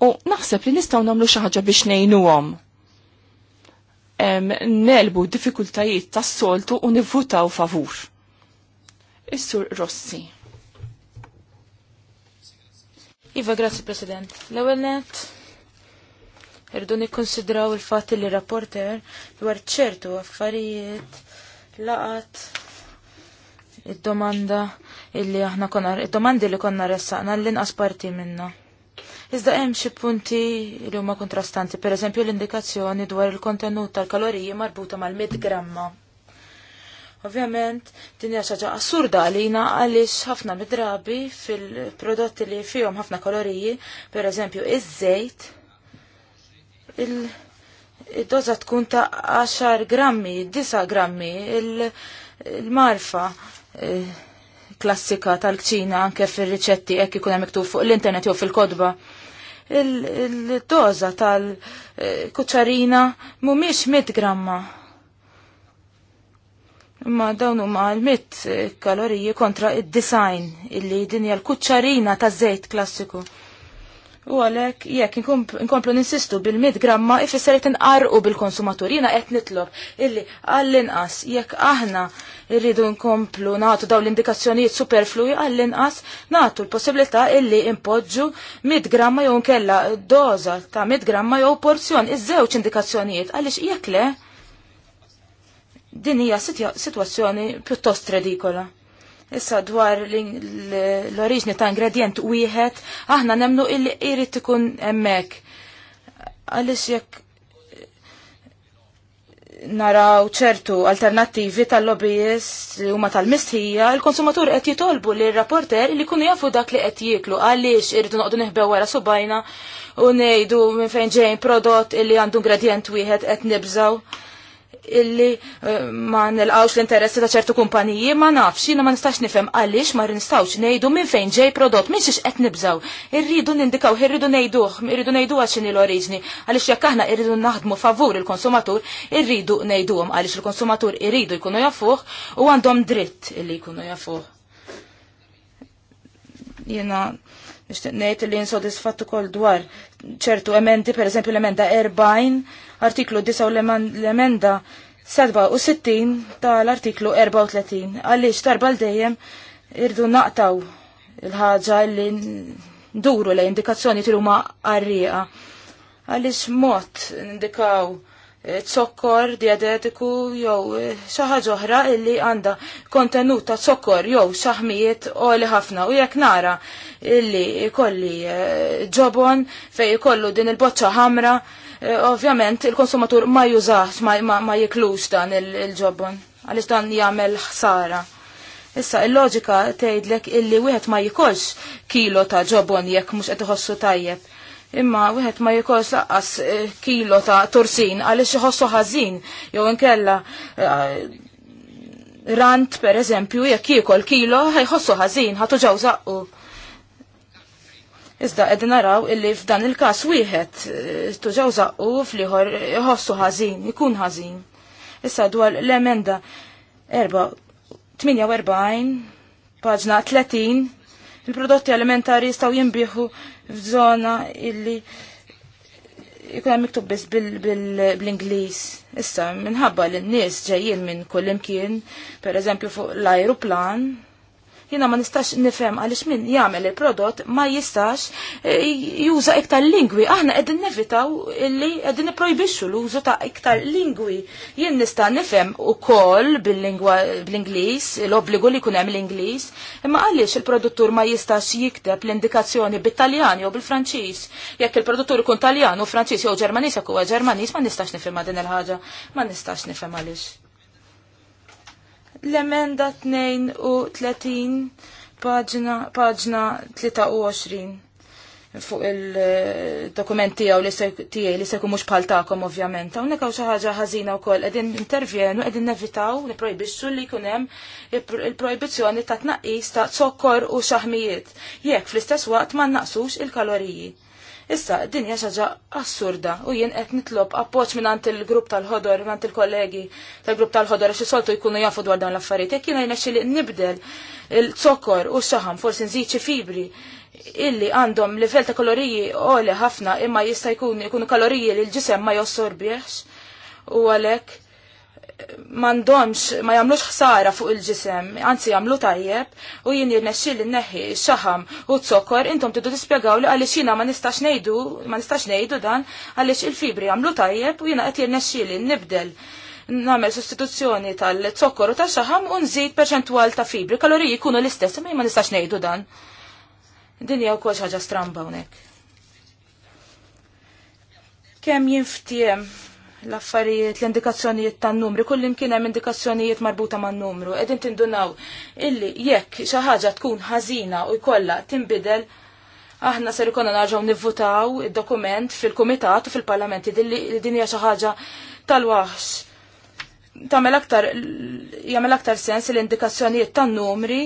U naħseb li nistgħu nagħmlu xi ħaġa biex ngħinuhom nelbu diffikultajiet tas-soltu u nivvutaw favur Is-Sur Rossi. Iva, grazzi President. L-ewwel net irdu nikkonsidraw il-fatt li rapporter dwar ċertu affarijiet laqat id-domanda illi aħna konna id-domandi li konna ressaqna l-inqas parti minna. Iżda hemm xi punti li huma kontrastanti, pereżempju l-indikazzjoni dwar il-kontenut tal-kaloriji marbuta mal mid gramma Ovvjament, din hija ħaġa assurda għalina għaliex ħafna midrabi fil-prodotti li fihom ħafna koloriji, per eżempju iż-żejt, il-doza tkun ta' 10 grammi, 9 grammi, il-marfa eh, klassika tal-kċina anke fil-riċetti hekk ikun hemm miktub fuq l-internet jew fil-kodba il-doza tal-kuċarina eh, mhumiex 100 gramma Ma dawn huma għal mit kaloriji kontra id-design illi din hija l-kuċċarina ta' żejt klassiku. U għalhekk jekk inkomplu ninsistu bil-100 gramma ifisser qed inqarqu bil-konsumatur. Jiena qed nitlob illi għall-inqas jekk aħna rridu nkomplu nagħtu dawn l-indikazzjonijiet superflui għall-inqas nagħtu l-possibilità illi impoġġu 100 gramma jew nkella doza ta' 100 gramma jew porzjon iż-żewġ indikazzjonijiet għaliex jekk le Din hija sitwazzjoni pjuttost redikola. Issa dwar l-oriġni ta' ingredient wieħed, aħna nemnu illi irid ikun hemmhekk. Għaliex jekk naraw ċertu alternattivi tal-lobbyist huma tal-mistħija, il-konsumatur qed jitolbu li rapporter li jkunu jafu dak li qed jieklu għaliex irridu noqdu neħbew wara subajna u ngħidu minn fejn ġejn prodott illi għandu ingredient wieħed qed nibżaw illi eh, ma nilqawx l-interessi ta' ċertu kumpaniji, ma nafx, jina ma nistax nifhem għaliex ma rinistawx ngħidu minn fejn ġej prodott, minn xiex qed nibżaw. Irridu nindikaw, irridu ngħiduh, irridu nejduħ għaxin l-oriġni, għaliex jekk aħna irridu naħdmu favur il-konsumatur, irridu ngħiduhom għaliex il-konsumatur irridu jkunu jafuh u għandhom dritt illi jkunu jafuh. Jena Nixtieq ngħid li insodisfatt kol dwar ċertu emendi, pereżempju l-emenda 40, artiklu 9 l-emenda 67 tal-artiklu 34. Għaliex darba l-dejjem irdu naqtaw il-ħaġa li nduru le indikazzjoni tiluma għarrija. Għaliex mod indikaw zokkor diadetiku jew eh, xi ħaġa oħra illi għandha kontenut ta' zokkor jew xaħmijiet oli ħafna u jekk nara illi ikolli eh, ġobon fejn ikollu din il-boċċa ħamra, eh, ovvjament il-konsumatur ma jużax, ma, ma, jiklux dan il-ġobon, għaliex dan jagħmel ħsara. Issa, il-loġika tgħidlek illi wieħed ma jikolx kilo ta' ġobon jekk mhux qed iħossu tajjeb imma wieħed ma jikol saqqas eh, kilo ta' torsin għaliex iħossu ħażin jew inkella eh, rant per eżempju jekk jiekol kilo ħajħossu ħażin ħatu ġew zaqqu. Iżda qed naraw illi f'dan il-każ wieħed eh, tu zaqqu saqqu fliħor iħossu ħażin, ikun ħażin. Issa dwar l-emenda 48 paġna 30 il-prodotti alimentari jistgħu jinbieħu f'żona illi jkun hemm miktub biss bl-Ingliż. Issa minħabba li nies ġejjin minn kullimkien, pereżempju fuq l-ajruplan, Jina ma nistax nifhem għaliex min jagħmel il-prodott ma jistax eh, juża iktar lingwi. Aħna qegħdin nevitaw illi qegħdin nipprojbixxu l-użu ta' iktar lingwi. Jien nista' nifhem ukoll bil-lingwa bl-Ingliż, l-obbligu li jkun hemm l-Ingliż, imma għaliex il-produttur ma jistax jikteb l-indikazzjoni bit-Taljan jew bil-Franċiż. Jekk il-produttur ikun Taljan u Franċiż jew Ġermaniż jekk huwa Ġermaniż ma nistax nifem din il-ħaġa, ma nistax nifhem għaliex l-emenda 32 paġna, paġna 23 fuq il-dokument tijaw li tijaj li seku mux ovvjament. Unnek nekaw xaħġa ħazina u koll edin intervjenu, edin nevitaw, projbissu li kunem il projbizzjoni ta' tnaqis ta' zokkor u xaħmijiet. Jekk fl-istess waqt ma' naqsux il-kaloriji. Issa, dinja xaġa assurda u jien qed nitlob appoġġ mingħand il-grupp tal-ħodor, mingħand il-kollegi tal-grupp tal-ħodor għax soltu jkunu jafu dwar dawn l-affarijiet. Jekk jiena jnexxi li nibdel il-zokkor u x-xaħam forsi nżid fibri illi għandhom livell ta' kaloriji għoli ħafna imma jista' jkun jkunu kaloriji li l-ġisem ma jossorbiex u għalhekk mandomx ma jamlux ħsara fuq il-ġisem, anzi jamlu tajjeb u jien jirnexxil neħi xaħam u t-sokkor intom tiddu tispjegaw li għaliex jiena ma nistax ngħidu ma nistax ngħidu dan għaliex il-fibri jamlu tajjeb u jiena qed li nibdel nagħmel sostituzzjoni tal-zokkor u tax-xaħam u nżid perċentwal ta' fibri, kaloriji jkunu l-istess, ma nistax ngħidu dan. Dinja wkoll xi ħaġa stramba hawnhekk. Kemm jinftijem? l-affarijiet, l-indikazzjonijiet tan-numri, kullim kien hemm indikazzjonijiet marbuta man-numru, qegħdin tindunaw illi jekk xi ħaġa tkun ħażina u jkollha tinbidel aħna ser ikonna narġgħu nivvutaw id-dokument fil-kumitat u fil-parlamenti din hija xi ħaġa tal-waħx. Tagħmel aktar jagħmel aktar sens l-indikazzjonijiet tan-numri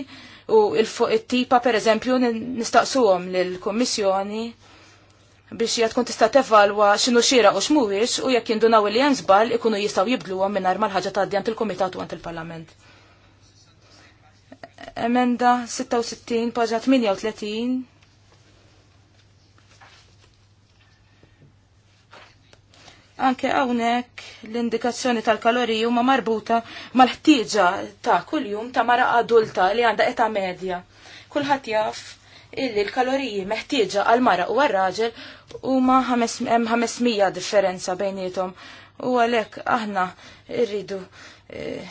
u il-fuq it-tipa pereżempju nistaqsuhom lill-Kummissjoni biex jgħat kun tista' tevalwa xinu xira u xmuwix u jekk jindunaw li hemm żball ikunu jistgħu jibdluhom mingħajr mal-ħaġa tgħaddi għand il-Kumitat u għand il-Parlament. Emenda 66, paġa 38. Anke hawnhekk l-indikazzjoni tal-kaloriji huma marbuta mal-ħtieġa ta' kuljum ta' mara adulta li għandha età medja. Kulħadd jaf illi l-kaloriji meħtieġa għal mara u għal raġel huma 500 differenza bejnietom u għalhekk aħna rridu eh,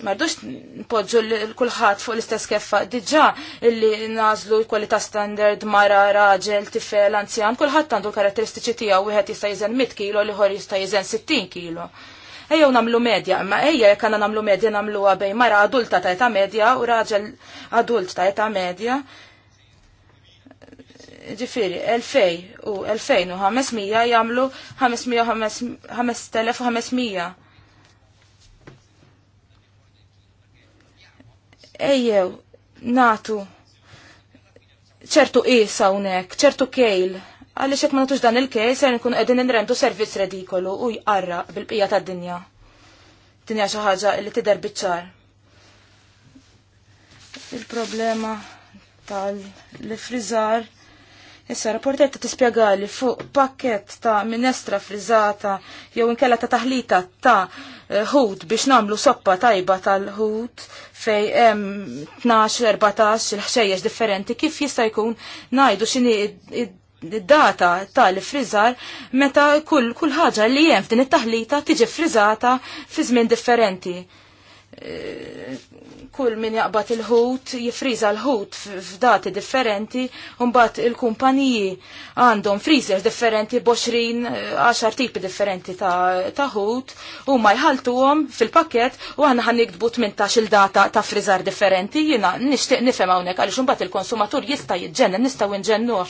Mardux npoġġu l-kulħat fuq l-istess keffa diġà illi nażlu kwalità standard mara, raġel, tifel, anzjan, kulħadd għandu karatteristiċi tiegħu wieħed jista' jeżen 100 kilo, l-ieħor jista' jeżen 60 kilo. Ejjew namlu medja, ma ejja jekk għandna namlu medja namluha bejn mara adulta ta' età medja u raġel adult ta' età medja, ġifiri, 2000 u 2500 jamlu 5500. Ejjew, natu ċertu isa unek, ċertu kejl, għalli xek ma natux dan il-kejl ser nkun edin nrendu servizz redikolu u jqarra bil-pija ta' dinja. Dinja xaħġa li t-der bitċar. Il-problema tal-li frizar Issa, rapportet tispjega li fuq pakket ta' minestra frizzata jew inkella ta' taħlita ta' eh, ħut biex namlu soppa tajba tal-ħut fej 12-14 il-ħxejjex differenti kif jista' jkun najdu xini id-data tal-frizzar meta kull kull ħaġa li hemm f'din it-taħlita tiġi frizzata fi żmien differenti kull min jaqbad il-ħut jifriza l-ħut f'dati differenti mbagħad il-kumpaniji għandhom freezers differenti boxrin, 10 eh, tipi differenti ta', ta ħut huma jħaltuhom fil-pakket u aħna ħan nikdbu 18 il-data ta' friżar differenti jiena nixtieq nifhem hawnhekk għaliex unbat il-konsumatur jista' jiġġenna nistgħu nġennuh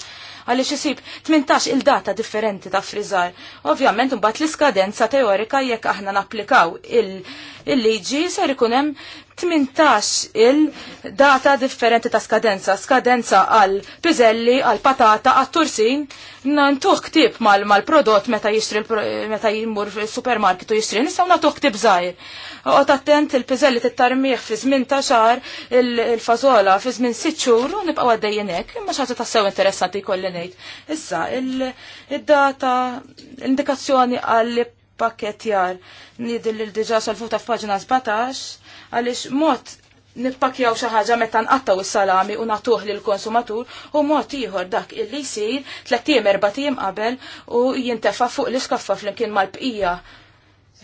għaliex jisib 18 il-data differenti ta' friżar. Ovvjament imbagħad l-iskadenza teorika jekk aħna napplikaw il-liġi ser ikun hemm 18 il-data differenti ta' skadenza. Skadenza għal piżelli, għal patata, għal tursin, nantuħ ktib mal-prodott meta jixtri meta jimmur fil-supermarketu jixtri, nistgħu nagħtuh ktib żgħir. Oqgħod attent il-piżelli t-tarmiħ fi żmien ta' xahar il fazola fi żmien sitt xhur u nibqgħu għaddejjin imma xi tassew interessanti jkolli ngħid. Issa il-data l-indikazzjoni għall jar nidil il-diġa solvuta f'paġna 17 għaliex mod nippakjaw xi ħaġa meta nqattaw is-salami u li l konsumatur u mod ieħor dak illi jsir jisir tiem erba' qabel u jintefa' fuq l-iskaffa flimkien mal-bqija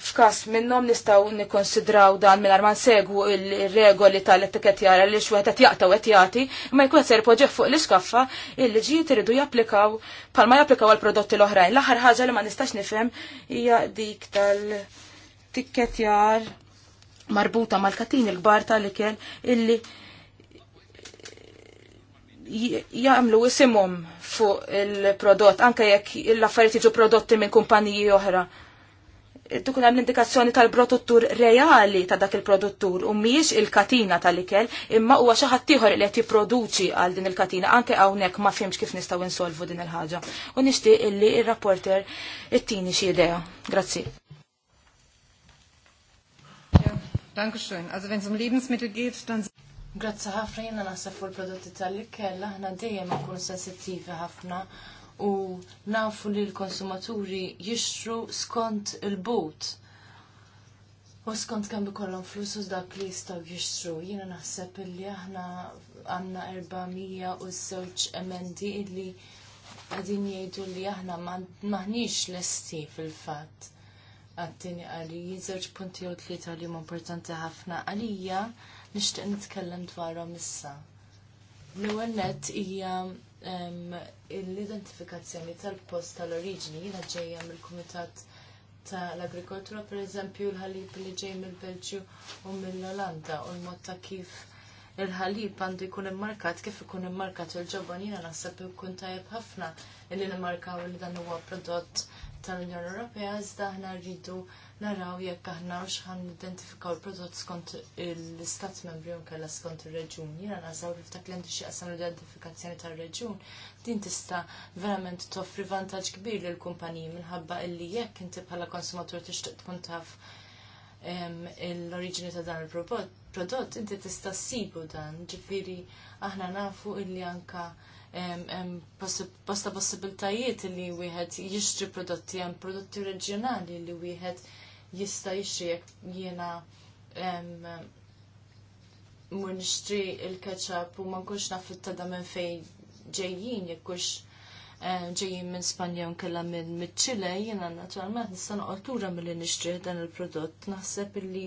f'kas minnom nistaw nikonsidraw dan minn arman segwu il-regoli tal-etikettjar li xwet qed jaqta' qed jagħti, imma jkun qed serpoġ fuq l-iskaffa il ġi iridu japplikaw palma japplikaw għal prodotti l-oħrajn. L-aħħar ħaġa li ma nistax nifhem hija dik tal-tikkettjar marbuta mal-katin il-kbar tal-ikel illi jgħamlu isimhom fuq il-prodott anke jekk l-affarijiet jiġu prodotti minn kumpaniji oħra tukun hemm l-indikazzjoni tal-produttur reali ta' dak il-produttur u mhijiex il-katina tal-ikel imma huwa xi ħadd ieħor li qed jipproduċi għal din il-katina anke hawnhekk ma fimx kif nistgħu insolvu din il-ħaġa. U nixtieq illi ir-rapporter ittini xi idea. Grazzi. Dankeschön. Also wenn es um Lebensmittel geht, dann Grazzi ħafna jiena naħseb fuq il-prodotti tal-ikel aħna dejjem ikunu sensittivi ħafna u nafu li l-konsumaturi jixtru skont il-but. U skont kemm ikollhom flus u dak li jistgħu jixtru. Jiena naħseb li aħna għandna 400 u emendi illi qegħdin jgħidu li aħna maħniex lesti fil fat Għattini għalli żewġ punti u tlieta li huma importanti ħafna għalija nixtieq nitkellem dwarhom issa. L-ewwel nett hija l-identifikazzjoni tal-post tal-oriġini jina ġejja mill-Kumitat tal-Agrikoltura pereżempju l-ħalib li ġej mill-Belġju u mill-Olanda u l-mod ta' kif il-ħalib għandu jkun immarkat kif ikun immarkat il-ġobon jina nasab ikun tajjeb ħafna illi nimmarkaw li dan huwa prodott tal-Unjoni Ewropea iżda aħna rridu naraw jekk aħna x'ħan identifikaw il-prodott skont l-istat membri u nkella skont ir-reġun. Jiena nasaw li f'dak l għandu xi qasam l-identifikazzjoni tar-reġun din tista' verament toffri vantaġġ kbir lill kumpaniji minħabba illi jekk inti bħala konsumatur tixtieq tkun taf l-oriġini ta' dan il-prodott, inti tista' ssibu dan, ġifieri aħna nafu illi anka posta possibiltajiet li wieħed jixtri prodotti hemm prodotti reġjonali li wieħed jista jixri jekk jiena mur nixtri il-ketchup u ma nkunx naf it-tada minn fejn ġejjin kux ġejjin minn Spanja u nkella minn miċ-Ċile jiena naturalment nista' noqgħod lura milli nixtri dan il-prodott. Naħseb illi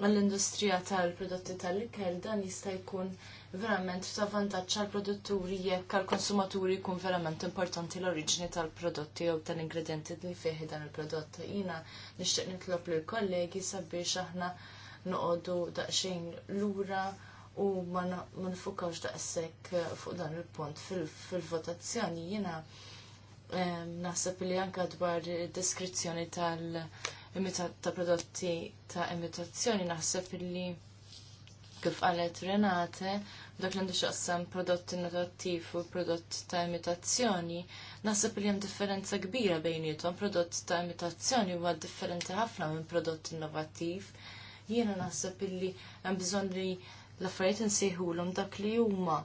għall-industrija tal-prodotti tal-ikel dan jista' jkun verament ta' vantaġġ għall produtturi jekk għall konsumaturi jkun verament importanti l-oriġini tal-prodotti jew tal-ingredienti li fih dan il-prodott. Jina nixtieq nitlob lill kollegi sabiex aħna noqogħdu daqsxejn lura u ma nfukawx daqshekk fuq dan il-punt fil-votazzjoni. Jiena naħseb li anke dwar deskrizzjoni tal-prodotti ta' imitazzjoni naħseb li kif qalet Renate, dak li għandu xaqsam prodott innovattiv u prodott ta' imitazzjoni, naħseb li hemm differenza kbira bejnietom, prodott ta' imitazzjoni huwa differenti ħafna minn prodott innovattiv. Jiena naħseb illi hemm bżonn li l-affarijiet insejħulhom dak li huma.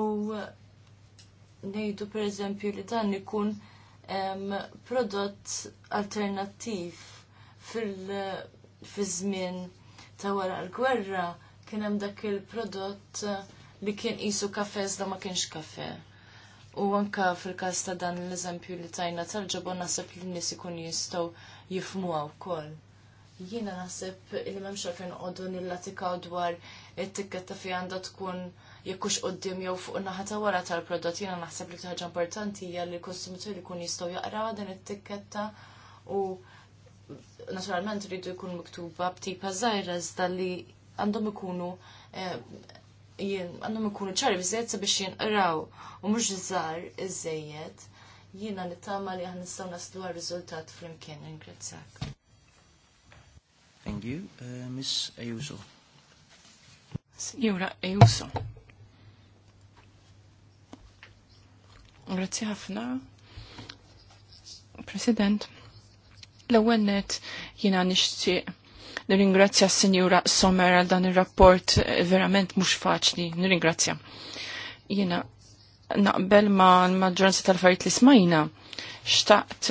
U ngħidu pereżempju li dan ikun prodott alternattiv fil-żmien ta' wara l-gwerra kien hemm dak il-prodott eh, li kien qisu kafe iżda ma kienx kafe. U anka fil-każ ta' dan l-eżempju li tajna tal-ġabon naħseb li n-nies ikun jistgħu jifhmu wkoll. Jiena naħseb li m'hemmx għalfejn noqogħdu nillatikaw dwar it-tikketta fi għandha tkun jekkux qoddim jew fuq naħa ta' wara tal-prodott jiena naħseb li ħaġa importanti hija li l-konsumaturi jkun jistgħu jaqraw din it-tikketta u naturalment rridu jkun miktuba b'tipa żgħira iżda li għandhom ikunu eh, jien għandhom ikunu ċari biżejjed sabiex jinqraw u mhux żgħar iżejjed jiena nittama li aħna nistgħu naslu għar-riżultat flimkien ingrazzjak. Thank you, uh, Miss Ayuso. Signora Ayuso. Grazzi ħafna. President, l-ewwel net jiena nixtieq Nirringrazzja s-Sinjura Sommer għal dan il-rapport eh, verament mux faċli. Nirringrazzja. Jena naqbel ma l-maġġoranza tal-affarijiet li smajna xtaqt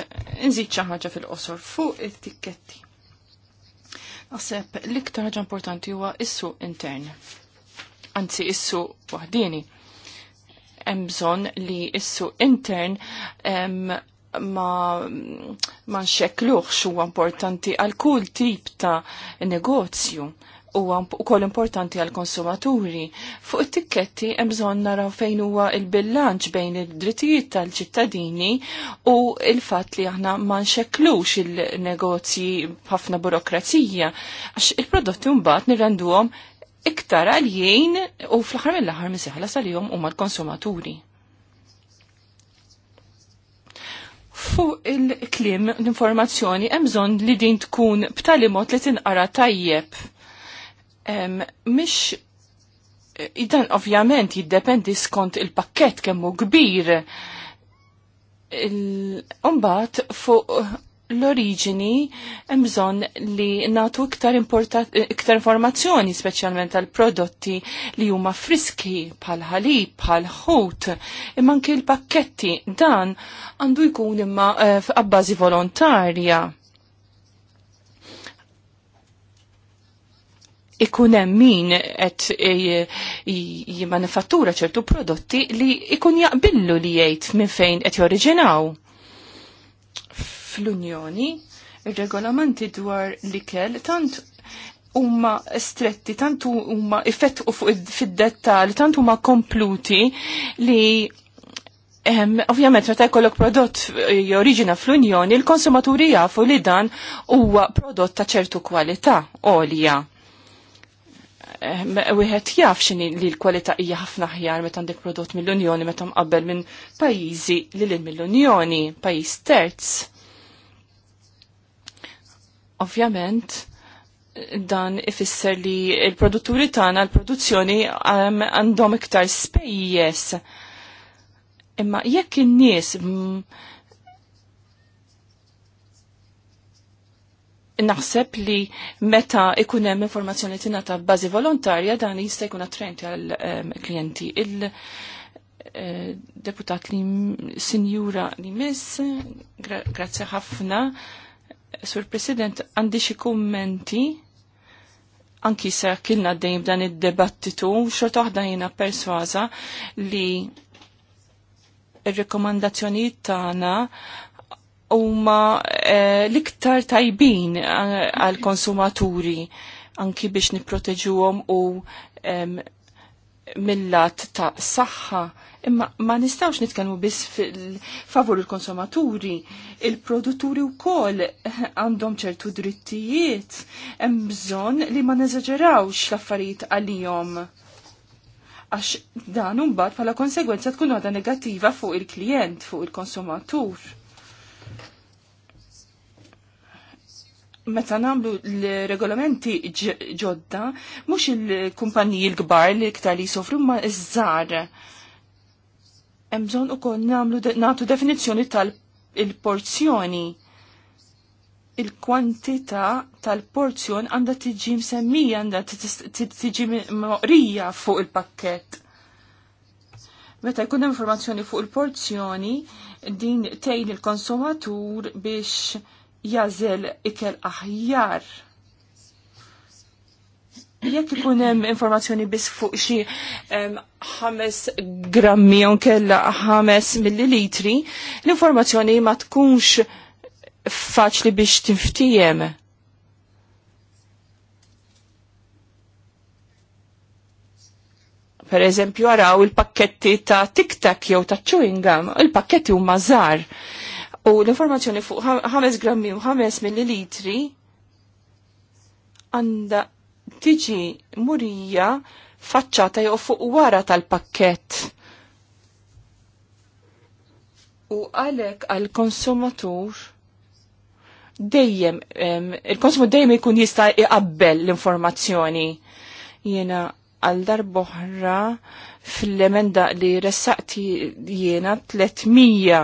nżid xi ħaġa fil-qosor fuq it-tikketti. Naħseb l-iktar ħaġa importanti huwa issu intern. Anzi issu waħdieni. Hemm bżonn li issu intern ma ma nxekluħx huwa importanti għal kull tip ta' negozju huwa kol importanti għal konsumaturi. Fuq it-tikketti hemm bżonn naraw fejn huwa il-bilanċ bejn id-drittijiet tal-ċittadini u il-fatt li aħna ma nxekklux il-negozji b'ħafna burokrazija għax il-prodotti mbagħad nirrenduhom iktar għaljien u fl-aħħar mill-aħħar misiħla sal-jom huma l-konsumaturi. fuq il-klim l-informazzjoni hemm bżonn li din tkun b'tali mod li tinqara tajjeb. Mish eh, idan ovvjament jiddependi skont il-pakkett kemm hu kbir. Umbat fuq l-oriġini mżon li natu iktar, iktar informazzjoni speċjalment għal prodotti li huma friski bħal ħalib, bħal ħut, imma anke l-pakketti dan għandu jkun imma eh, f'abbażi volontarja. ikun hemm min qed eh, jimanifattura ċertu prodotti li ikun jaqbillu li jgħid minn fejn qed joriġinaw fl-Unjoni, ir-regolamenti dwar l-ikel tant huma stretti, tant huma effettqu fid-dettal, tant huma kompluti li ehm, ovvjament, meta jkollok prodott joriġina eh, fl-Unjoni, il-konsumaturi jafu li dan huwa prodott ta' ċertu kwalità għolja. Ehm, wieħed jaf x'inhi li l-kwalità hija ħafna aħjar meta għandek prodott mill-Unjoni meta mqabbel minn pajjiżi li lil mill-Unjoni, pajjiż terz. Ovvjament, dan ifisser li il-produtturi tagħna l-produzzjoni għandhom iktar spejjeż. Imma jekk in-nies naħseb li meta ikun hemm informazzjoni tingħata b'bażi volontarja dan jista' jkun attrenti għal ehm, klijenti. Il-deputat eh, li sinjura li miss, grazzi ħafna. Sur President, għandi xi kummenti anki se kilna dejjem dan id-debattitu, xorta waħda jiena perswaza li il rekomandazzjonijiet tagħna huma eh, l-iktar tajbin eh, għal konsumaturi anki biex nipproteġuhom u millat mill-lat ta' saħħa Imma ma nistawx nitkellmu biss fil-favur il-konsumaturi, il-produtturi wkoll għandhom ċertu drittijiet, hemm bżonn li ma neżaġerawx l-affarijiet għalihom. Għax dan mbagħad bħala konsegwenza tkun għadha negattiva fuq il-klient, fuq il-konsumatur. meta namlu l-regolamenti ġodda, mux il-kumpaniji l-gbar li ktar li sofru ma iż-żar Hemm bżonn ukoll nagħmlu natu definizzjoni tal-porzjoni. il kwantita tal-porzjon għandha tiġi msemmija għandha tiġi moqrija fuq il-pakkett. Meta jkun informazzjoni fuq il-porzjoni, din tgħin il-konsumatur biex jażel ikel aħjar Jekk ikun hemm informazzjoni biss fuq xi ħames grammi kella ħames millilitri, l-informazzjoni ma tkunx faċli biex tiftijem. per eżempju għaraw il-pakketti ta' tiktak jew ta' chewing gum, il-pakketti u mażar. U l-informazzjoni fuq 5 grammi u 5 millilitri għanda tiġi murija faċċata jew fuq wara tal-pakkett. U għalek għal-konsumatur dejjem, il-konsumatur dejjem ikun jista' iqabbel l-informazzjoni. Jena għal darboħra fil-emenda li ressaqti jiena 302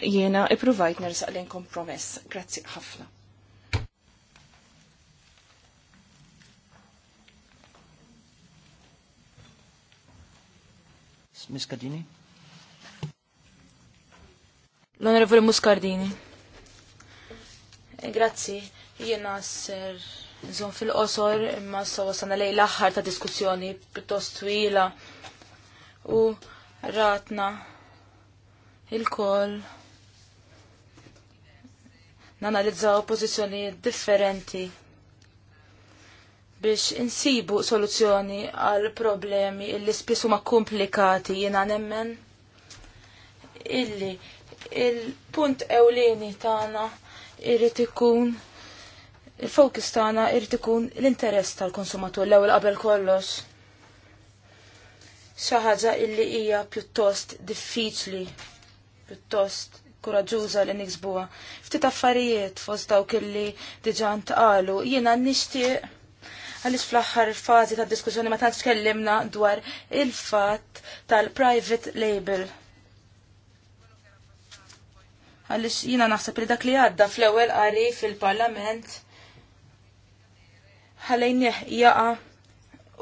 jiena provajt nersaq lejn kompromess. Grazzi ħafna. Muscardini. L'onorevole eh, Muscardini. Grazzi, jiena ser zon fil-qosor imma sawa sana lej l-aħħar ta' diskussjoni pjuttost twila u ratna il-koll nanalizzaw pożizzjonijiet differenti biex insibu soluzzjoni għal problemi illi spissu ma komplikati jiena nemmen illi il-punt ewlieni tagħna irrit ikun il-fokus tagħna irrit ikun l-interess tal-konsumatur l-ewwel qabel kollox. xaħġa ħaġa illi hija pjuttost diffiċli, pjuttost koraġuża li niksbuha. Ftit affarijiet fost dawk illi diġà ntqalu jiena nixtieq għalix fl-aħħar fażi tad-diskussjoni ma tantx tkellimna dwar il-fatt tal-private label. Għaliex jiena naħseb li dak li għadda fl-ewwel qari fil-Parlament ħalejn jaqa'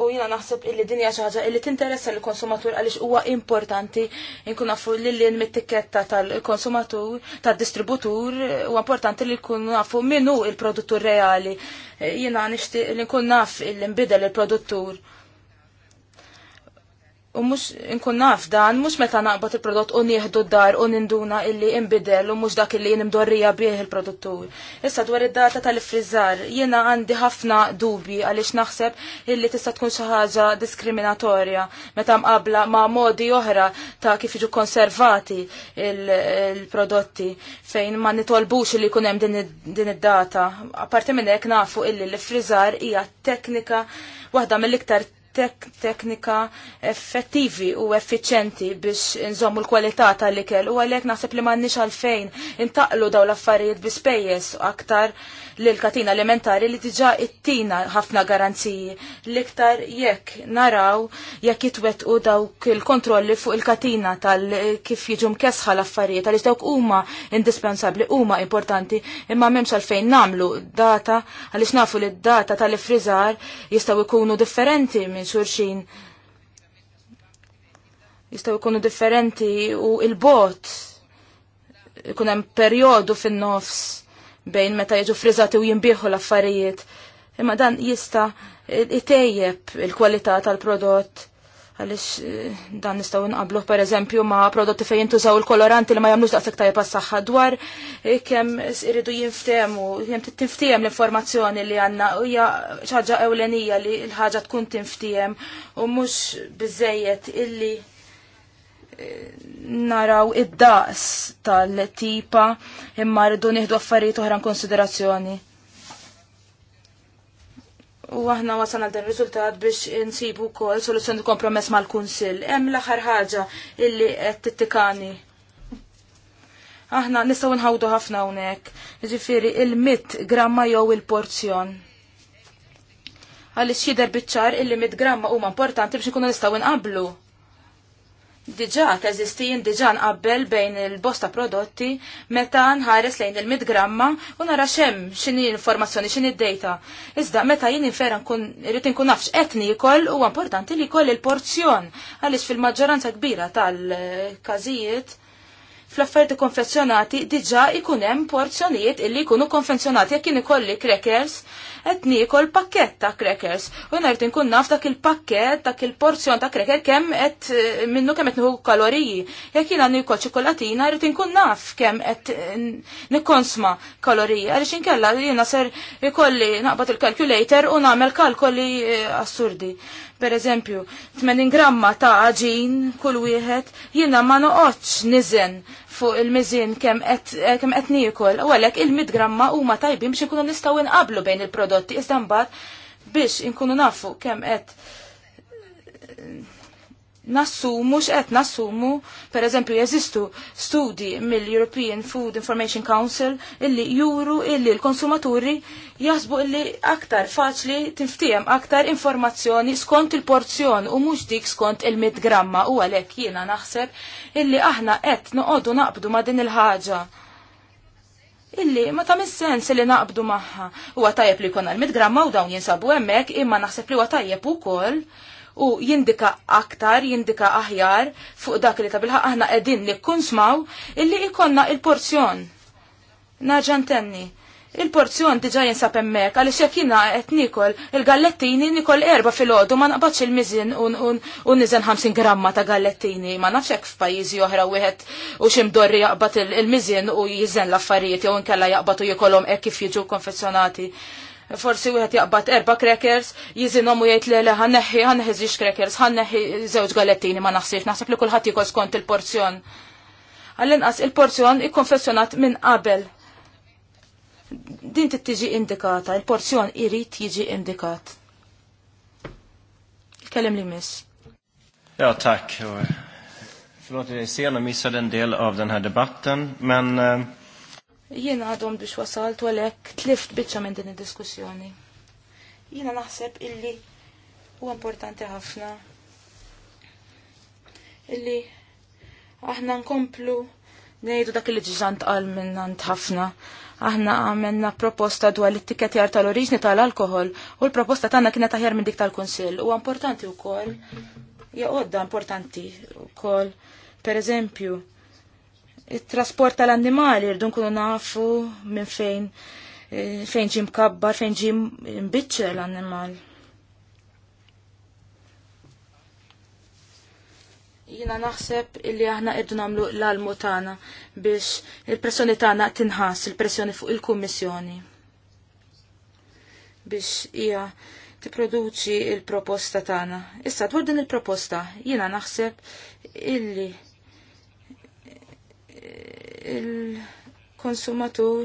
u jina naħseb illi dinja ħaġa illi tinteressa l-konsumatur għaliex huwa importanti nkun nafu lil mit-tikketta tal-konsumatur tad-distributur u importanti li nkun nafu minnu il-produttur reali. Jina nixtieq li nkun naf il produttur U mux nkun naf dan, mux meta naqbad il-prodott u nieħdu d-dar u ninduna illi imbidel u mux dak illi nimdorrija bih il-produttur. Issa dwar id-data tal-frizzar, jiena għandi ħafna dubi għaliex naħseb illi tista' tkun xi ħaġa diskriminatorja meta mqabla ma' modi oħra ta' kif jiġu konservati il-prodotti fejn ma nitolbux illi jkun hemm din id-data. Apparti minn hekk nafu illi l-frizzar hija teknika waħda mill-iktar teknika effettivi u effiċenti biex nżommu l-kwalità tal-ikel u għalhekk naħseb li m'għandniex għalfejn intaqlu daw l-affarijiet bi spejjeż aktar l-katina elementari li diġa it-tina ħafna garanziji. L-iktar jekk naraw jekk u dawk il-kontrolli fuq il-katina tal kif jiġu mkesħa l-affarijiet għaliex dawk huma indispensabbli huma importanti imma memx għalfejn namlu data għaliex nafu li d-data tal-ifriżar jistgħu jkunu differenti minn xurxin jistaw ikunu differenti u il-bot ikunem periodu fin-nofs bejn meta jiġu frizzati u jimbieħu l-affarijiet. Imma dan jista itejjeb il-kwalità tal-prodott għalix eh, dan nistaw nqabluh per eżempju ma' prodotti fejn jintużaw il-koloranti li ma jagħmlux daqshekk tajjeb għas-saħħa dwar eh, kemm iridu jinftemu, jem tinftijem l-informazzjoni li għandna hija ħaġa ewlenija li l-ħaġa tkun tinftiehem u mhux biżejjed illi naraw id-daqs tal-tipa imma rridu nieħdu affarijiet oħra konsiderazzjoni. U aħna wasan għal dan riżultat biex insibu wkoll soluzzjoni kompromess mal-Kunsill. Hemm l-aħħar ħaġa illi qed tittikani. Aħna nistgħu nħawdu ħafna hawnhekk, jiġifieri il-mit gramma jew il-porzjon. Għaliex jidher biċ-ċar il-limit gramma huma importanti biex ikunu nistgħu nqablu diġa teżisti jien diġa nqabbel bejn il-bosta prodotti meta nħares lejn il mid gramma u nara xem xini informazzjoni xini d-data. Iżda meta jien fera nkun irrid nkun nafx qed jikoll, u importanti li jkoll il-porzjon għaliex fil-maġġoranza kbira tal-każijiet fl affarijiet konfezzjonati diġa ikun hemm porzjonijiet illi jkunu konfezzjonati jekk kien ikolli crackers qed niekol pakkett ta' crackers. U ngħid inkun naf dak il-pakkett dak il-porzjon ta' cracker kemm qed eh, minnu kemm qed nieħu kaloriji. Jekk jiena niekol ċikolatina rrid inkun naf kemm qed eh, nikkonsma kaloriji għaliex inkella jiena ser ikolli naqbad il-calculator u nagħmel kalkoli eh, assurdi. Per eżempju, 80 gramma ta' aġin kull wieħed jiena ma noqgħodx niżen fuq il-miżin kemm qed eh, niekol, u għalhekk il-100 gramma huma tajbin biex inkunu nistgħu inqablu bejn il-prodotti iżda mbagħad biex inkunu nafu kemm qed nassumu x'qed nassumu pereżempju jeżistu studji mill-European Food Information Council illi juru illi l-konsumaturi jasbu illi aktar faċli tinftijem aktar informazzjoni skont il-porzjon u mhux dik skont il mid gramma u għalhekk jiena naħseb illi aħna qed noqogħdu naqbdu ma' din il-ħaġa illi ma ta' mis-sens li naqbdu maħħa. Huwa tajjeb li konna l mid gramma u dawn jinsabu hemmhekk imma naħseb li huwa tajjeb ukoll u jindika aktar, jindika aħjar fuq dak li ta' bilħaq aħna qegħdin nikkun smaw illi ikonna il-porzjon. Naġan tenni. Il-porzjon diġa jinsab emmek, għal xekina et nikol il-gallettini nikol erba fil-ħodu ma naqbadx il-mizin un nizen 50 gramma ta' gallettini, ma nafx hekk f'pajjiżi oħra wieħed u ximdorri jaqbad il-mizin u jizen l-affarijiet jew nkella jaqbad u jikolom hekk kif jiġu konfezzjonati forsi wieħed jaqbad erba' crackers, jiżinhom u jgħid li le ħanneħi, ħanneħi żwiex crackers, ħanneħi żewġ galettini ma naħsibx, naħseb li kulħadd jikol skont il-porzjon. Għall-inqas il-porzjon ikkonfessjonat minn qabel. Din tiġi indikata, il-porzjon irid jiġi indikat. il Kellem li miss. Ja, tack. Förlåt, jag är sen och missade en del av den här debatten, men eh... Jien għadhom biex wasalt u għalhekk tlift biċċa minn din id-diskussjoni. Jiena naħseb illi huwa importanti ħafna illi aħna nkomplu nejdu dak li ġiġant qal minnant ħafna. Aħna għamenna proposta dwar l-ittiketjar tal-oriġni tal-alkohol u l-proposta tagħna kienet aħjar minn dik tal-Kunsill. U importanti wkoll, ja għodda importanti wkoll, per eżempju, it trasport tal-annimali rridu nkunu nafu minn fejn eh, fejn ġim kabbar, fejn ġim mbiċċa l-annimal. Jina naħseb illi aħna irdu namlu l-almu tana biex il-pressjoni tana tinħas il-pressjoni fuq il-kummissjoni biex hija tipproduċi il-proposta tana. Issa dwar din il-proposta jina naħseb illi il-konsumatur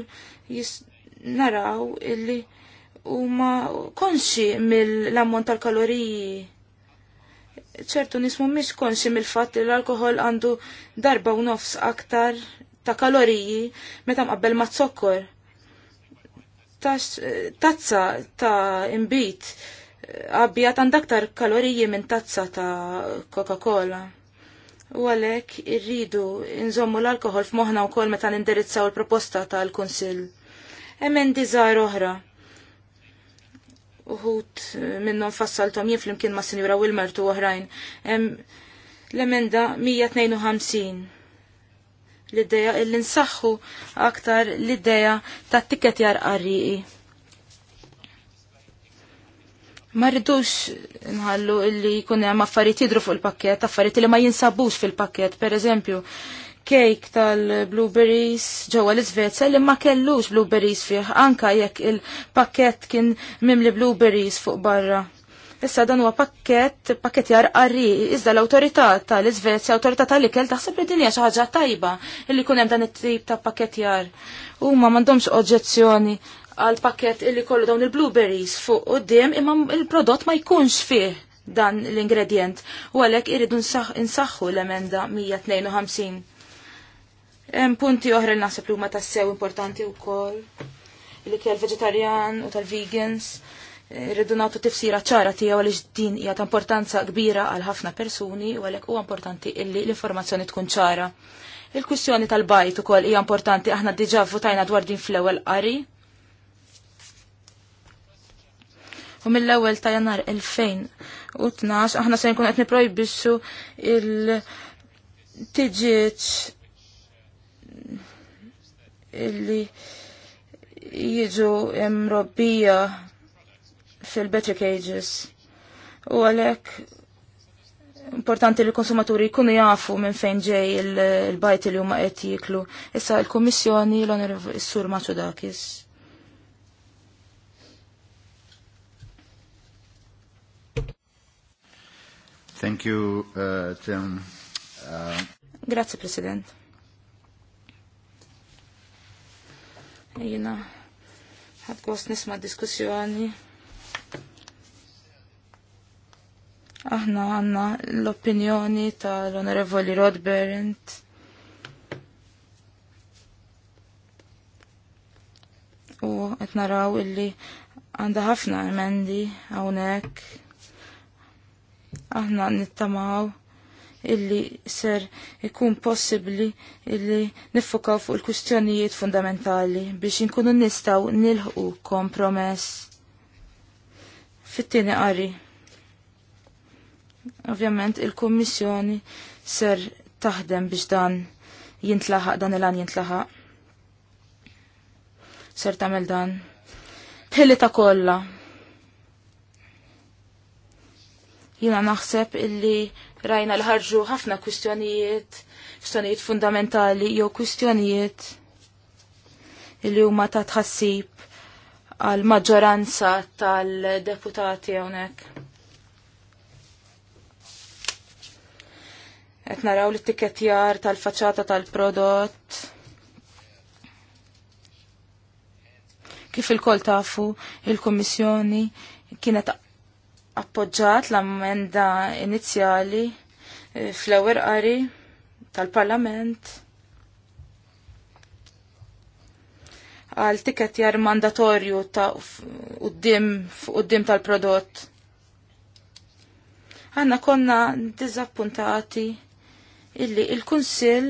naraw illi huma konxi mill-ammont tal-kaloriji. ċertu nismu mhix konxi mill-fatt li l-alkohol għandu darba u nofs aktar ta' kaloriji meta mqabbel ma' zokkor. Tazza ta' imbit għabbijat għandaktar kaloriji minn tazza ta' Coca-Cola. U għalek irridu nżommu l-alkohol f'moħna u kol meta nindirizzaw il-proposta tal-Konsil. Emen dizar oħra. Uħut minnom fassaltom jien flimkien ma' Sinjura Wilmert u oħrajn. L-emenda 152 l-ideja illi nsaxħu aktar l-ideja ta' tikket jar qarriqi. Ma rridux nħallu illi jkun hemm affarijiet jidru fuq il-pakket, affarijiet li ma jinsabux fil-pakket, pereżempju, cake tal-blueberries ġewwa l-Iżvezja li ma kellux blueberries fih, anka jekk il-pakket kien mimli blueberries fuq barra. Issa dan huwa pakket, pakket qarri, iżda l-awtorità tal-Iżvezja, awtorità tal-ikel taħseb li din hija xi ħaġa tajba illi jkun hemm dan it-tip ta' pakket jar. Huma m'għandhomx oġġezzjoni għal pakket illi kollu dawn il-blueberries fuq u d-dim imma il-prodott ma jkunx fih dan l-ingredient u għalek irridu nsaxħu l-emenda 152. Em punti oħra l-nasib li huma tassew importanti wkoll illi kell vegetarian u tal-vegans irridu nagħtu tifsira ċara tiegħu għaliex din hija ta' importanza kbira għal ħafna persuni u għalhekk huwa importanti illi l-informazzjoni tkun ċara. Il-kwistjoni tal-bajt ukoll hija importanti aħna diġà votajna dwar din fl-ewwel qari u mill-ewwel ta' jannar 2012 aħna se nkun qed niprojbixxu il-tiġiġ illi jiġu mrobbija fil-better cages u għalhekk importanti li l-konsumaturi jkunu jafu minn fejn ġej il-bajt li huma qed jiklu. Issa l-Kummissjoni l-Onorevoli Sur Maċudakis. Thank you, uh, Tim. Uh... Grazie, President. Jina, ħad nisma diskussjoni. Aħna għanna l-opinjoni tal-Onorevoli Rod Berendt. U għetnaraw illi għanda ħafna emendi għawnek aħna nittamaw illi ser ikun possibli illi niffukaw fuq il-kustjonijiet fundamentali biex inkunu nistaw nilħu kompromess. Fit-tieni qari. Ovvjament il-Kummissjoni ser taħdem biex dan jintlaħaq dan il-għan jintlaħaq. Ser tamel dan. Pilli ta' kolla Jina naħseb illi rajna l-ħarġu ħafna kwistjonijiet, kwistjonijiet fundamentali jew kwistjonijiet illi huma ta' tħassib għal maġġoranza tal-deputati hawnhekk. Qed naraw l ittikettjar tal-faċċata tal-prodott. Kif il-kol tafu il-Kummissjoni kienet appoġġat l-ammenda inizjali eh, fl-ewwel qari tal-Parlament għal tiket jar mandatorju ta' uddim tal-prodott. Għanna konna dizappuntati illi il-Kunsill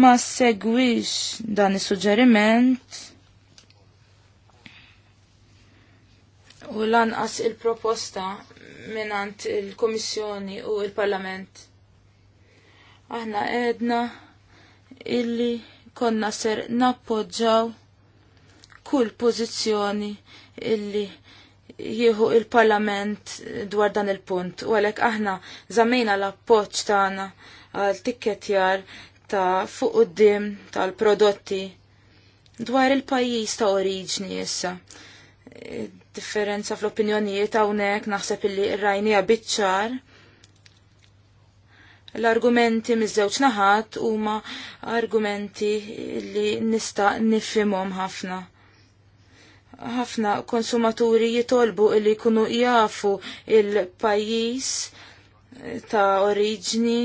ma segwix dan is-suġġeriment u lanqas il-proposta minant il-Komissjoni u il-Parlament. Aħna edna illi konna ser nappoġġaw kull pożizzjoni illi jieħu il-Parlament dwar dan il-punt u għalek aħna zamejna l-appoġġ tagħna għal tikketjar ta' fuq qudiem tal-prodotti dwar il-pajjiż ta' oriġni issa differenza fl-opinjonijiet hawnhekk naħseb illi rajnija biċċar. L-argumenti miż-żewġ naħat huma argumenti li nista' nifhimhom ħafna. Ħafna konsumaturi jitolbu li jkunu jafu il-pajjiż ta' oriġni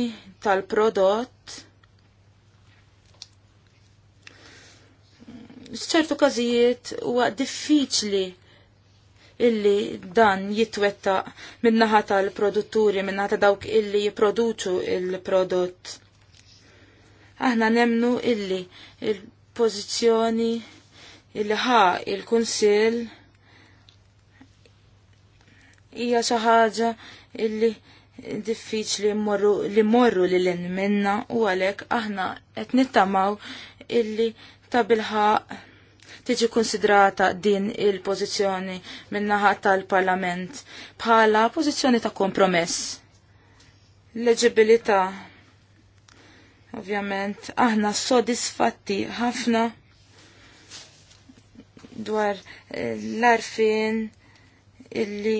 tal-prodott ċertu każijiet huwa diffiċli illi dan jitwetta minnaħa tal-produtturi, minnaħa ta' dawk illi jiproduċu il-prodott. Aħna nemnu illi il-pozizjoni illi ħa il-kunsil hija xi ħaġa illi diffiċli li morru li l minna u għalhekk aħna qed nittamaw illi ta' bilħaq tiġi konsidrata din il-pożizzjoni min-naħa tal-Parlament bħala pożizzjoni ta' kompromess. Leġibilita, ovvjament aħna sodisfatti ħafna dwar eh, l-arfin illi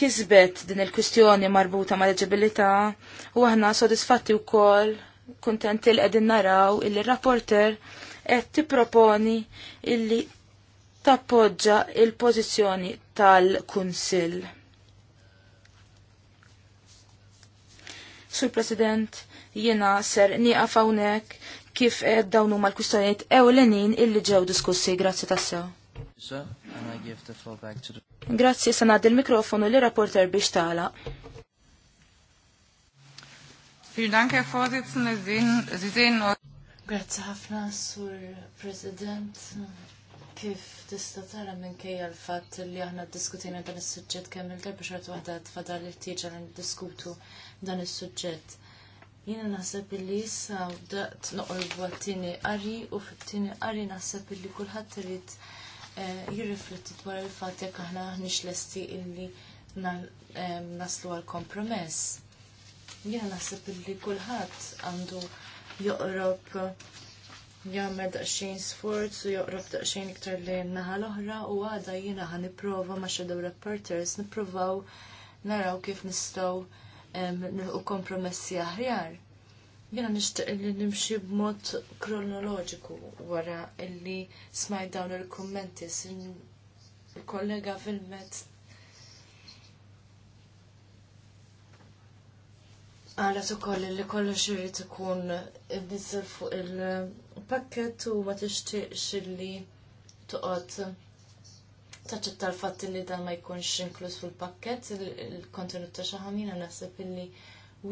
kizbet din il-kwistjoni marbuta ma' leġibilità u aħna sodisfatti u kol kontenti l edin naraw il-rapporter illi il rapporter qed tipproponi illi tappoġġa il-pożizzjoni tal-Kunsill. Sur President, jiena ser nieqaf hawnhekk kif qed dawn huma l-kwistjonijiet ewlenin illi ġew diskussi. Grazzi tassew. Grazzi, sa ngħaddi l-mikrofonu li rapporter biex tagħlaq. Vielen Dank, Herr Sie sehen, Sie sehen Grazzi ħafna, Sur President. Kif tista' tara minkejja l-fatt li aħna ddiskutejna dan is-suġġett kemm il-darba xorta waħda tfadal li tieġa li ndiskutu dan is-suġġett. Jiena naħseb li issa daqt noqolbu għat-tieni qari u fit-tieni qari naħseb li kulħadd irid eh, jirrifletti dwar il-fatt jekk aħna aħniex lesti illi eh, naslu għal kompromess. Jiena naħseb li kulħadd għandu joqrob jagħmel daqsxejn sforz u joqrob daqsxejn iktar lejn naħa l-oħra u għada jiena ħan nipprova ma' xadow reporters nipprovaw naraw kif nistgħu nilqu kompromessi aħjar. Jena nishtiq li nimxi b'mod kronoloġiku wara illi smajt dawn il-kommenti. Il-kollega filmet tu ukoll li kollox irid ikun biżel fuq il-pakket u ma tixtieqx li toqgħod taċċetta l-fatt li dan ma jkunx inkluż fil-pakket il-kontenut ta' xi ħamina naħseb illi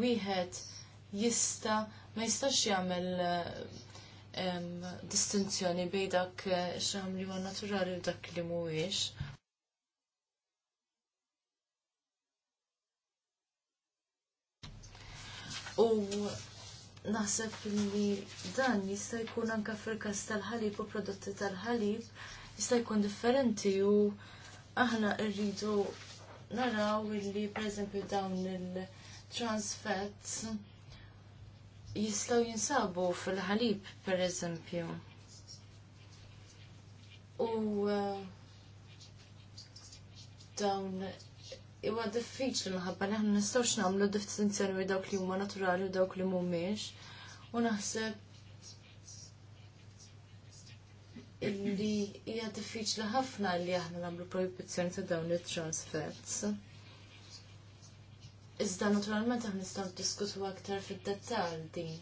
wieħed jista ma jistax jagħmel ehm, distinzjoni bejn dak xi li huwa naturali u dak li mhuwiex. U naħseb li dan jista' jkun anke fil-każ tal-ħalib u prodotti tal-ħalib jista' jkun differenti u aħna rridu naraw illi pereżempju dawn il-trans fats jistgħu jinsabu fil-ħalib pereżempju. U eh, dawn Iwa diffiċli minħabba li aħna nistgħux nagħmlu distinzjoni bejn dawk li huma naturali u dawk li mhumiex. U naħseb illi hija diffiċli ħafna li aħna nagħmlu projbizzjoni ta' dawn it-transfers. Iżda naturalment aħna nistgħu diskutu aktar fid-dettall din.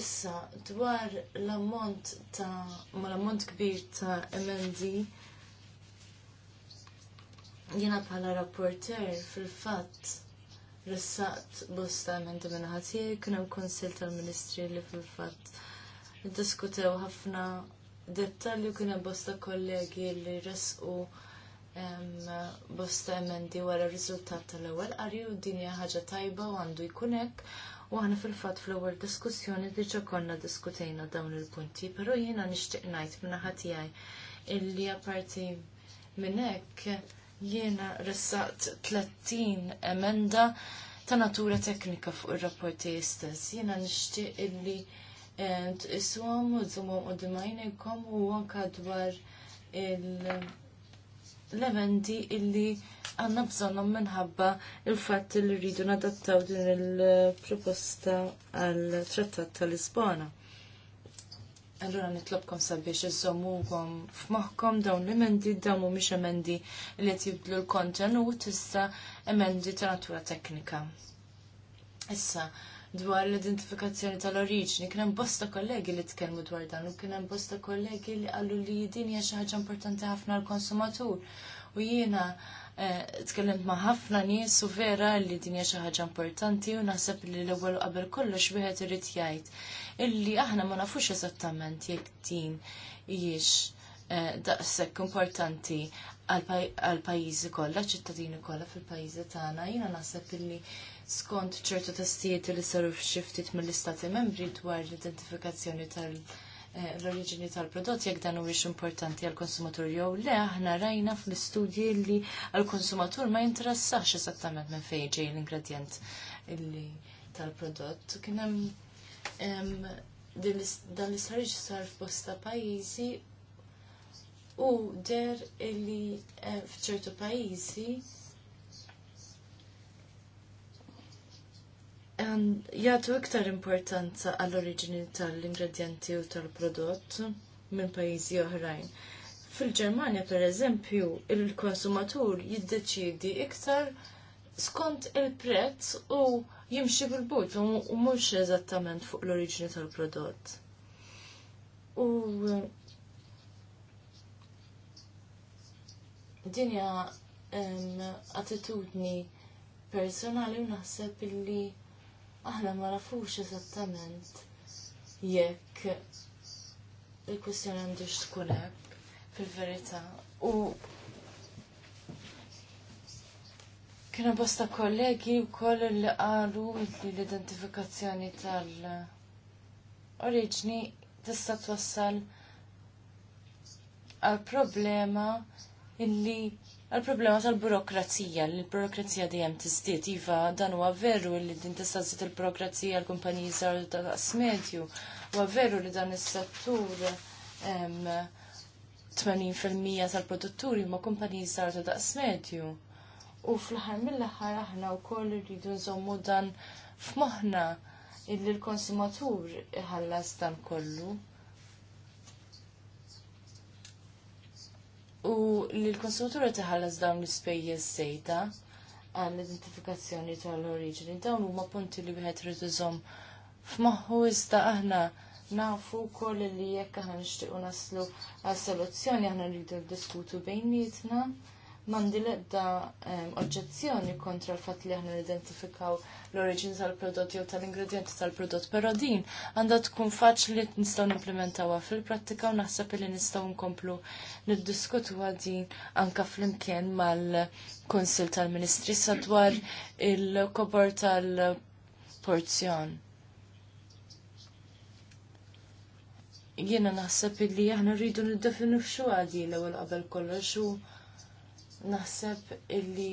Issa, dwar l-ammont ta' ma l-ammont kbir ta' MND. Jiena bħala rapporter fil-fatt ressaqt bosta emendi minn ħatier kien hemm konsil tal-Ministri li fil-fatt diskutew ħafna dettalju u kien hemm bosta kollegi li rissu bosta emendi wara r-riżultat tal-ewwel qari u ħagġa ħaġa tajba u għandu jkun hekk u aħna fil-fatt fl-ewwel diskussjoni diġa konna diskutejna dawn il-punti, però jiena nixtieq ngħid ħatijaj tiegħi illi għaparti minn hekk Jiena ressaqt 30 emenda ta' natura teknika fuq ir-rapporti stess. Jiena nixtieq illi eh, tqishom u tżomhom u dimajnejkom u għanka dwar l-eventi illi għanna bżonnom minħabba il-fatt li rridu nadattaw din il-proposta għal trattat tal-Lisbona. Allura nitlobkom sabiex iżommukom f'moħħkom dawn l-emendi dawn mhumiex emendi li qed jibdlu l-kontenut issa emendi ta' natura teknika. Issa, dwar l-identifikazzjoni tal-oriġini, kien hemm bosta kollegi li tkellmu dwar dan u kien hemm bosta kollegi li qalu li din hija xi ħaġa importanti ħafna għall-konsumatur. U jiena Eh, tkellimt ma' ħafna nies u vera li din hija xi ħaġa importanti u naħseb li l-ewwel qabel kollox wieħed irid jgħid illi aħna ma nafux eżattament jekk din hijiex eh, daqshekk importanti għal pajjiżi kollha, ċittadini kollha fil-pajjiżi tagħna. Jiena naħseb illi skont ċertu testijiet li saru f'xi ftit mill-Istati Membri dwar l-identifikazzjoni tal- l-oriġini tal-prodott jekk dan huwiex importanti għall konsumatur jew le aħna rajna fl-istudji li għall konsumatur ma jinteressax esattament minn fejn ġej l-ingredjent tal-prodott. Kien hemm dan l-isħarġ sar f'bosta pajjiżi u der li eh, f'ċertu pajjiżi jagħtu iktar importanza għall-oriġini tal ingredienti u tal-prodott minn pajjiżi oħrajn. Fil-Ġermanja, pereżempju, il-konsumatur jiddeċiedi iktar skont il-prezz u jimxi bil-but u mhux eżattament fuq l-oriġini tal-prodott. U dinja attitudni personali u naħseb illi aħna ma nafux eżattament jekk il-kwestjoni għandix tkun hekk fil-verità. U kienu bosta kollegi wkoll li qalu li l-identifikazzjoni tal-oriġni tista' twassal għal problema illi Għal-problema tal-burokrazija, li l-burokrazija dejjem tiżdied, iva dan huwa veru li din t-istazit il-burokrazija l-kumpaniji għal ta' medju, huwa veru li dan is-settur 80% tal-produtturi huma kumpaniji għal ta' daqs medju. U fl-aħħar mill-aħħar aħna wkoll irridu zommu dan f'moħħna illi l-konsumatur iħallas dan kollu. u li l-konsumatura tħallas dawn l-ispejjeż sejta għall identifikazzjoni tal-oriġini. Dawn huma punti li wieħed irid iżomm f'moħħu iżda aħna nafu wkoll li jekk aħna nixtiequ naslu għal soluzzjoni aħna rridu ndiskutu bejnietna mandi l-ebda ehm, oġġezzjoni kontra l-fat li aħna identifikaw l-oriġin tal-prodott jew tal-ingredienti tal-prodott, pero din għandha tkun faċli nistgħu implementawa fil-prattika u naħseb li nistgħu nkomplu niddiskutuha din anka flimkien mal konsil tal-Ministri sadwar il-kobor tal-porzjon. Jiena naħseb li aħna rridu niddefinixxu għadi l-ewwel qabel kollox u naħseb illi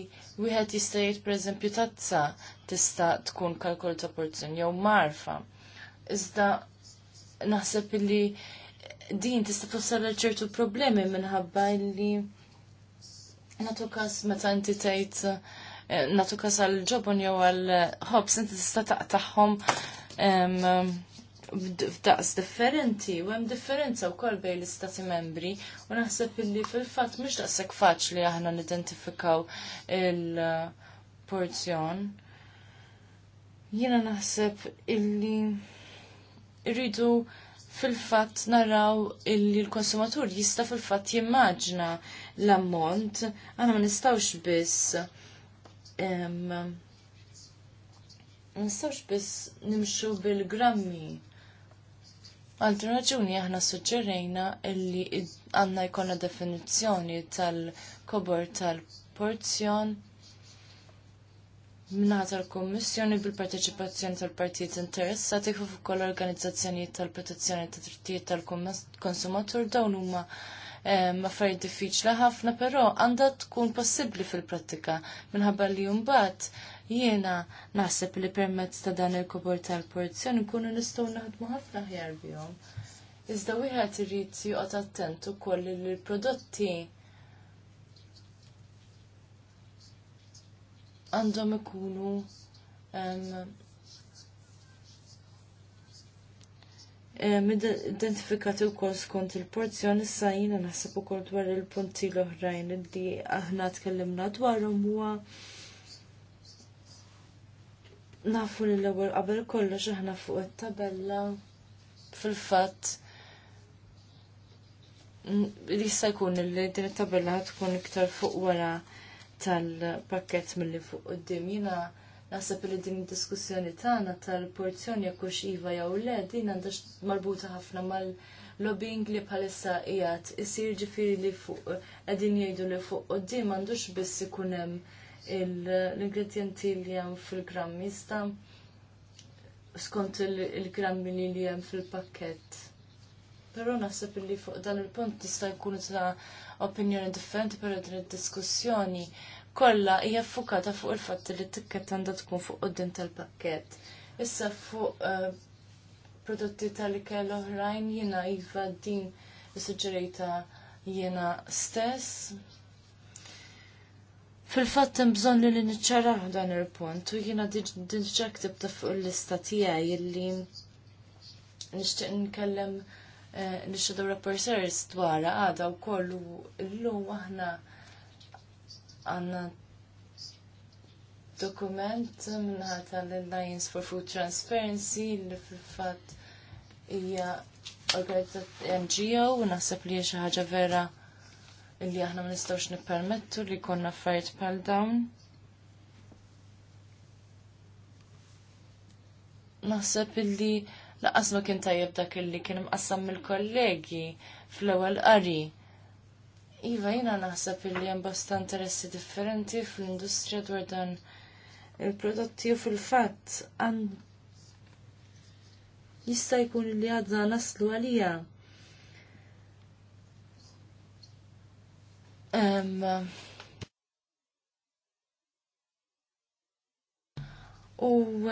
wieħed jista' jgħid pereżempju tazza tista' tkun kalkol ta' porzjon jew marfa. Iżda naħseb illi din tista' tossal għal ċertu problemi minħabba illi natu każ meta inti tgħid eh, natu każ għal ġobon jew għal ħobs inti tista' taqtaħħom f'daqs differenti u hemm differenza wkoll bejn l-istati membri u naħseb illi fil-fatt mhux daqshekk faċli aħna nidentifikaw il-porzjon. Jiena naħseb illi rridu fil-fatt naraw illi l-konsumatur jista fil-fatt jimmaġna l-ammont, aħna ma nistgħux biss ma nistawx biss nimxu bil-grammi. Għal raġuni aħna suġġerejna li għandna jkollna definizzjoni tal-kobor tal-porzjon minna tal-Kommissjoni bil-parteċipazzjoni tal-partijiet interessati fuq ukoll organizzazzjonijiet tal-protezzjoni ta' drittijiet tal-konsumatur dawn huma ehm, affarijiet diffiċli ħafna, però għandha tkun possibbli fil-prattika minħabba li mbagħad Jiena naħseb li permezz ta' dan il-kobor tal porzjoni kunu nistgħu naħdmu ħafna ħjar bihom. Iżda wieħed irid joqgħod attent ukoll li l-prodotti għandhom ikunu identifikati u kol skont il-porzjoni issa jina naħseb u kol dwar il-punti l-oħrajn li aħna tkellimna dwarhom huwa nafu li l-ewwel qabel kollox aħna fuq it-tabella fil-fatt jista' jkun li din it-tabella tkun iktar fuq wara tal-pakkett milli fuq qudiem. Jiena naħseb li din id-diskussjoni tagħna tal-porzjoni jekk hux iva jew le din għandhax marbuta ħafna mal-lobbying li bħalissa qiegħed isir ġifieri li fuq qegħdin jgħidu li fuq qudiem m'għandux biss ikun hemm l-ingredienti li hemm fil grammista skont il-grammi li li hemm fil-pakkett. Però nasib li fuq dan il-punt tista' jkun ta' opinjoni differenti per din id-diskussjoni kollha hija ffukata fuq il-fatt li t-tikkett għandha tkun fuq quddiem tal-pakkett. Issa fuq eh, prodotti tal-ikel oħrajn jiena iva din suġġerejta jiena stess Fil-fatt hemm bżonn li niċċaraħ dan il-punt u jiena diġà tibta' fuq l lista tiegħi li nixtieq nkellem nixtieq eh, rapporters dwarha għada wkoll l llum aħna għandna dokument minnħata l-Alliance for Food Transparency li fil-fatt hija organizzat NGO u naħseb li xi ħaġa vera illi aħna ma nistgħux nippermettu li jkollna affarijiet bħal dawn. Naħseb illi laqas ma kien tajjeb dak illi kien imqassam mill-kollegi fl-ewwel qari. Iva jiena naħseb illi hemm bosta interessi differenti fl-industrija dwar dan il-prodotti u fil-fatt għand jista' jkun li għadna naslu għalija. U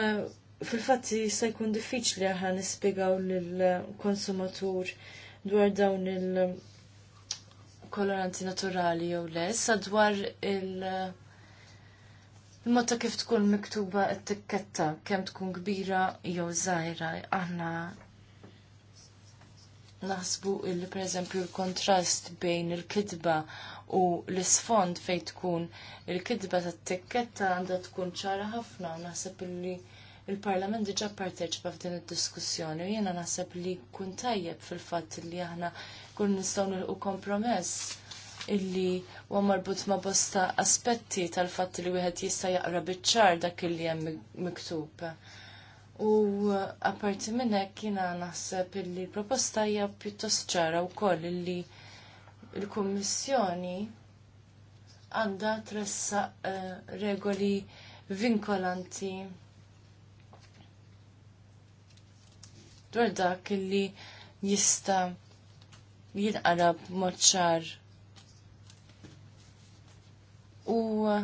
eh, fil-fatti sa' jkun diffiċli aħna nispjegaw lill-konsumatur dwar dawn il-koloranti naturali jew le, sa dwar il- Il-mod ta' kif tkun miktuba t tikketta kemm tkun kbira jew żgħira aħna naħsbu il pereżempju l-kontrast bejn il-kidba u l-isfond fejn tkun il-kidba tat tikketta għandha tkun ċara ħafna u naħseb li l parlament diġà parteċipa f'din id-diskussjoni u jiena naħseb li kun tajjeb fil-fatt li aħna kun nistgħu nilqu kompromess illi huwa marbut ma' bosta aspetti tal-fatt li wieħed jista' jaqra biċ-ċar dak illi hemm miktub. U apparti minnek jina naħseb illi proposta hija pjuttost ċara wkoll illi l-Kummissjoni għandha tressa uh, regoli vinkolanti dwar dak illi jista' jinqara b'mod ċar. U uh,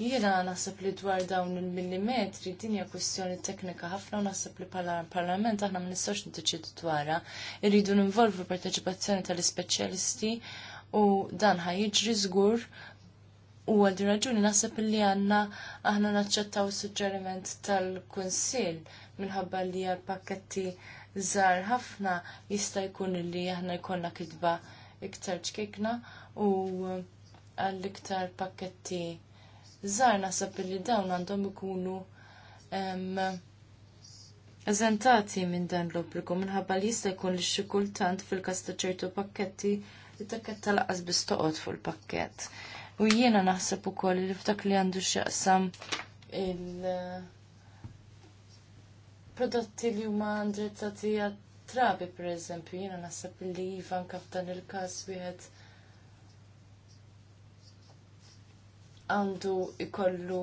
Jiena naħseb li dwar dawn il-millimetri din hija kwestjoni teknika ħafna u naħseb li bħala parlament aħna ma nistgħux niddeċidu dwarha. Irridu ninvolvu l-parteċipazzjoni tal-ispeċjalisti u dan ħajjiġri żgur u din raġuni naħseb li għanna aħna naċċettaw suġġeriment tal kunsill minħabba li għal-pakketti żgħar ħafna jista' jkun li aħna jkollna kitba iktar ċkikna u għall-iktar pakketti Zar naħseb li dawn għandhom ikunu eżentati minn dan l-obbligu minħabba li jista' jkun li kultant fil-każ ta' ċertu pakketti li takketta laqas biss toqgħod fuq il-pakkett. U jiena naħseb ukoll li f'dak li għandu x'jaqsam il-prodotti li huma ndrizzati trabi pereżempju, jiena naħseb li iva anke f'dan il-każ wieħed għandu ikollu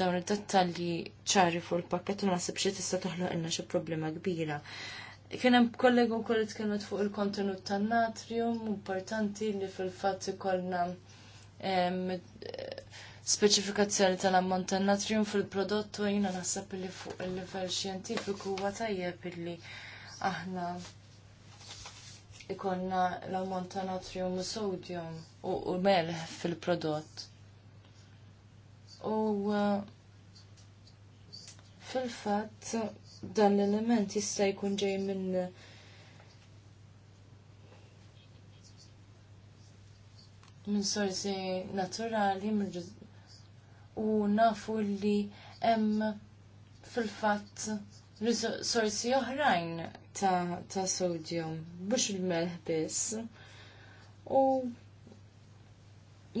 dawn id-dettalji ċari fuq il-pakket u nasib xie tista' toħloq inna xie problema kbira. Kien hemm kollegu wkoll itkellmet fuq il-kontenut tan-natrium, importanti li fil-fatt ikollna speċifikazzjoni tal-ammont tan-natrium fil-prodott u jiena naħseb li fuq il-livell xjentifiku huwa tajjeb illi aħna ikonna l-ammont ta' natrium u sodium u melħ fil-prodott u uh, fil fat dan l-element jista' jkun ġej minn minn sorsi naturali u nafu li hemm fil-fatt sorsi oħrajn ta', ta sodium biex il-melħ biss u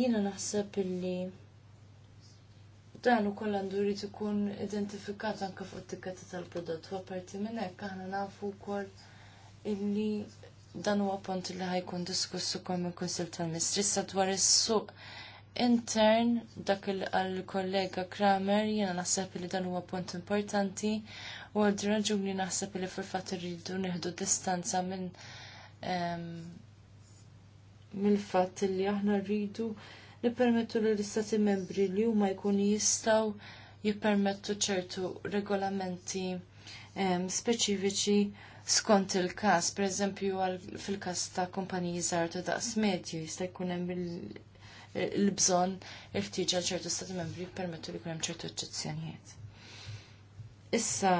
jiena naħseb illi dan ukoll għandu jrid ikun identifikat anke fuq it-tikketta tal-prodott. U apparti minn hekk aħna nafu wkoll illi dan huwa punt li ħajkun diskuss ukoll mill kunsil tal-Ministri issa dwar is-suq intern dak il-kollega Kramer jiena naħseb li dan huwa punt importanti u għal raġuni naħseb li fil-fatt irridu nieħdu distanza minn mill-fatt li aħna rridu permettu li l-istati membri li huma jkunu jistgħu jippermettu ċertu regolamenti speċifiċi skont il-każ, pereżempju fil-każ ta' kumpaniji żgħar ta' daqs medju jista' jkun hemm il-bżonn il għal ċertu stati membri jippermettu li jkun hemm ċertu eċċezzjonijiet. Issa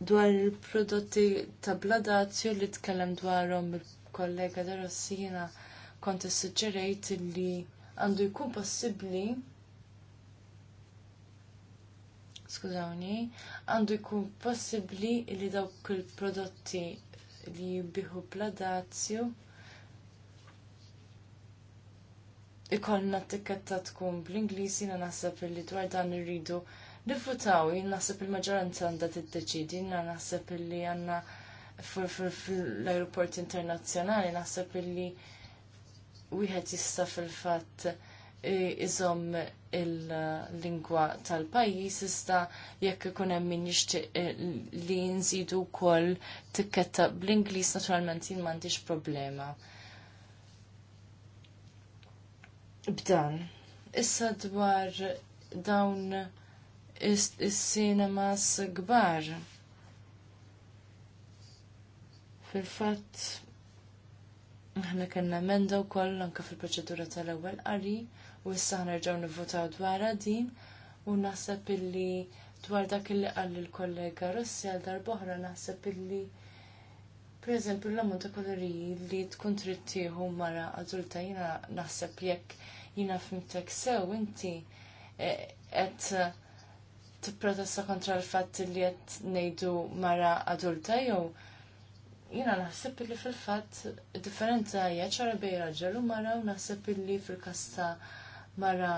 dwar il-prodotti ta' bladazzju li tkellem dwarhom il-kollega da Rossina kont suġġerejt li għandu jkun possibbli skużawni, għandu jkun possibbli li dawk il-prodotti li jibbiħu bla dazju ikollna t-tiketta tkun bl inglisi na naħseb li dwar dan irridu nifutaw, naħseb il-maġġoranza għandha tiddeċidi, jiena naħseb li għandna fl-aeroport internazzjonali naħseb li wieħed jista' fil-fatt e, iżomm il-lingwa tal-pajjiż iżda jekk ikun hemm min jixtieq e, li nżidu wkoll tikketta bl-Ingliż naturalment jien m'għandix problema. B'dan. Issa dwar dawn is-sinemas kbar. Fil-fatt Aħna kellna emenda wkoll anke fil-proċedura tal-ewwel qari u issa ħnerġgħu nivvotaw dwarha din u naħseb illi dwar dak illi qal il-kollega Rossi għal darb'oħra naħseb illi pereżempju l-ammont ta' kolori li tkun trid tieħu mara adulta jina naħseb jekk jina fimtek sew inti e, qed protesta kontra l-fatt li qed ngħidu mara adulta jew Jina naħseb li fil-fatt differenza hija ċara bej raġel u mara u naħseb li fil-kasta mara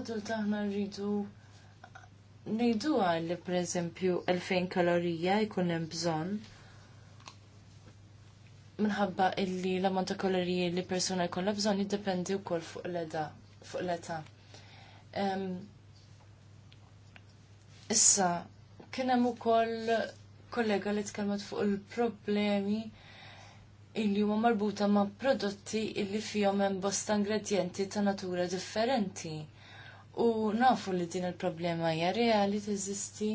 adulta aħna rridu nejdu li per eżempju 2000 kalorija jkun hemm bżonn minħabba illi l-ammont ta' kaloriji li persuna jkollha bżonn jiddependi wkoll fuq l eda fuq l-età. Issa, kien hemm ukoll kollega li tkellmet fuq il-problemi illi huma marbuta ma' prodotti illi fihom hemm bosta ingredjenti ta' natura differenti. U nafu li din il-problema hija reali teżisti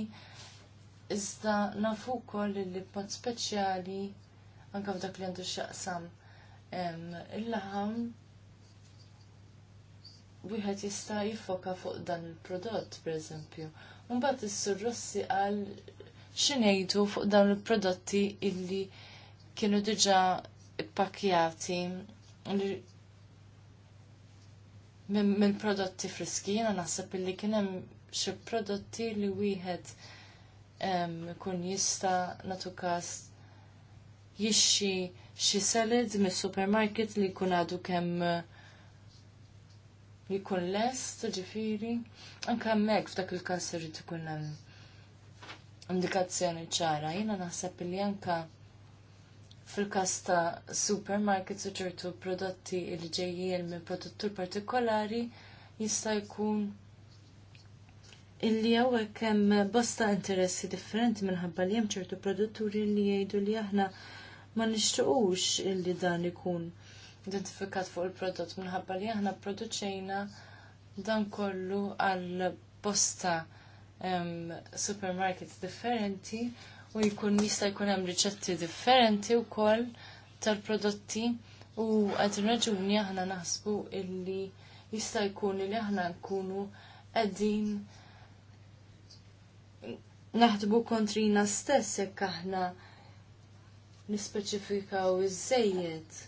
iżda nafu wkoll li b'mod speċjali anke f'dak li għandu x'jaqsam il-laħam wieħed jista' jiffoka fuq dan il-prodott pereżempju. Mbagħad is-surrossi qal xinejdu fuq dawn il-prodotti illi kienu diġa ippakjati minn prodotti friski, jena naħseb illi kienem xi prodotti li wieħed kun jista natukas jixxi xi salad mis-supermarket li jkun għadu kemm li jkun lest, ġifiri. Anke hemmhekk f'dak il-każ irid ikun hemm indikazzjoni ċara. Jiena naħseb li anka fil-kas ta' supermarkets u ċertu prodotti li ġejjin minn produttur partikolari jista' jkun illi hawnhekk hemm bosta interessi differenti minħabba li hemm ċertu produtturi li jgħidu li aħna ma nixtiequx illi dan ikun identifikat fuq il-prodott minħabba li aħna produċejna dan kollu għal bosta supermarkets differenti u jkun jista' jkun hemm riċetti differenti wkoll tal-prodotti u qed irraġuni aħna naħsbu illi jista' jkun li aħna nkunu qegħdin naħdbu kontrina stess jekk aħna nispeċifikaw iż-żejjed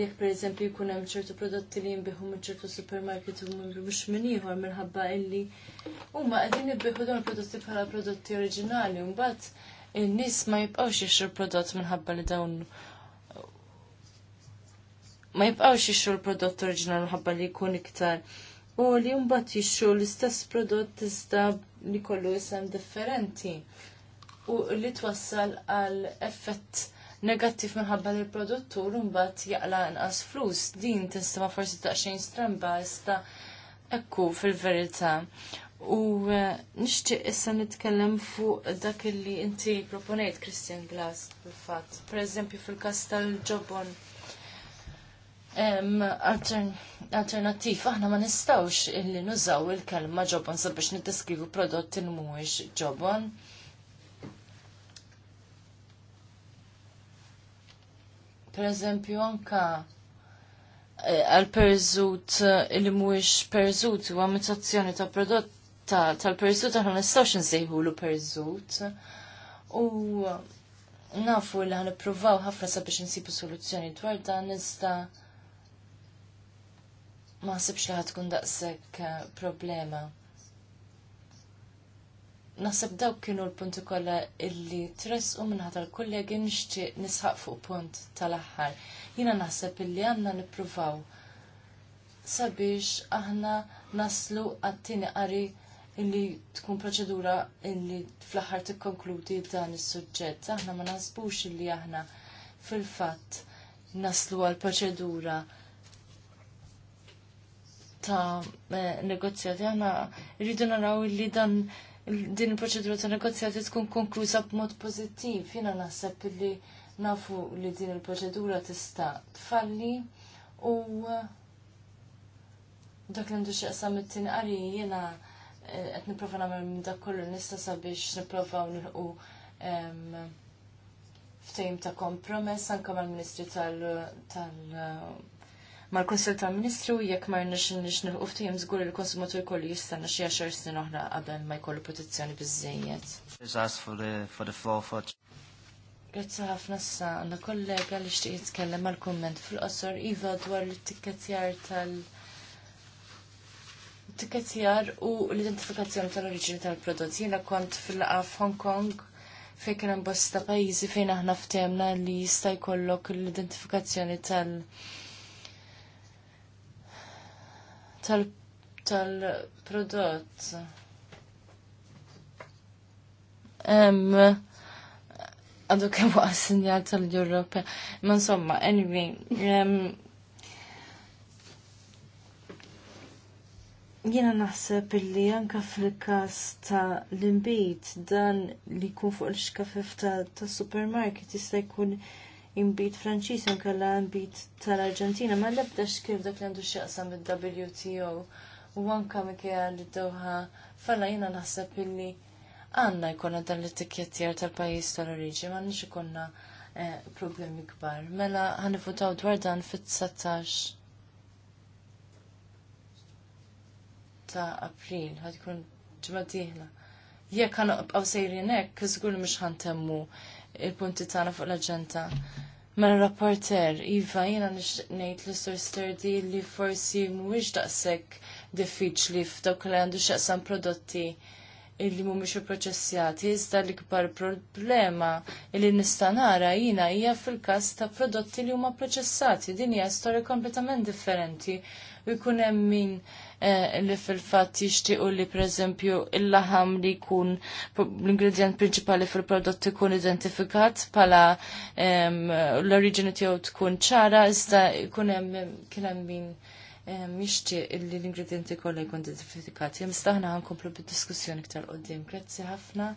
jekk pereżempju jkun hemm ċertu prodotti li jinbiħu minn ċertu supermarket u mhux minn ieħor minħabba illi huma qegħdin jibbieħu dawn il-prodotti bħala prodotti oriġinali u mbagħad in-nies ma jibqgħux jixtru prodott minħabba li dawn ma jibqgħux jixtru l-prodott oriġinali minħabba li jkun iktar u li mbagħad jixtru l-istess prodott iżda li kollu isem differenti u li twassal għal effett negattiv minħabba li l-produttur mbagħad jaqla inqas flus. Din tista' forsi daqsxejn stramba sta ekku fil-verità. U eh, nixtieq issa nitkellem fuq dak li inti proponejt Christian Glass fil-fatt. Pereżempju fil-każ tal-ġobon alternattiv, aħna ma nistawx illi nużaw il-kelma ġobon sabiex niddeskrivu prodott il mhuwiex ġobon. Per eżempju, anka eh, għal perżut eh, li mhuwiex perżut u mutazzjoni ta' prodott tal-perżut aħna nistgħux nsejħulu perżut. U nafu li ħan ippruvaw ħafna sabiex nsibu soluzzjoni dwar dan iżda ma sibx li ħatkun daqshekk eh, problema. Nasib dawk kienu l-punti kollha illi tress u minnħat l-kollegi nixtieq nisħaq fuq punt tal-aħħar. Jiena naħseb illi għanna nippruvaw sabiex aħna naslu għattini qari illi tkun proċedura illi fl-aħħar tikkonkludi dan is-suġġett. Aħna ma nasbux illi aħna fil-fatt naslu għal proċedura ta' eh, negozjati aħna rridu naraw illi dan din il-proċedura ta' negozjati tkun konklusa b'mod pożittiv. Jiena naħseb li nafu li din il-proċedura tista' tfalli u dak li għandu xieqsa mit tin qari jena eh, qed nipprova nagħmel minn dak kollu nista' sabiex nipprovaw nilqu ftejm ta' kompromess anke mal-Ministri tal- mal-Konsil ta' Ministru jekk ma rnex nix nilħu jem żgur il-konsumatur kollu jistanna xi għaxar snin oħra qabel ma jkollu protezzjoni biżejjed. Grazzi ħafna sa għandna kollega li xtiq jitkellem għal kumment fil-qosor iva dwar l-tikketjar tal- tikketjar u l-identifikazzjoni tal-oriġini tal-prodott. Jiena kont fil-laqa f'Hong Kong fejn kien hemm bosta pajjiżi fejn aħna ftehmna li jista' jkollok l-identifikazzjoni tal-prodott tal-prodott. Hemm għadu kemm waqgħa sinjal tal europe Ma insomma, anyway, um, jiena naħseb illi anke fil-każ ta' l-imbit dan li jkun fuq l-xkafif ta' supermarket jista' jkun imbit Franċiż inkella imbit tal-Arġentina ma l-ebda xkif dak li għandu x'jaqsam il-WTO u anka Mikael Doha falla jiena naħseb illi għandna jkollna dan l-etikettjar tal-pajjiż tal-oriġi ma nix ikonna eh, problemi kbar. Mela ħanifutaw dwar dan fit-19 ta' april, ħad ikun ġimgħa dieħla. Jekk ħanqbqgħu nek, hekk, żgur mhux ħantemmu il-punti tagħna fuq l-aġenda. Mela rapporter, Iva, jiena nixtieq ngħid li sur sterdi li forsi mhuwiex daqshekk diffiċli f'dawk li għandu x'aqsam prodotti illi mhumiex ipproċessjati, iżda l-ikbar problema illi nista' nara jiena hija fil-każ ta' prodotti li huma proċessati. Din hija storja kompletament differenti u jkun hemm min eh, li fil-fatt jixtiequ li pereżempju il-laħam li jkun l-ingredient prinċipali fil-prodott ikun identifikat bħala l-oriġini tiegħu tkun ċara iżda jkun hemm kien hemm min jixtieq illi l-ingredienti kollha jkun identifikati. Imsta aħna ħankomplu bid-diskussjoni ktar qudiem. Grazzi ħafna.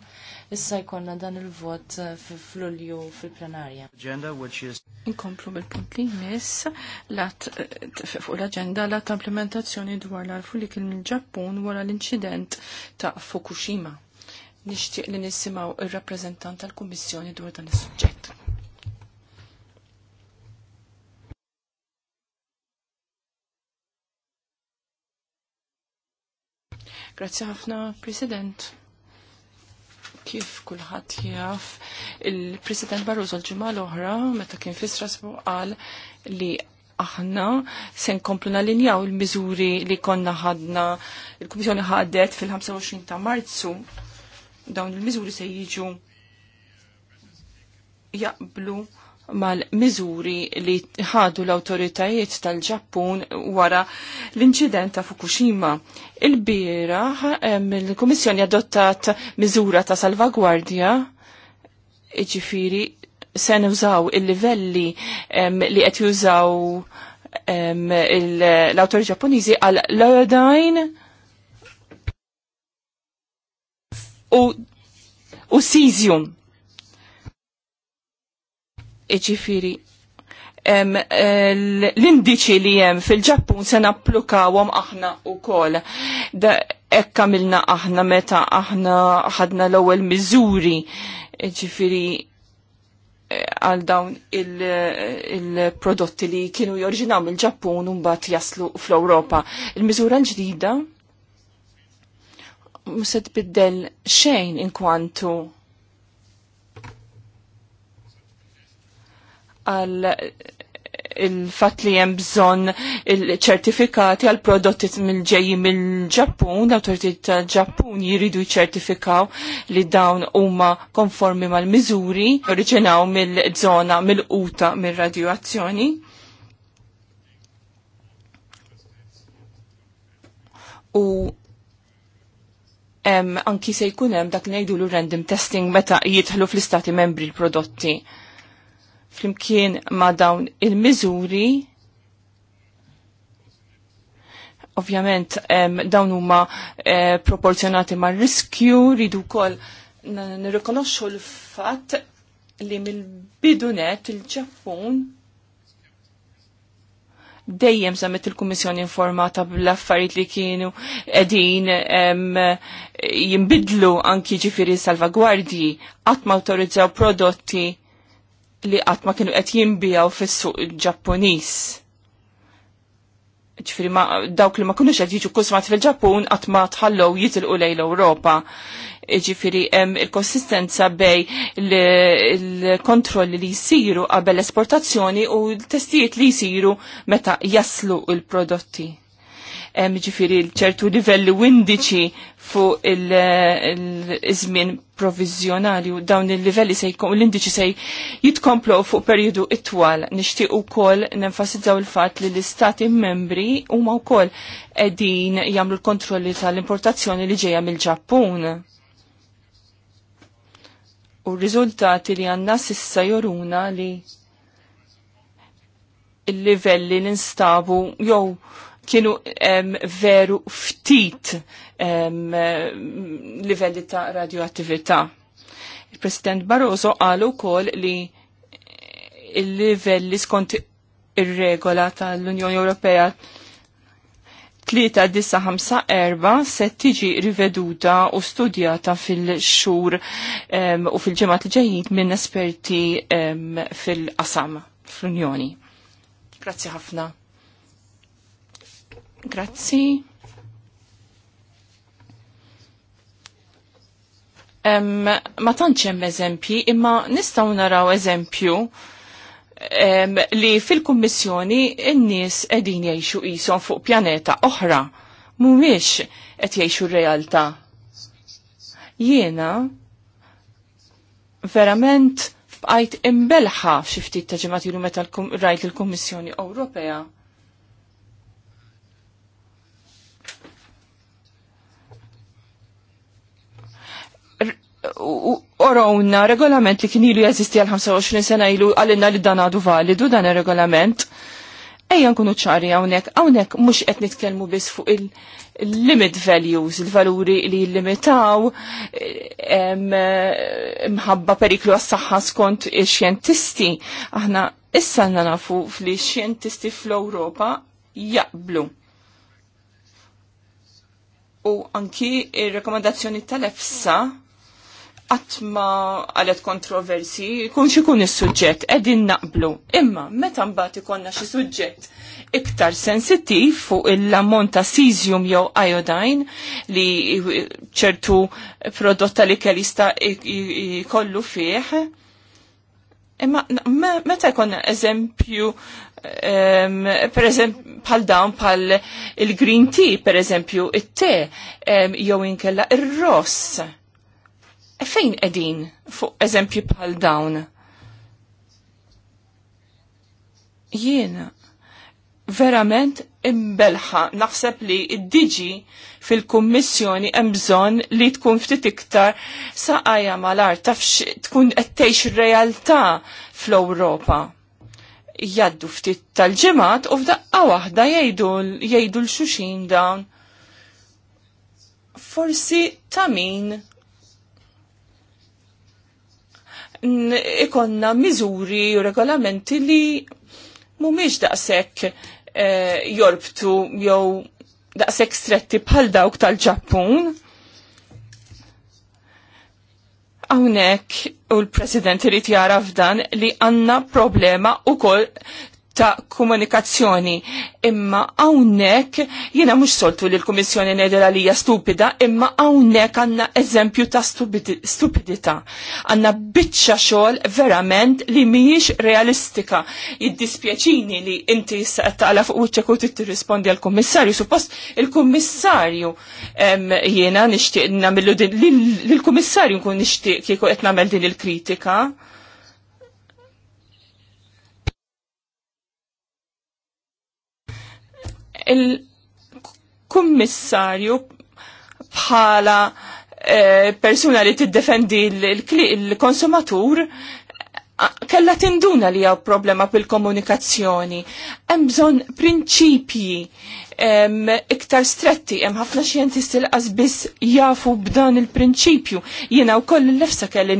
Issa jkollna dan il-vot eh, fl-Ulju fil-plenarja. Inkomplu bil-punt li jmiss eh, fuq l-aġenda la ta' implementazzjoni dwar l-arfu li kien il ġappun wara l-inċident ta' Fukushima. Nixtieq li nisimgħu il rappreżentant tal-Kummissjoni dwar dan is-suġġett. Grazzi ħafna, President. Kif kulħadd jaf, il-President Barroso l-ġimgħa l-oħra meta kien fi Strasburg qal li aħna se nkomplu nalinjaw il-miżuri li konna ħadna il-Kummissjoni ħadet fil-25 ta' Marzu dawn il-miżuri se jiġu jaqblu mal-miżuri li ħadu l-autoritajiet tal-Ġappun wara l-inċident ta' Fukushima. Il-bira il-Kummissjoni adottat miżura ta' salvagwardja iġifiri, se nużaw il-livelli li qed jużaw l-autori Ġappuniżi għal l u u Cesium Iġifiri, l-indiċi li jem fil-ġappun se napplukawhom aħna u kol. Da ekka milna aħna meta aħna ħadna l-ewwel miżuri ġifiri eh, għal dawn il-prodotti li kienu jorġinaw mill-ġappun un mbagħad jaslu fl-Ewropa. Il-miżura l-ġdida se tbiddel xejn inkwantu għal il-fat li hemm bżonn il-ċertifikati għal prodotti mill-ġejji mill-Ġappun, l-awtoritiet tal-Ġappun jiridu jċertifikaw li dawn huma konformi mal-miżuri oriġinaw mill-żona mill-quta mir radjuazzjoni U em, anki se jkun hemm dak nejdu l-random testing meta jidħlu fl-istati membri l-prodotti flimkien ma' dawn il-miżuri ovvjament dawn huma eh, proporzjonati ma' riskju ridu kol nirrikonoxxu l-fatt li mill-bidunet il-Ġappun dejjem zammet il-Kummissjoni informata bl-affarijiet li kienu qegħdin jinbidlu anki ġifiri salvagwardji qatt autorizzaw prodotti li qatt ma kienu qed jinbijaw fis-suq Ġappuniż. Ġifieri ma dawk li ma kinux qed jiġu kusmat fil-Ġappun qatt ma tħallew jitilqu lejn Ewropa. Ġifieri hemm il-konsistenza bej il-kontrolli li jsiru qabel l esportazzjoni u l-testijiet li jsiru meta jaslu l-prodotti ġifiri ċertu livelli windiċi fuq il-żmien provizjonali u dawn il-livelli se jkun l-indiċi se jitkomplu fuq periodu itwal. u kol nenfasizzaw il-fatt li l-istati membri huma wkoll qegħdin jagħmlu l-kontrolli tal-importazzjoni li ġejja mill-Ġappun. U r-riżultati li għandna sissa joruna li il-livelli l-instabu jew kienu um, veru ftit um, livelli ta' radioattività. Il-President Barroso għalu kol li il-livelli skont ir-regola tal-Unjoni Ewropea 9 3-9-4 se tiġi riveduta u studjata fil-xur u fil-ġemat li ġejjin minn esperti fil-qasam fl-Unjoni. Grazzi ħafna. Grazzi. Um, ma tantx hemm eżempji, imma nistgħu naraw eżempju um, li fil-Kummissjoni n-nies qegħdin jgħixu qishom fuq pjaneta oħra mhumiex qed jgħixu r-realtà. Jiena verament bqajt imbelħa xi ftit ta' ġimgħat ilu meta rajt il-Kummissjoni Ewropea orawna regolament li kien ilu jeżisti għal 25 sena ilu għalina li dan għadu validu dan regolament Ejja nkunu ċari għawnek, għawnek mux qed nitkellmu biss fuq il-limit values, il-valuri li limitaw mħabba periklu għas-saħħa skont il-xjentisti. Aħna issa nafu fli xjentisti fl-Ewropa jaqblu. U anki il-rekomendazzjoni tal-EFSA għatma għalet kontroversi, kun xikun il-sujġet, edin naqblu. Imma, meta mbagħad ikonna xi suġġett iktar sensittiv fuq il-ammont ta' cesium jew iodine li ċertu prodotta li kellista jkollu fih. Imma, meta jkonna eżempju um, per eżempju, pal dawn pal il-green tea, per eżempju, it-te, um, jew inkella ir-ross fejn edin fuq eżempju bħal dawn? Jiena, verament imbelħa naħseb li id-diġi fil-kummissjoni hemm bżonn li tkun ftit iktar saqajja mal-art taf tkun qed tgħix realtà fl-Ewropa. Jaddu ftit tal-ġimgħat u f'daqqa waħda jgħidu l-xuxin dawn. Forsi ta' min ikonna miżuri u regolamenti li mumiex daqshekk eh, jorbtu jew daqsek stretti bħal dawk tal-Ġappun. Hawnhekk u l-President irid jara f'dan li għandna problema wkoll ta' komunikazzjoni. Imma hawnhekk jiena mhux soltu li l-Kummissjoni Nederalija hija stupida, imma hawnhekk għandna eżempju ta' stupidità. Għandna biċċa xogħol verament li mhijiex realistika. Jiddispjaċini li inti taqla fuq wiċċek u tirrispondi għall kummissarju Suppost il-Kummissarju jiena nixtieq nagħmlu din lill-Kummissarju nkun nixtieq kieku qed nagħmel din il-kritika. il-kummissarju bħala eh, persuna li tiddefendi l-konsumatur kella tinduna li għaw problema bil-komunikazzjoni. Hemm bżonn prinċipji iktar stretti, hemm ħafna xjentisti qas biss jafu b'dan il-prinċipju. Jiena wkoll l-nefsa kelli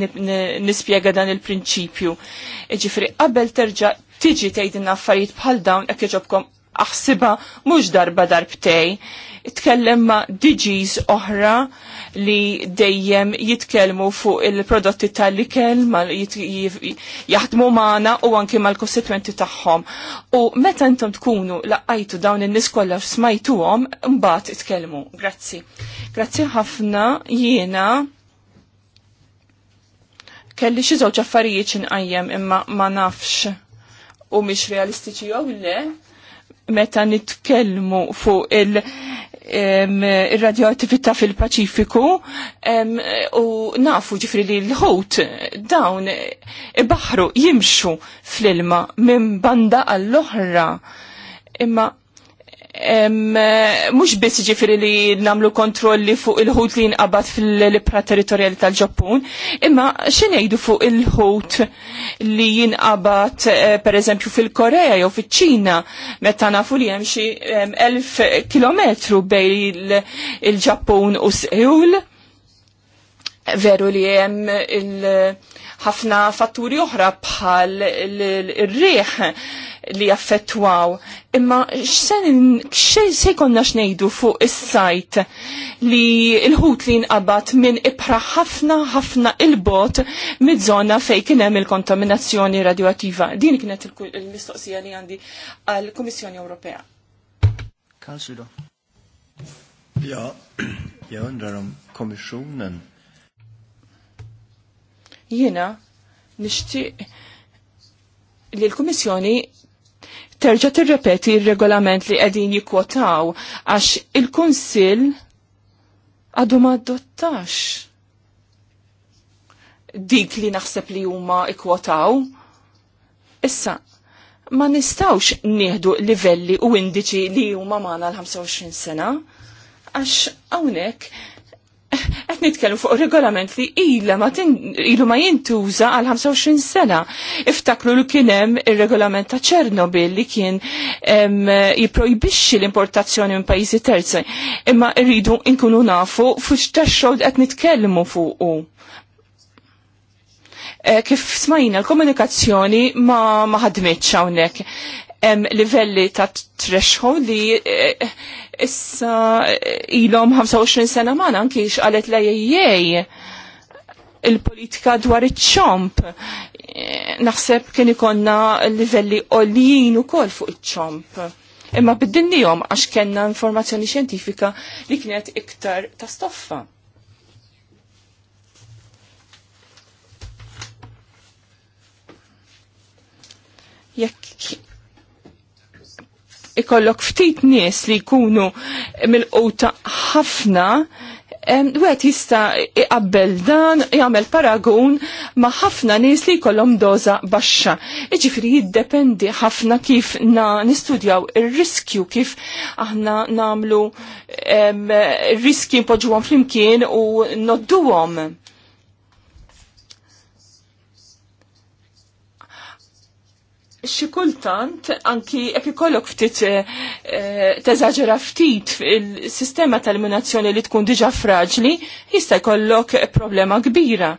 nispjega dan il-prinċipju. Ġifri, qabel terġa' tiġi tgħidilna affarijiet bħal dawn hekk jogħġobkom aħsiba mhux darba darbtej. Itkellem ma' DGs oħra li dejjem jitkellmu fuq il-prodotti tal ma jaħdmu magħna u anki mal-kostituenti tagħhom. U meta intom tkunu laqajtu dawn in-nies kollha smajtuhom, mbagħad itkellmu. Grazzi. Grazzi ħafna jiena kelli xi żewġ affarijiet x'inqajjem imma ma nafx u mhix realistiċi jew le meta nitkellmu fuq il- il-radioattività fil-Paċifiku u nafu ġifri li l-ħut dawn baħru jimxu fl-ilma minn banda għall-oħra imma mux biss ġifiri li namlu kontrolli fuq il-ħut li nqabad fil-libra territorjali tal-ġappun, imma xinejdu fuq il-ħut li jinqabad eh, per eżempju fil-Korea jew fil-ċina, meta nafu li hemm xi 1000 km bej il-Ġappun u s Seul. Veru li hemm il- ħafna fatturi oħra bħal il rieħ li jaffettwaw. Imma se jkollna x'ngħidu fuq is-sajt li l-ħut li nqabat minn ibra ħafna ħafna il-bot mid-żona fejn kien hemm il-kontaminazzjoni radioattiva. Din kienet il-mistoqsija li għandi għall-Kummissjoni Ewropea. Kansido. Ja, ja għandarom komissjonen. Jena, nixtieq li l-Kummissjoni terġa' tirrepeti r-regolament li qegħdin jikkwotaw għax il-Kunsill għadu ma adottax dik li naħseb li huma ikwotaw. Issa, ma nistawx nieħdu livelli u indiċi li huma magħna l-25 sena għax hawnhekk Qed nitkellmu fuq regolament li ilha ma ilu ma jintuża għal 25 sena. Iftakru li kien hemm ir-regolament ta' Ċernobil li kien jipprojbixxi l-importazzjoni minn pajjiżi terzi. Imma rridu nkunu nafu fuq xtax qed nitkellmu fuq. Eh, kif smajna l-komunikazzjoni ma ħadmitx hawnhekk hemm livelli ta' threshold li eh, issa eh, ilhom 25 sena magħna anki x'qalet l-EAA il-politika dwar iċ-ċomp. Eh, naħseb kien ikonna livelli olijin ukoll fuq iċ-ċomp. Imma bid-dinnijom għax kellna informazzjoni xjentifika li kienet iktar ta' stoffa. jekk ikollok ftit nies li jkunu mill-quta ħafna Wet jista iqabbel dan, jagħmel paragun ma' ħafna nies li jkollhom doza baxxa. Jiġifieri jiddependi ħafna kif na nistudjaw ir-riskju kif aħna nagħmlu ir riskju npoġġuhom flimkien u nodduhom xi kultant anki jekk ikollok ftit eh, teżaġera ftit il-sistema tal-eliminazzjoni li tkun diġa fraġli, jista' jkollok problema kbira.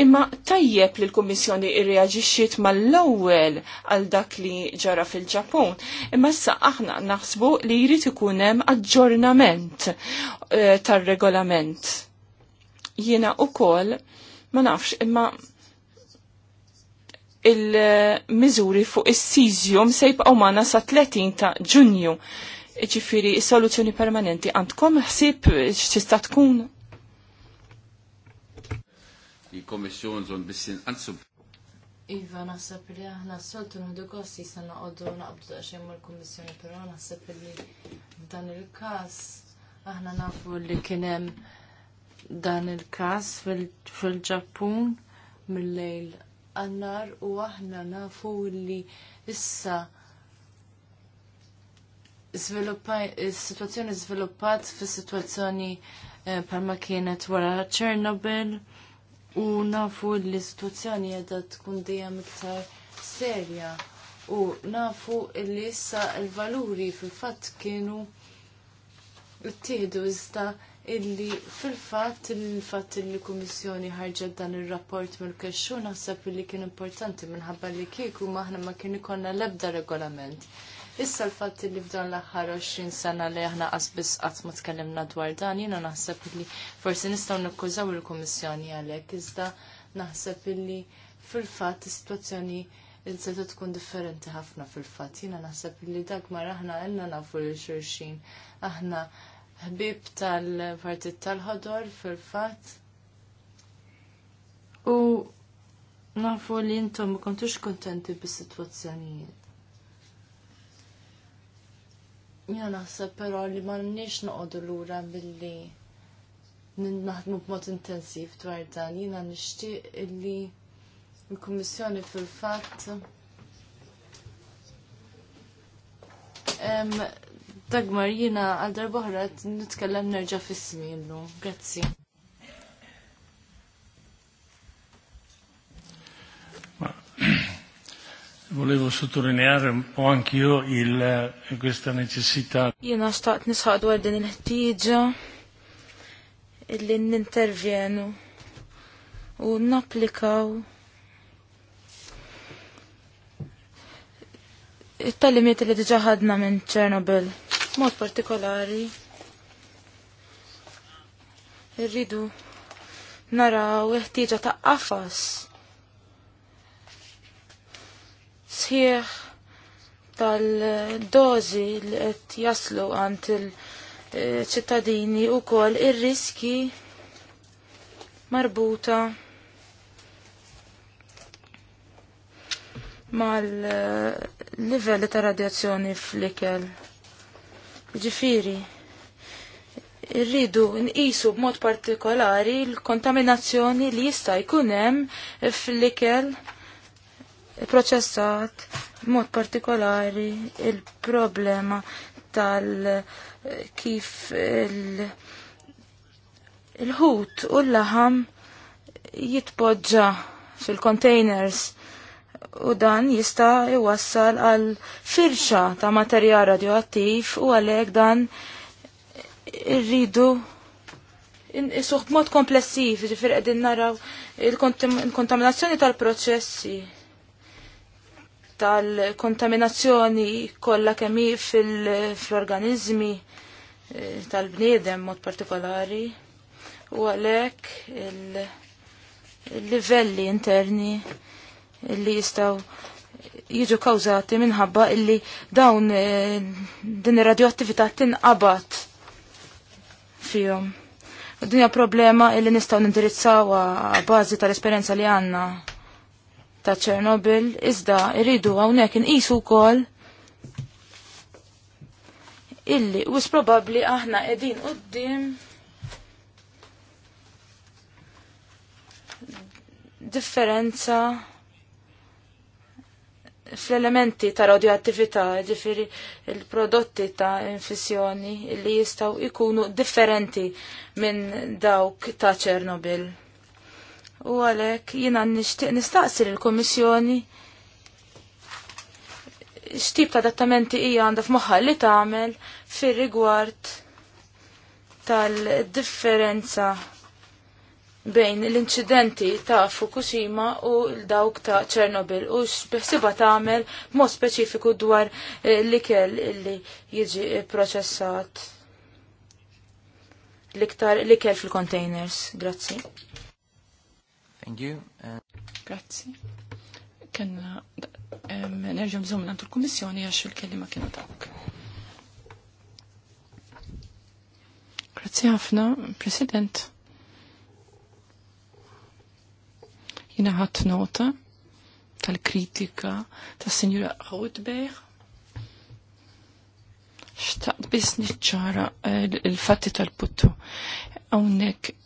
Imma tajjeb li l-Kummissjoni irreagixxiet mal-ewwel għal dak li ġara fil-Ġapun. Imma issa aħna naħsbu li jrid ikun hemm aġġornament eh, tar-regolament. Jiena ukoll ma nafx imma il-miżuri fuq is-sizjum se jibqgħu magħna sa 30 ta' Ġunju. Ġifieri soluzzjoni permanenti għandkom ħsieb x'tista' tkun? Il-Kommissjon żon bissin anzub. Iva, naħseb li aħna s-soltu nħdu għossi sa naqoddu naqbdu daċxem mal kommissjoni però naħseb li f'dan il każ aħna nafu li kien hemm dan il każ fil-ġappun mill-lejl għannar u aħna nafu li issa situazzjoni sviluppat fis situazzjoni parma eh, kienet wara Chernobyl u nafu li situazzjoni għedha tkun dejjem iktar serja u nafu li issa il-valuri fil-fatt kienu ttieħdu iżda illi fil-fatt il-fatt li kummissjoni ħarġet dan ir-rapport mill kesċu naħseb illi kien importanti minħabba li kieku maħna ma kien ikonna l-ebda regolament. Issa l-fatt li f'dan l-aħħar 20 sena li aħna qasbis qatt ma tkellimna dwar dan jiena naħseb illi forsi nistgħu nakkużaw il-Kummissjoni għalhekk iżda naħseb illi fil-fatt is-sitwazzjoni il-seta tkun differenti ħafna fil-fat. Jina naħseb li dak mar aħna għandna nafu l-xurxin. Aħna ħbib tal-Partit tal-Ħodor fil-fatt. U nafu li intom ma kontux kontenti bis-sitwazzjonijiet. Jena naħseb però li ma nix noqogħdu lura billi naħdmu b'mod intensiv dwar dan. Jiena nixtieq li l-Kummissjoni fil-fatt Dagmar, jina għal darbohra nitkellem nerġa fissmi illu. Grazzi. Volevo sottolineare un po' anch'io il, questa necessità. Jena staqt nisħaq dwar din il-ħtijġa illi n-intervjenu u n-applikaw it-talimiet li già ħadna minn Chernobyl mod partikolari irridu naraw ħtieġa ta' qafas sħiħ tal-dozi li qed jaslu għand il-ċittadini u kol ir-riski marbuta mal-livelli ta' radjazzjoni fl-ikel. Ġifiri, rridu nqisu b'mod partikolari l-kontaminazzjoni li jista' jkun hemm fl-ikel proċessat b'mod partikolari il-problema tal- kif il-ħut u l-laħam jitpoġġa fil-containers u dan jista' iwassal għal firxa ta' materjal radioattiv u għalhekk dan irridu isuħ b'mod komplessiv, ġifir qegħdin naraw il-kontaminazzjoni tal-proċessi tal-kontaminazzjoni kollha kemm fil-organizmi eh, tal-bniedem mod partikolari u għalhekk il-livelli interni illi jistaw jiġu kawzati minħabba illi dawn eh, din ir-radioattività tinqabad fihom. Dinja problema illi nistaw nindirizzaw bażi tal-esperjenza li għandna ta' Ċernobil, iżda irridu hawnhekk inqisu wkoll illi wis probabbli aħna qegħdin qudiem differenza fl-elementi ta' radioattività, ġifiri il-prodotti ta' infissjoni li jistaw ikunu differenti minn dawk ta' Ċernobil. U għalek jina nishtiq nistaqsi l-Komissjoni x'tip ta' adattamenti hija għandha f'moħħa li tagħmel fir-rigward tal-differenza bejn l-inċidenti ta' Fukushima u l-dawk ta' Chernobyl u x'beħsiba tagħmel mod speċifiku dwar eh, l-ikel li jiġi proċessat l-iktar l-ikel fil-containers. Grazzi. Thank you. Uh, Grazzi. Kenna nerġa' bżomm nantu l-Kummissjoni għax il ma kienu dawk. Grazzi ħafna, President. inaħat nota tal-kritika tas-Sinjura Ħodbejħ. Xtaqt biss niċċara il-fatti eh, tal-puttu. Hawnhekk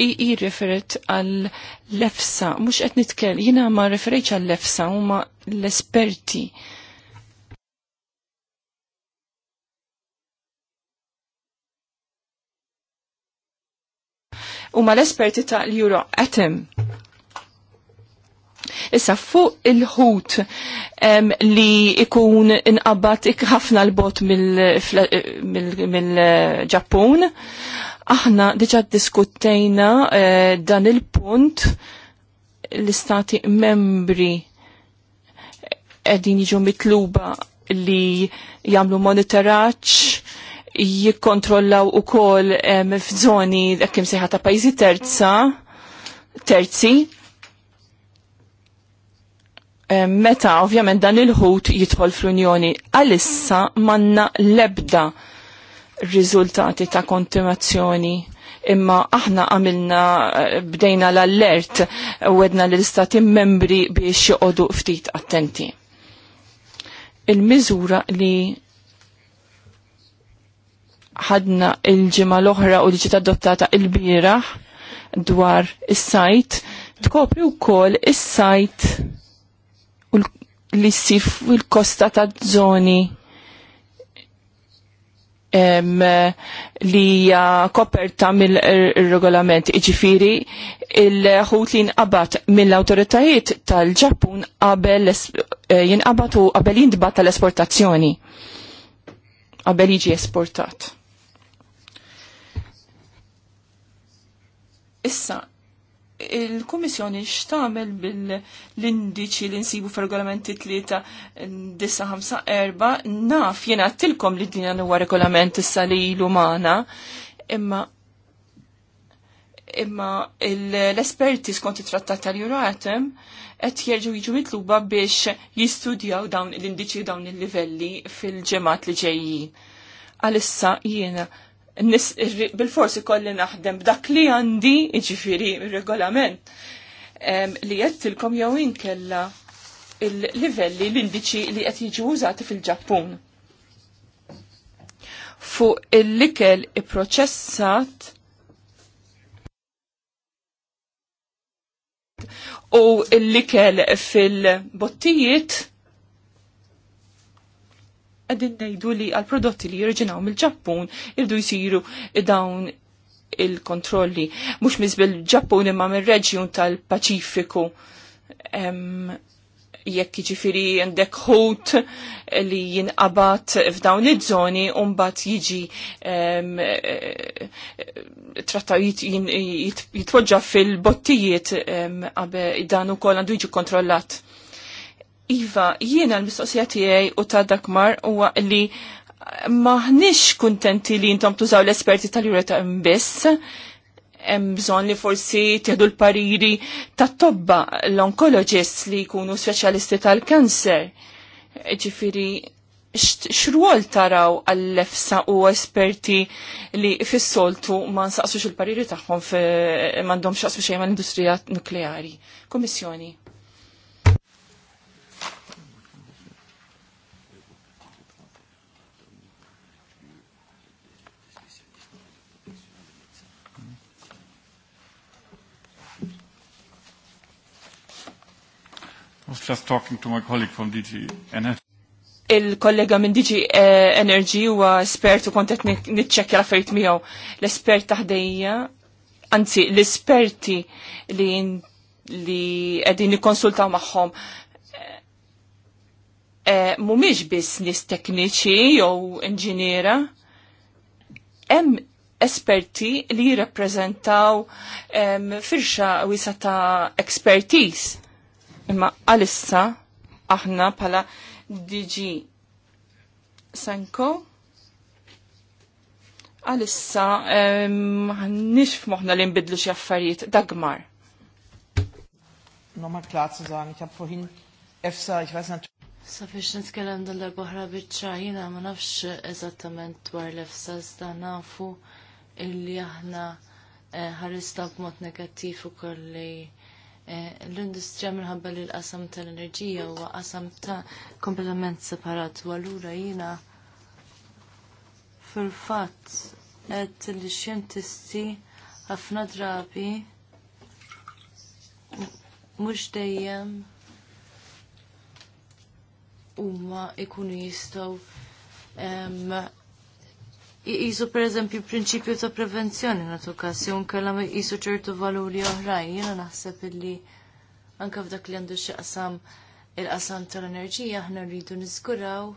i referet għal-lefsa, mux qed nitkell, jina ma referejċ għal-lefsa, huma l-esperti. Huma l-esperti ta' l juro Atom. Issa fuq il-ħut li ikun inqabbat ħafna l-bot mill-Ġappun, aħna diġa diskuttejna eh, dan il-punt l-istati membri edin jiġu mitluba li jamlu monitoraċ, jikkontrollaw u kol f'żoni ekkim seħata pajzi terza, terzi, meta ovvjament dan il-ħut jitħol fl-Unjoni għalissa manna lebda riżultati ta' kontinuazzjoni imma aħna għamilna eh, bdejna l-allert u għedna l-istati membri biex joqodu ftit attenti. Il-miżura li ħadna il-ġimma l-oħra u li ġiet adottata il-biraħ dwar is-sajt tkopri wkoll is-sajt li sif il-kosta ta' zoni em, li koperta mill-regolament. Iġifiri, il-ħut li jinqabat mill-autoritajiet tal-ġappun qabel eh, jinqabat u qabel jindbat tal-esportazzjoni. Qabel jiġi esportat. Issa, il-Komissjoni x'tagħmel bil-indiċi li nsibu fir-regolamenti tlieta disa ħamsa erba naf jiena tilkom li din huwa regolament issa li ilu magħna, imma imma l-esperti skont it-trattat tal juratem qed jerġgħu jiġu mitluba biex jistudjaw dawn l-indiċi dawn il-livelli fil-ġemat li ġejjin. Għalissa jiena bil-forsi kolli naħdem b'dak li għandi iġifiri regolament li jettilkom jew inkella il-livelli l-indiċi li qed jiġu użati fil-Ġappun. Fuq il-likel i-proċessat u il-likel fil-bottijiet għedin nejdu li għal-prodotti li jirġinaw mill-ġappun irdu jisiru dawn il-kontrolli. Mux miz bil-ġappun imma mill-reġjun tal-Paċifiku. Jekk ġifiri għandek ħut li jinqabat f'dawn iż-żoni umbat jiġi trattajit jitpoġġa fil-bottijiet dan ukoll għandu jiġi kontrollat Iva, jiena l-mistoqsija tiegħi u ta' dakmar huwa li maħnix kuntenti li intom tużaw l-esperti tal-jureta biss, hemm bżonn li forsi tieħdu l-pariri ta' tobba l-onkoloġist li jkunu speċjalisti tal-kanser. Ġifiri, x'rwol taraw għall-lefsa u esperti li fis-soltu ma nsaqsux il-pariri tagħhom m'għandhomx xaqsu xejn mal-industrija nukleari. Kummissjoni. was just talking to my colleague from DG Energy. Il-kollega minn DG eh, Energy huwa espert u kontet niċċekkja l-affarijiet miegħu. L-espert taħdejja, anzi l-esperti li li qegħdin nikkonsultaw magħhom eh, eh, mhumiex biss nis tekniċi jew inġiniera, hemm esperti li jirrappreżentaw ehm, firxa wisa ta' expertise. Imma għalissa aħna pala DG Sanko għalissa nix f'moħna li nbidlu xi affarijiet dagmar. Nomar klaħt zu sagen, EFSA, ich weiß natürlich. Safix boħra bieċa jina ma nafx eżattament dwar l-EFSA iżda nafu illi aħna eh, ħarista b'mod negattiv ukoll li Eh, l-industrija minħabba li l-qasam tal-enerġija huwa qasam ta' kompletament separat u allura jina fil-fatt għed li xjentisti ħafna drabi mhux dejjem huma ikunu jistgħu jisu per eżempju prinċipju ta' prevenzjoni natu kas, jew kellha jisu ċertu valuri oħrajn, jiena naħseb illi anke f'dak li għandu xaqsam il-qasam tal-enerġija aħna rridu niżguraw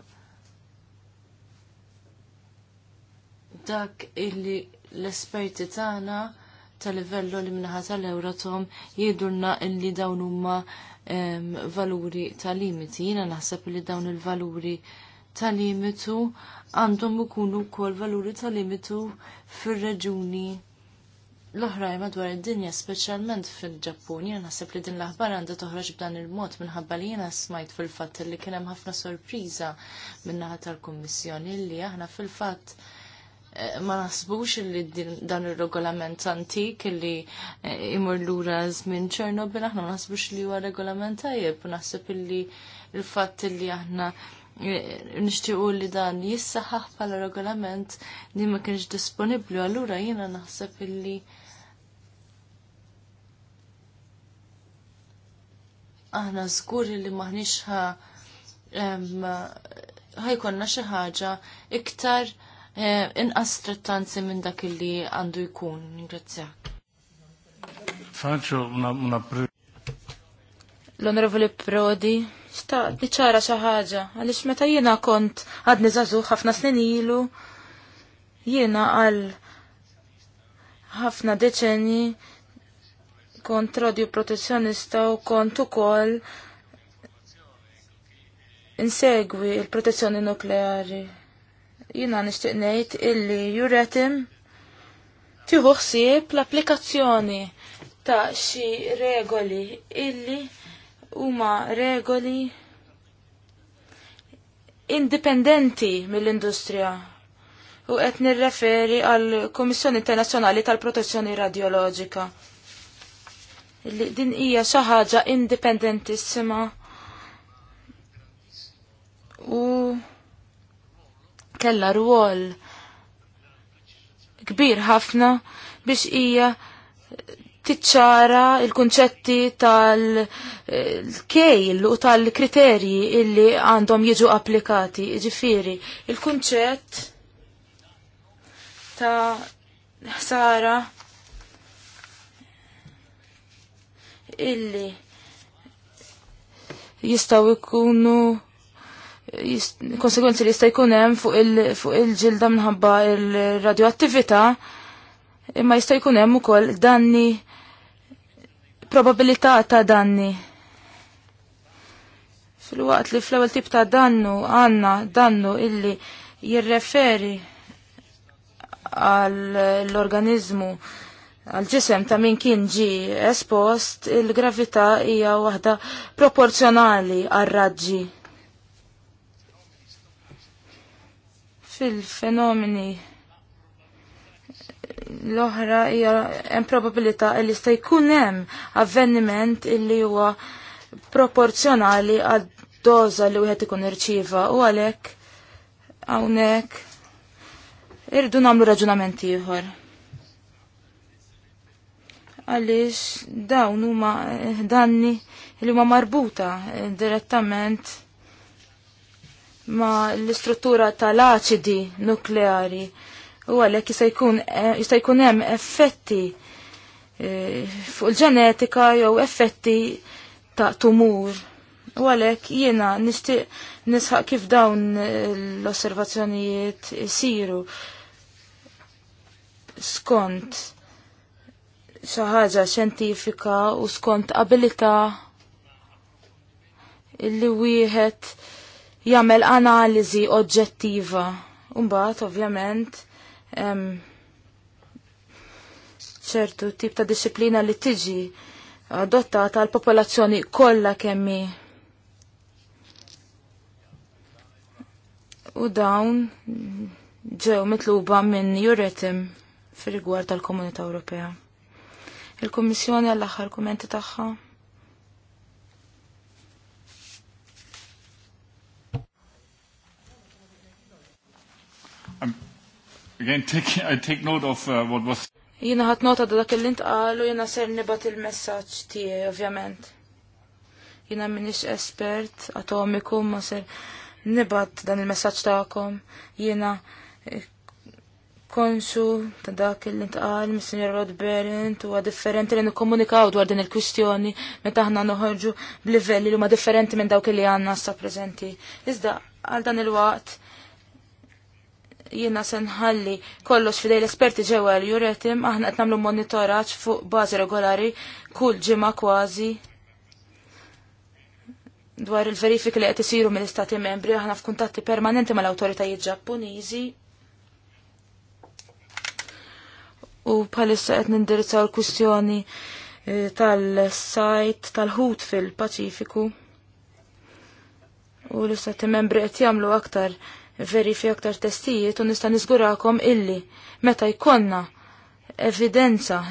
dak illi l-esperti tagħna tal-livello li minnaħa tal-Euratom jidurna illi dawn huma ehm, valuri tal-limiti. Jiena naħseb illi dawn il-valuri il valuri tal-limitu għandhom ikunu wkoll valuri tal-limitu fir-reġuni l-oħrajn madwar id-dinja, speċjalment fil ġappuni jena naħseb li din l-aħbar għandha toħroġ b'dan il-mod minħabba li jena smajt fil-fatt li kien hemm ħafna sorpriża min-naħa tal-Kummissjoni li aħna fil-fatt eh, ma naħsbux li dan ir-regolament antik li eh, imur lura żmien Ċernobil aħna ma li huwa regolament tajjeb u naħseb illi il-fatt li aħna nixtiequ li dan jissaħħaħ bħala regolament li ma kienx disponibbli allura jiena naħseb illi aħna zgur li maħniex ħa ħajkonna xi ħaġa iktar eh, inqas trattanzi minn dak illi għandu jkun. Ningrazzjak. Faċċu L-Onorevoli Prodi xtaqt ċara xi ħaġa għaliex meta jiena kont għadni żagħżugħ ħafna snin ilu jiena għal ħafna deċenji kont rodju protezzjonista u kont ukoll insegwi il-protezzjoni nukleari. Jiena nixtieq ngħid illi juretim tieħu ħsieb l-applikazzjoni ta' xi regoli illi huma regoli indipendenti mill-industrija u qed nirreferi għal Kummissjoni Internazzjonali tal-Protezzjoni Radjoloġika. Din hija xi ħaġa indipendentissima u kella rwol kbir ħafna biex hija tiċċara il-kunċetti tal-kejl u tal-kriterji illi għandhom jiġu applikati, ġifiri, il-kunċett ta' ħsara illi jistaw ikunu konsekwenzi li jista' jkun hemm fuq il-ġilda il minħabba il-radioattività imma jista' jkun hemm ukoll danni probabilità ta' danni. Fil-waqt li fl-ewwel tip ta' dannu għandna dannu illi jirreferi għall-organizmu għal-ġisem ta' min kien ġi espost, il-gravità hija waħda proporzjonali għal-raġġi. Fil-fenomeni l-oħra hija hemm probabilità li sta jkun hemm avveniment illi huwa proporzjonali għad doza li wieħed ikun irċiva u għalhekk hawnhekk irdu nagħmlu raġunament ieħor. Għaliex dawn huma danni li huma marbuta direttament ma l-istruttura tal-aċidi nukleari u għalhekk jista' jkun eh, hemm effetti eh, fuq il-ġenetika jew effetti ta' tumur. U għalhekk jiena nixtieq nisħaq kif dawn eh, l-osservazzjonijiet isiru skont xi ħaġa xjentifika u skont abilità illi wieħed jagħmel analiżi oġġettiva. Mbagħad ovvjament ċertu tip ta' disciplina li tiġi adottata għal popolazzjoni kollha kemmi. U dawn ġew mitluba minn Juretim fil rigward tal-Komunità Ewropea. Il-Kummissjoni għall-aħħar kumenti tagħha. Again, take, I take note of uh, what was... Jina ħat nota da dak l-intqal jina ser nibat il messaċ tiegħi ovvjament. Jina minix espert atomiku ma ser nibat dan il messaċ tagħkom. Jina eh, konxu ta' dak l-intqal mis-Sinjor Rod Berent huwa differenti li nikkomunikaw dwar din il-kwistjoni meta ħna noħorġu b'livelli li huma differenti minn dawk li għandna sa preżenti. Iżda għal dan il-waqt jiena senħalli kollox fidej l-esperti ġewwa l-juretim aħna qed nagħmlu fuq bażi regolari kull ġimgħa kważi dwar il verifik li qed isiru mill-Istati Membri aħna f'kuntatti permanenti mal-awtoritajiet Ġappuniżi u bħalissa qed nindirizzaw l-kwistjoni eh, tal-sajt tal-ħut fil-Paċifiku u l-istati membri qed jagħmlu aktar fi aktar testijiet u nista' niżgurakom illi meta jkollna evidenza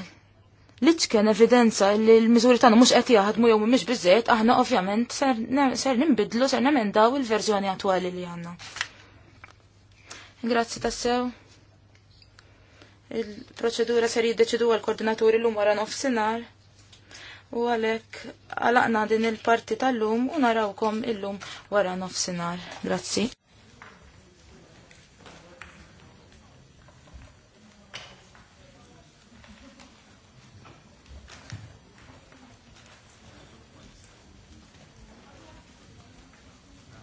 li tkien evidenza li l-miżuri tagħna mhux qed jaħdmu jew mhumiex biżejjed aħna ovvjament ser nimbidlu ser nemendaw il-verżjoni attwali li għandna. Grazzi tassew. Il-proċedura ser jiddeċidu għal-koordinaturi l-lum wara nofsinhar. U għalek, għalaqna din il-parti tal-lum u narawkom il-lum wara nofsinhar. Grazzi.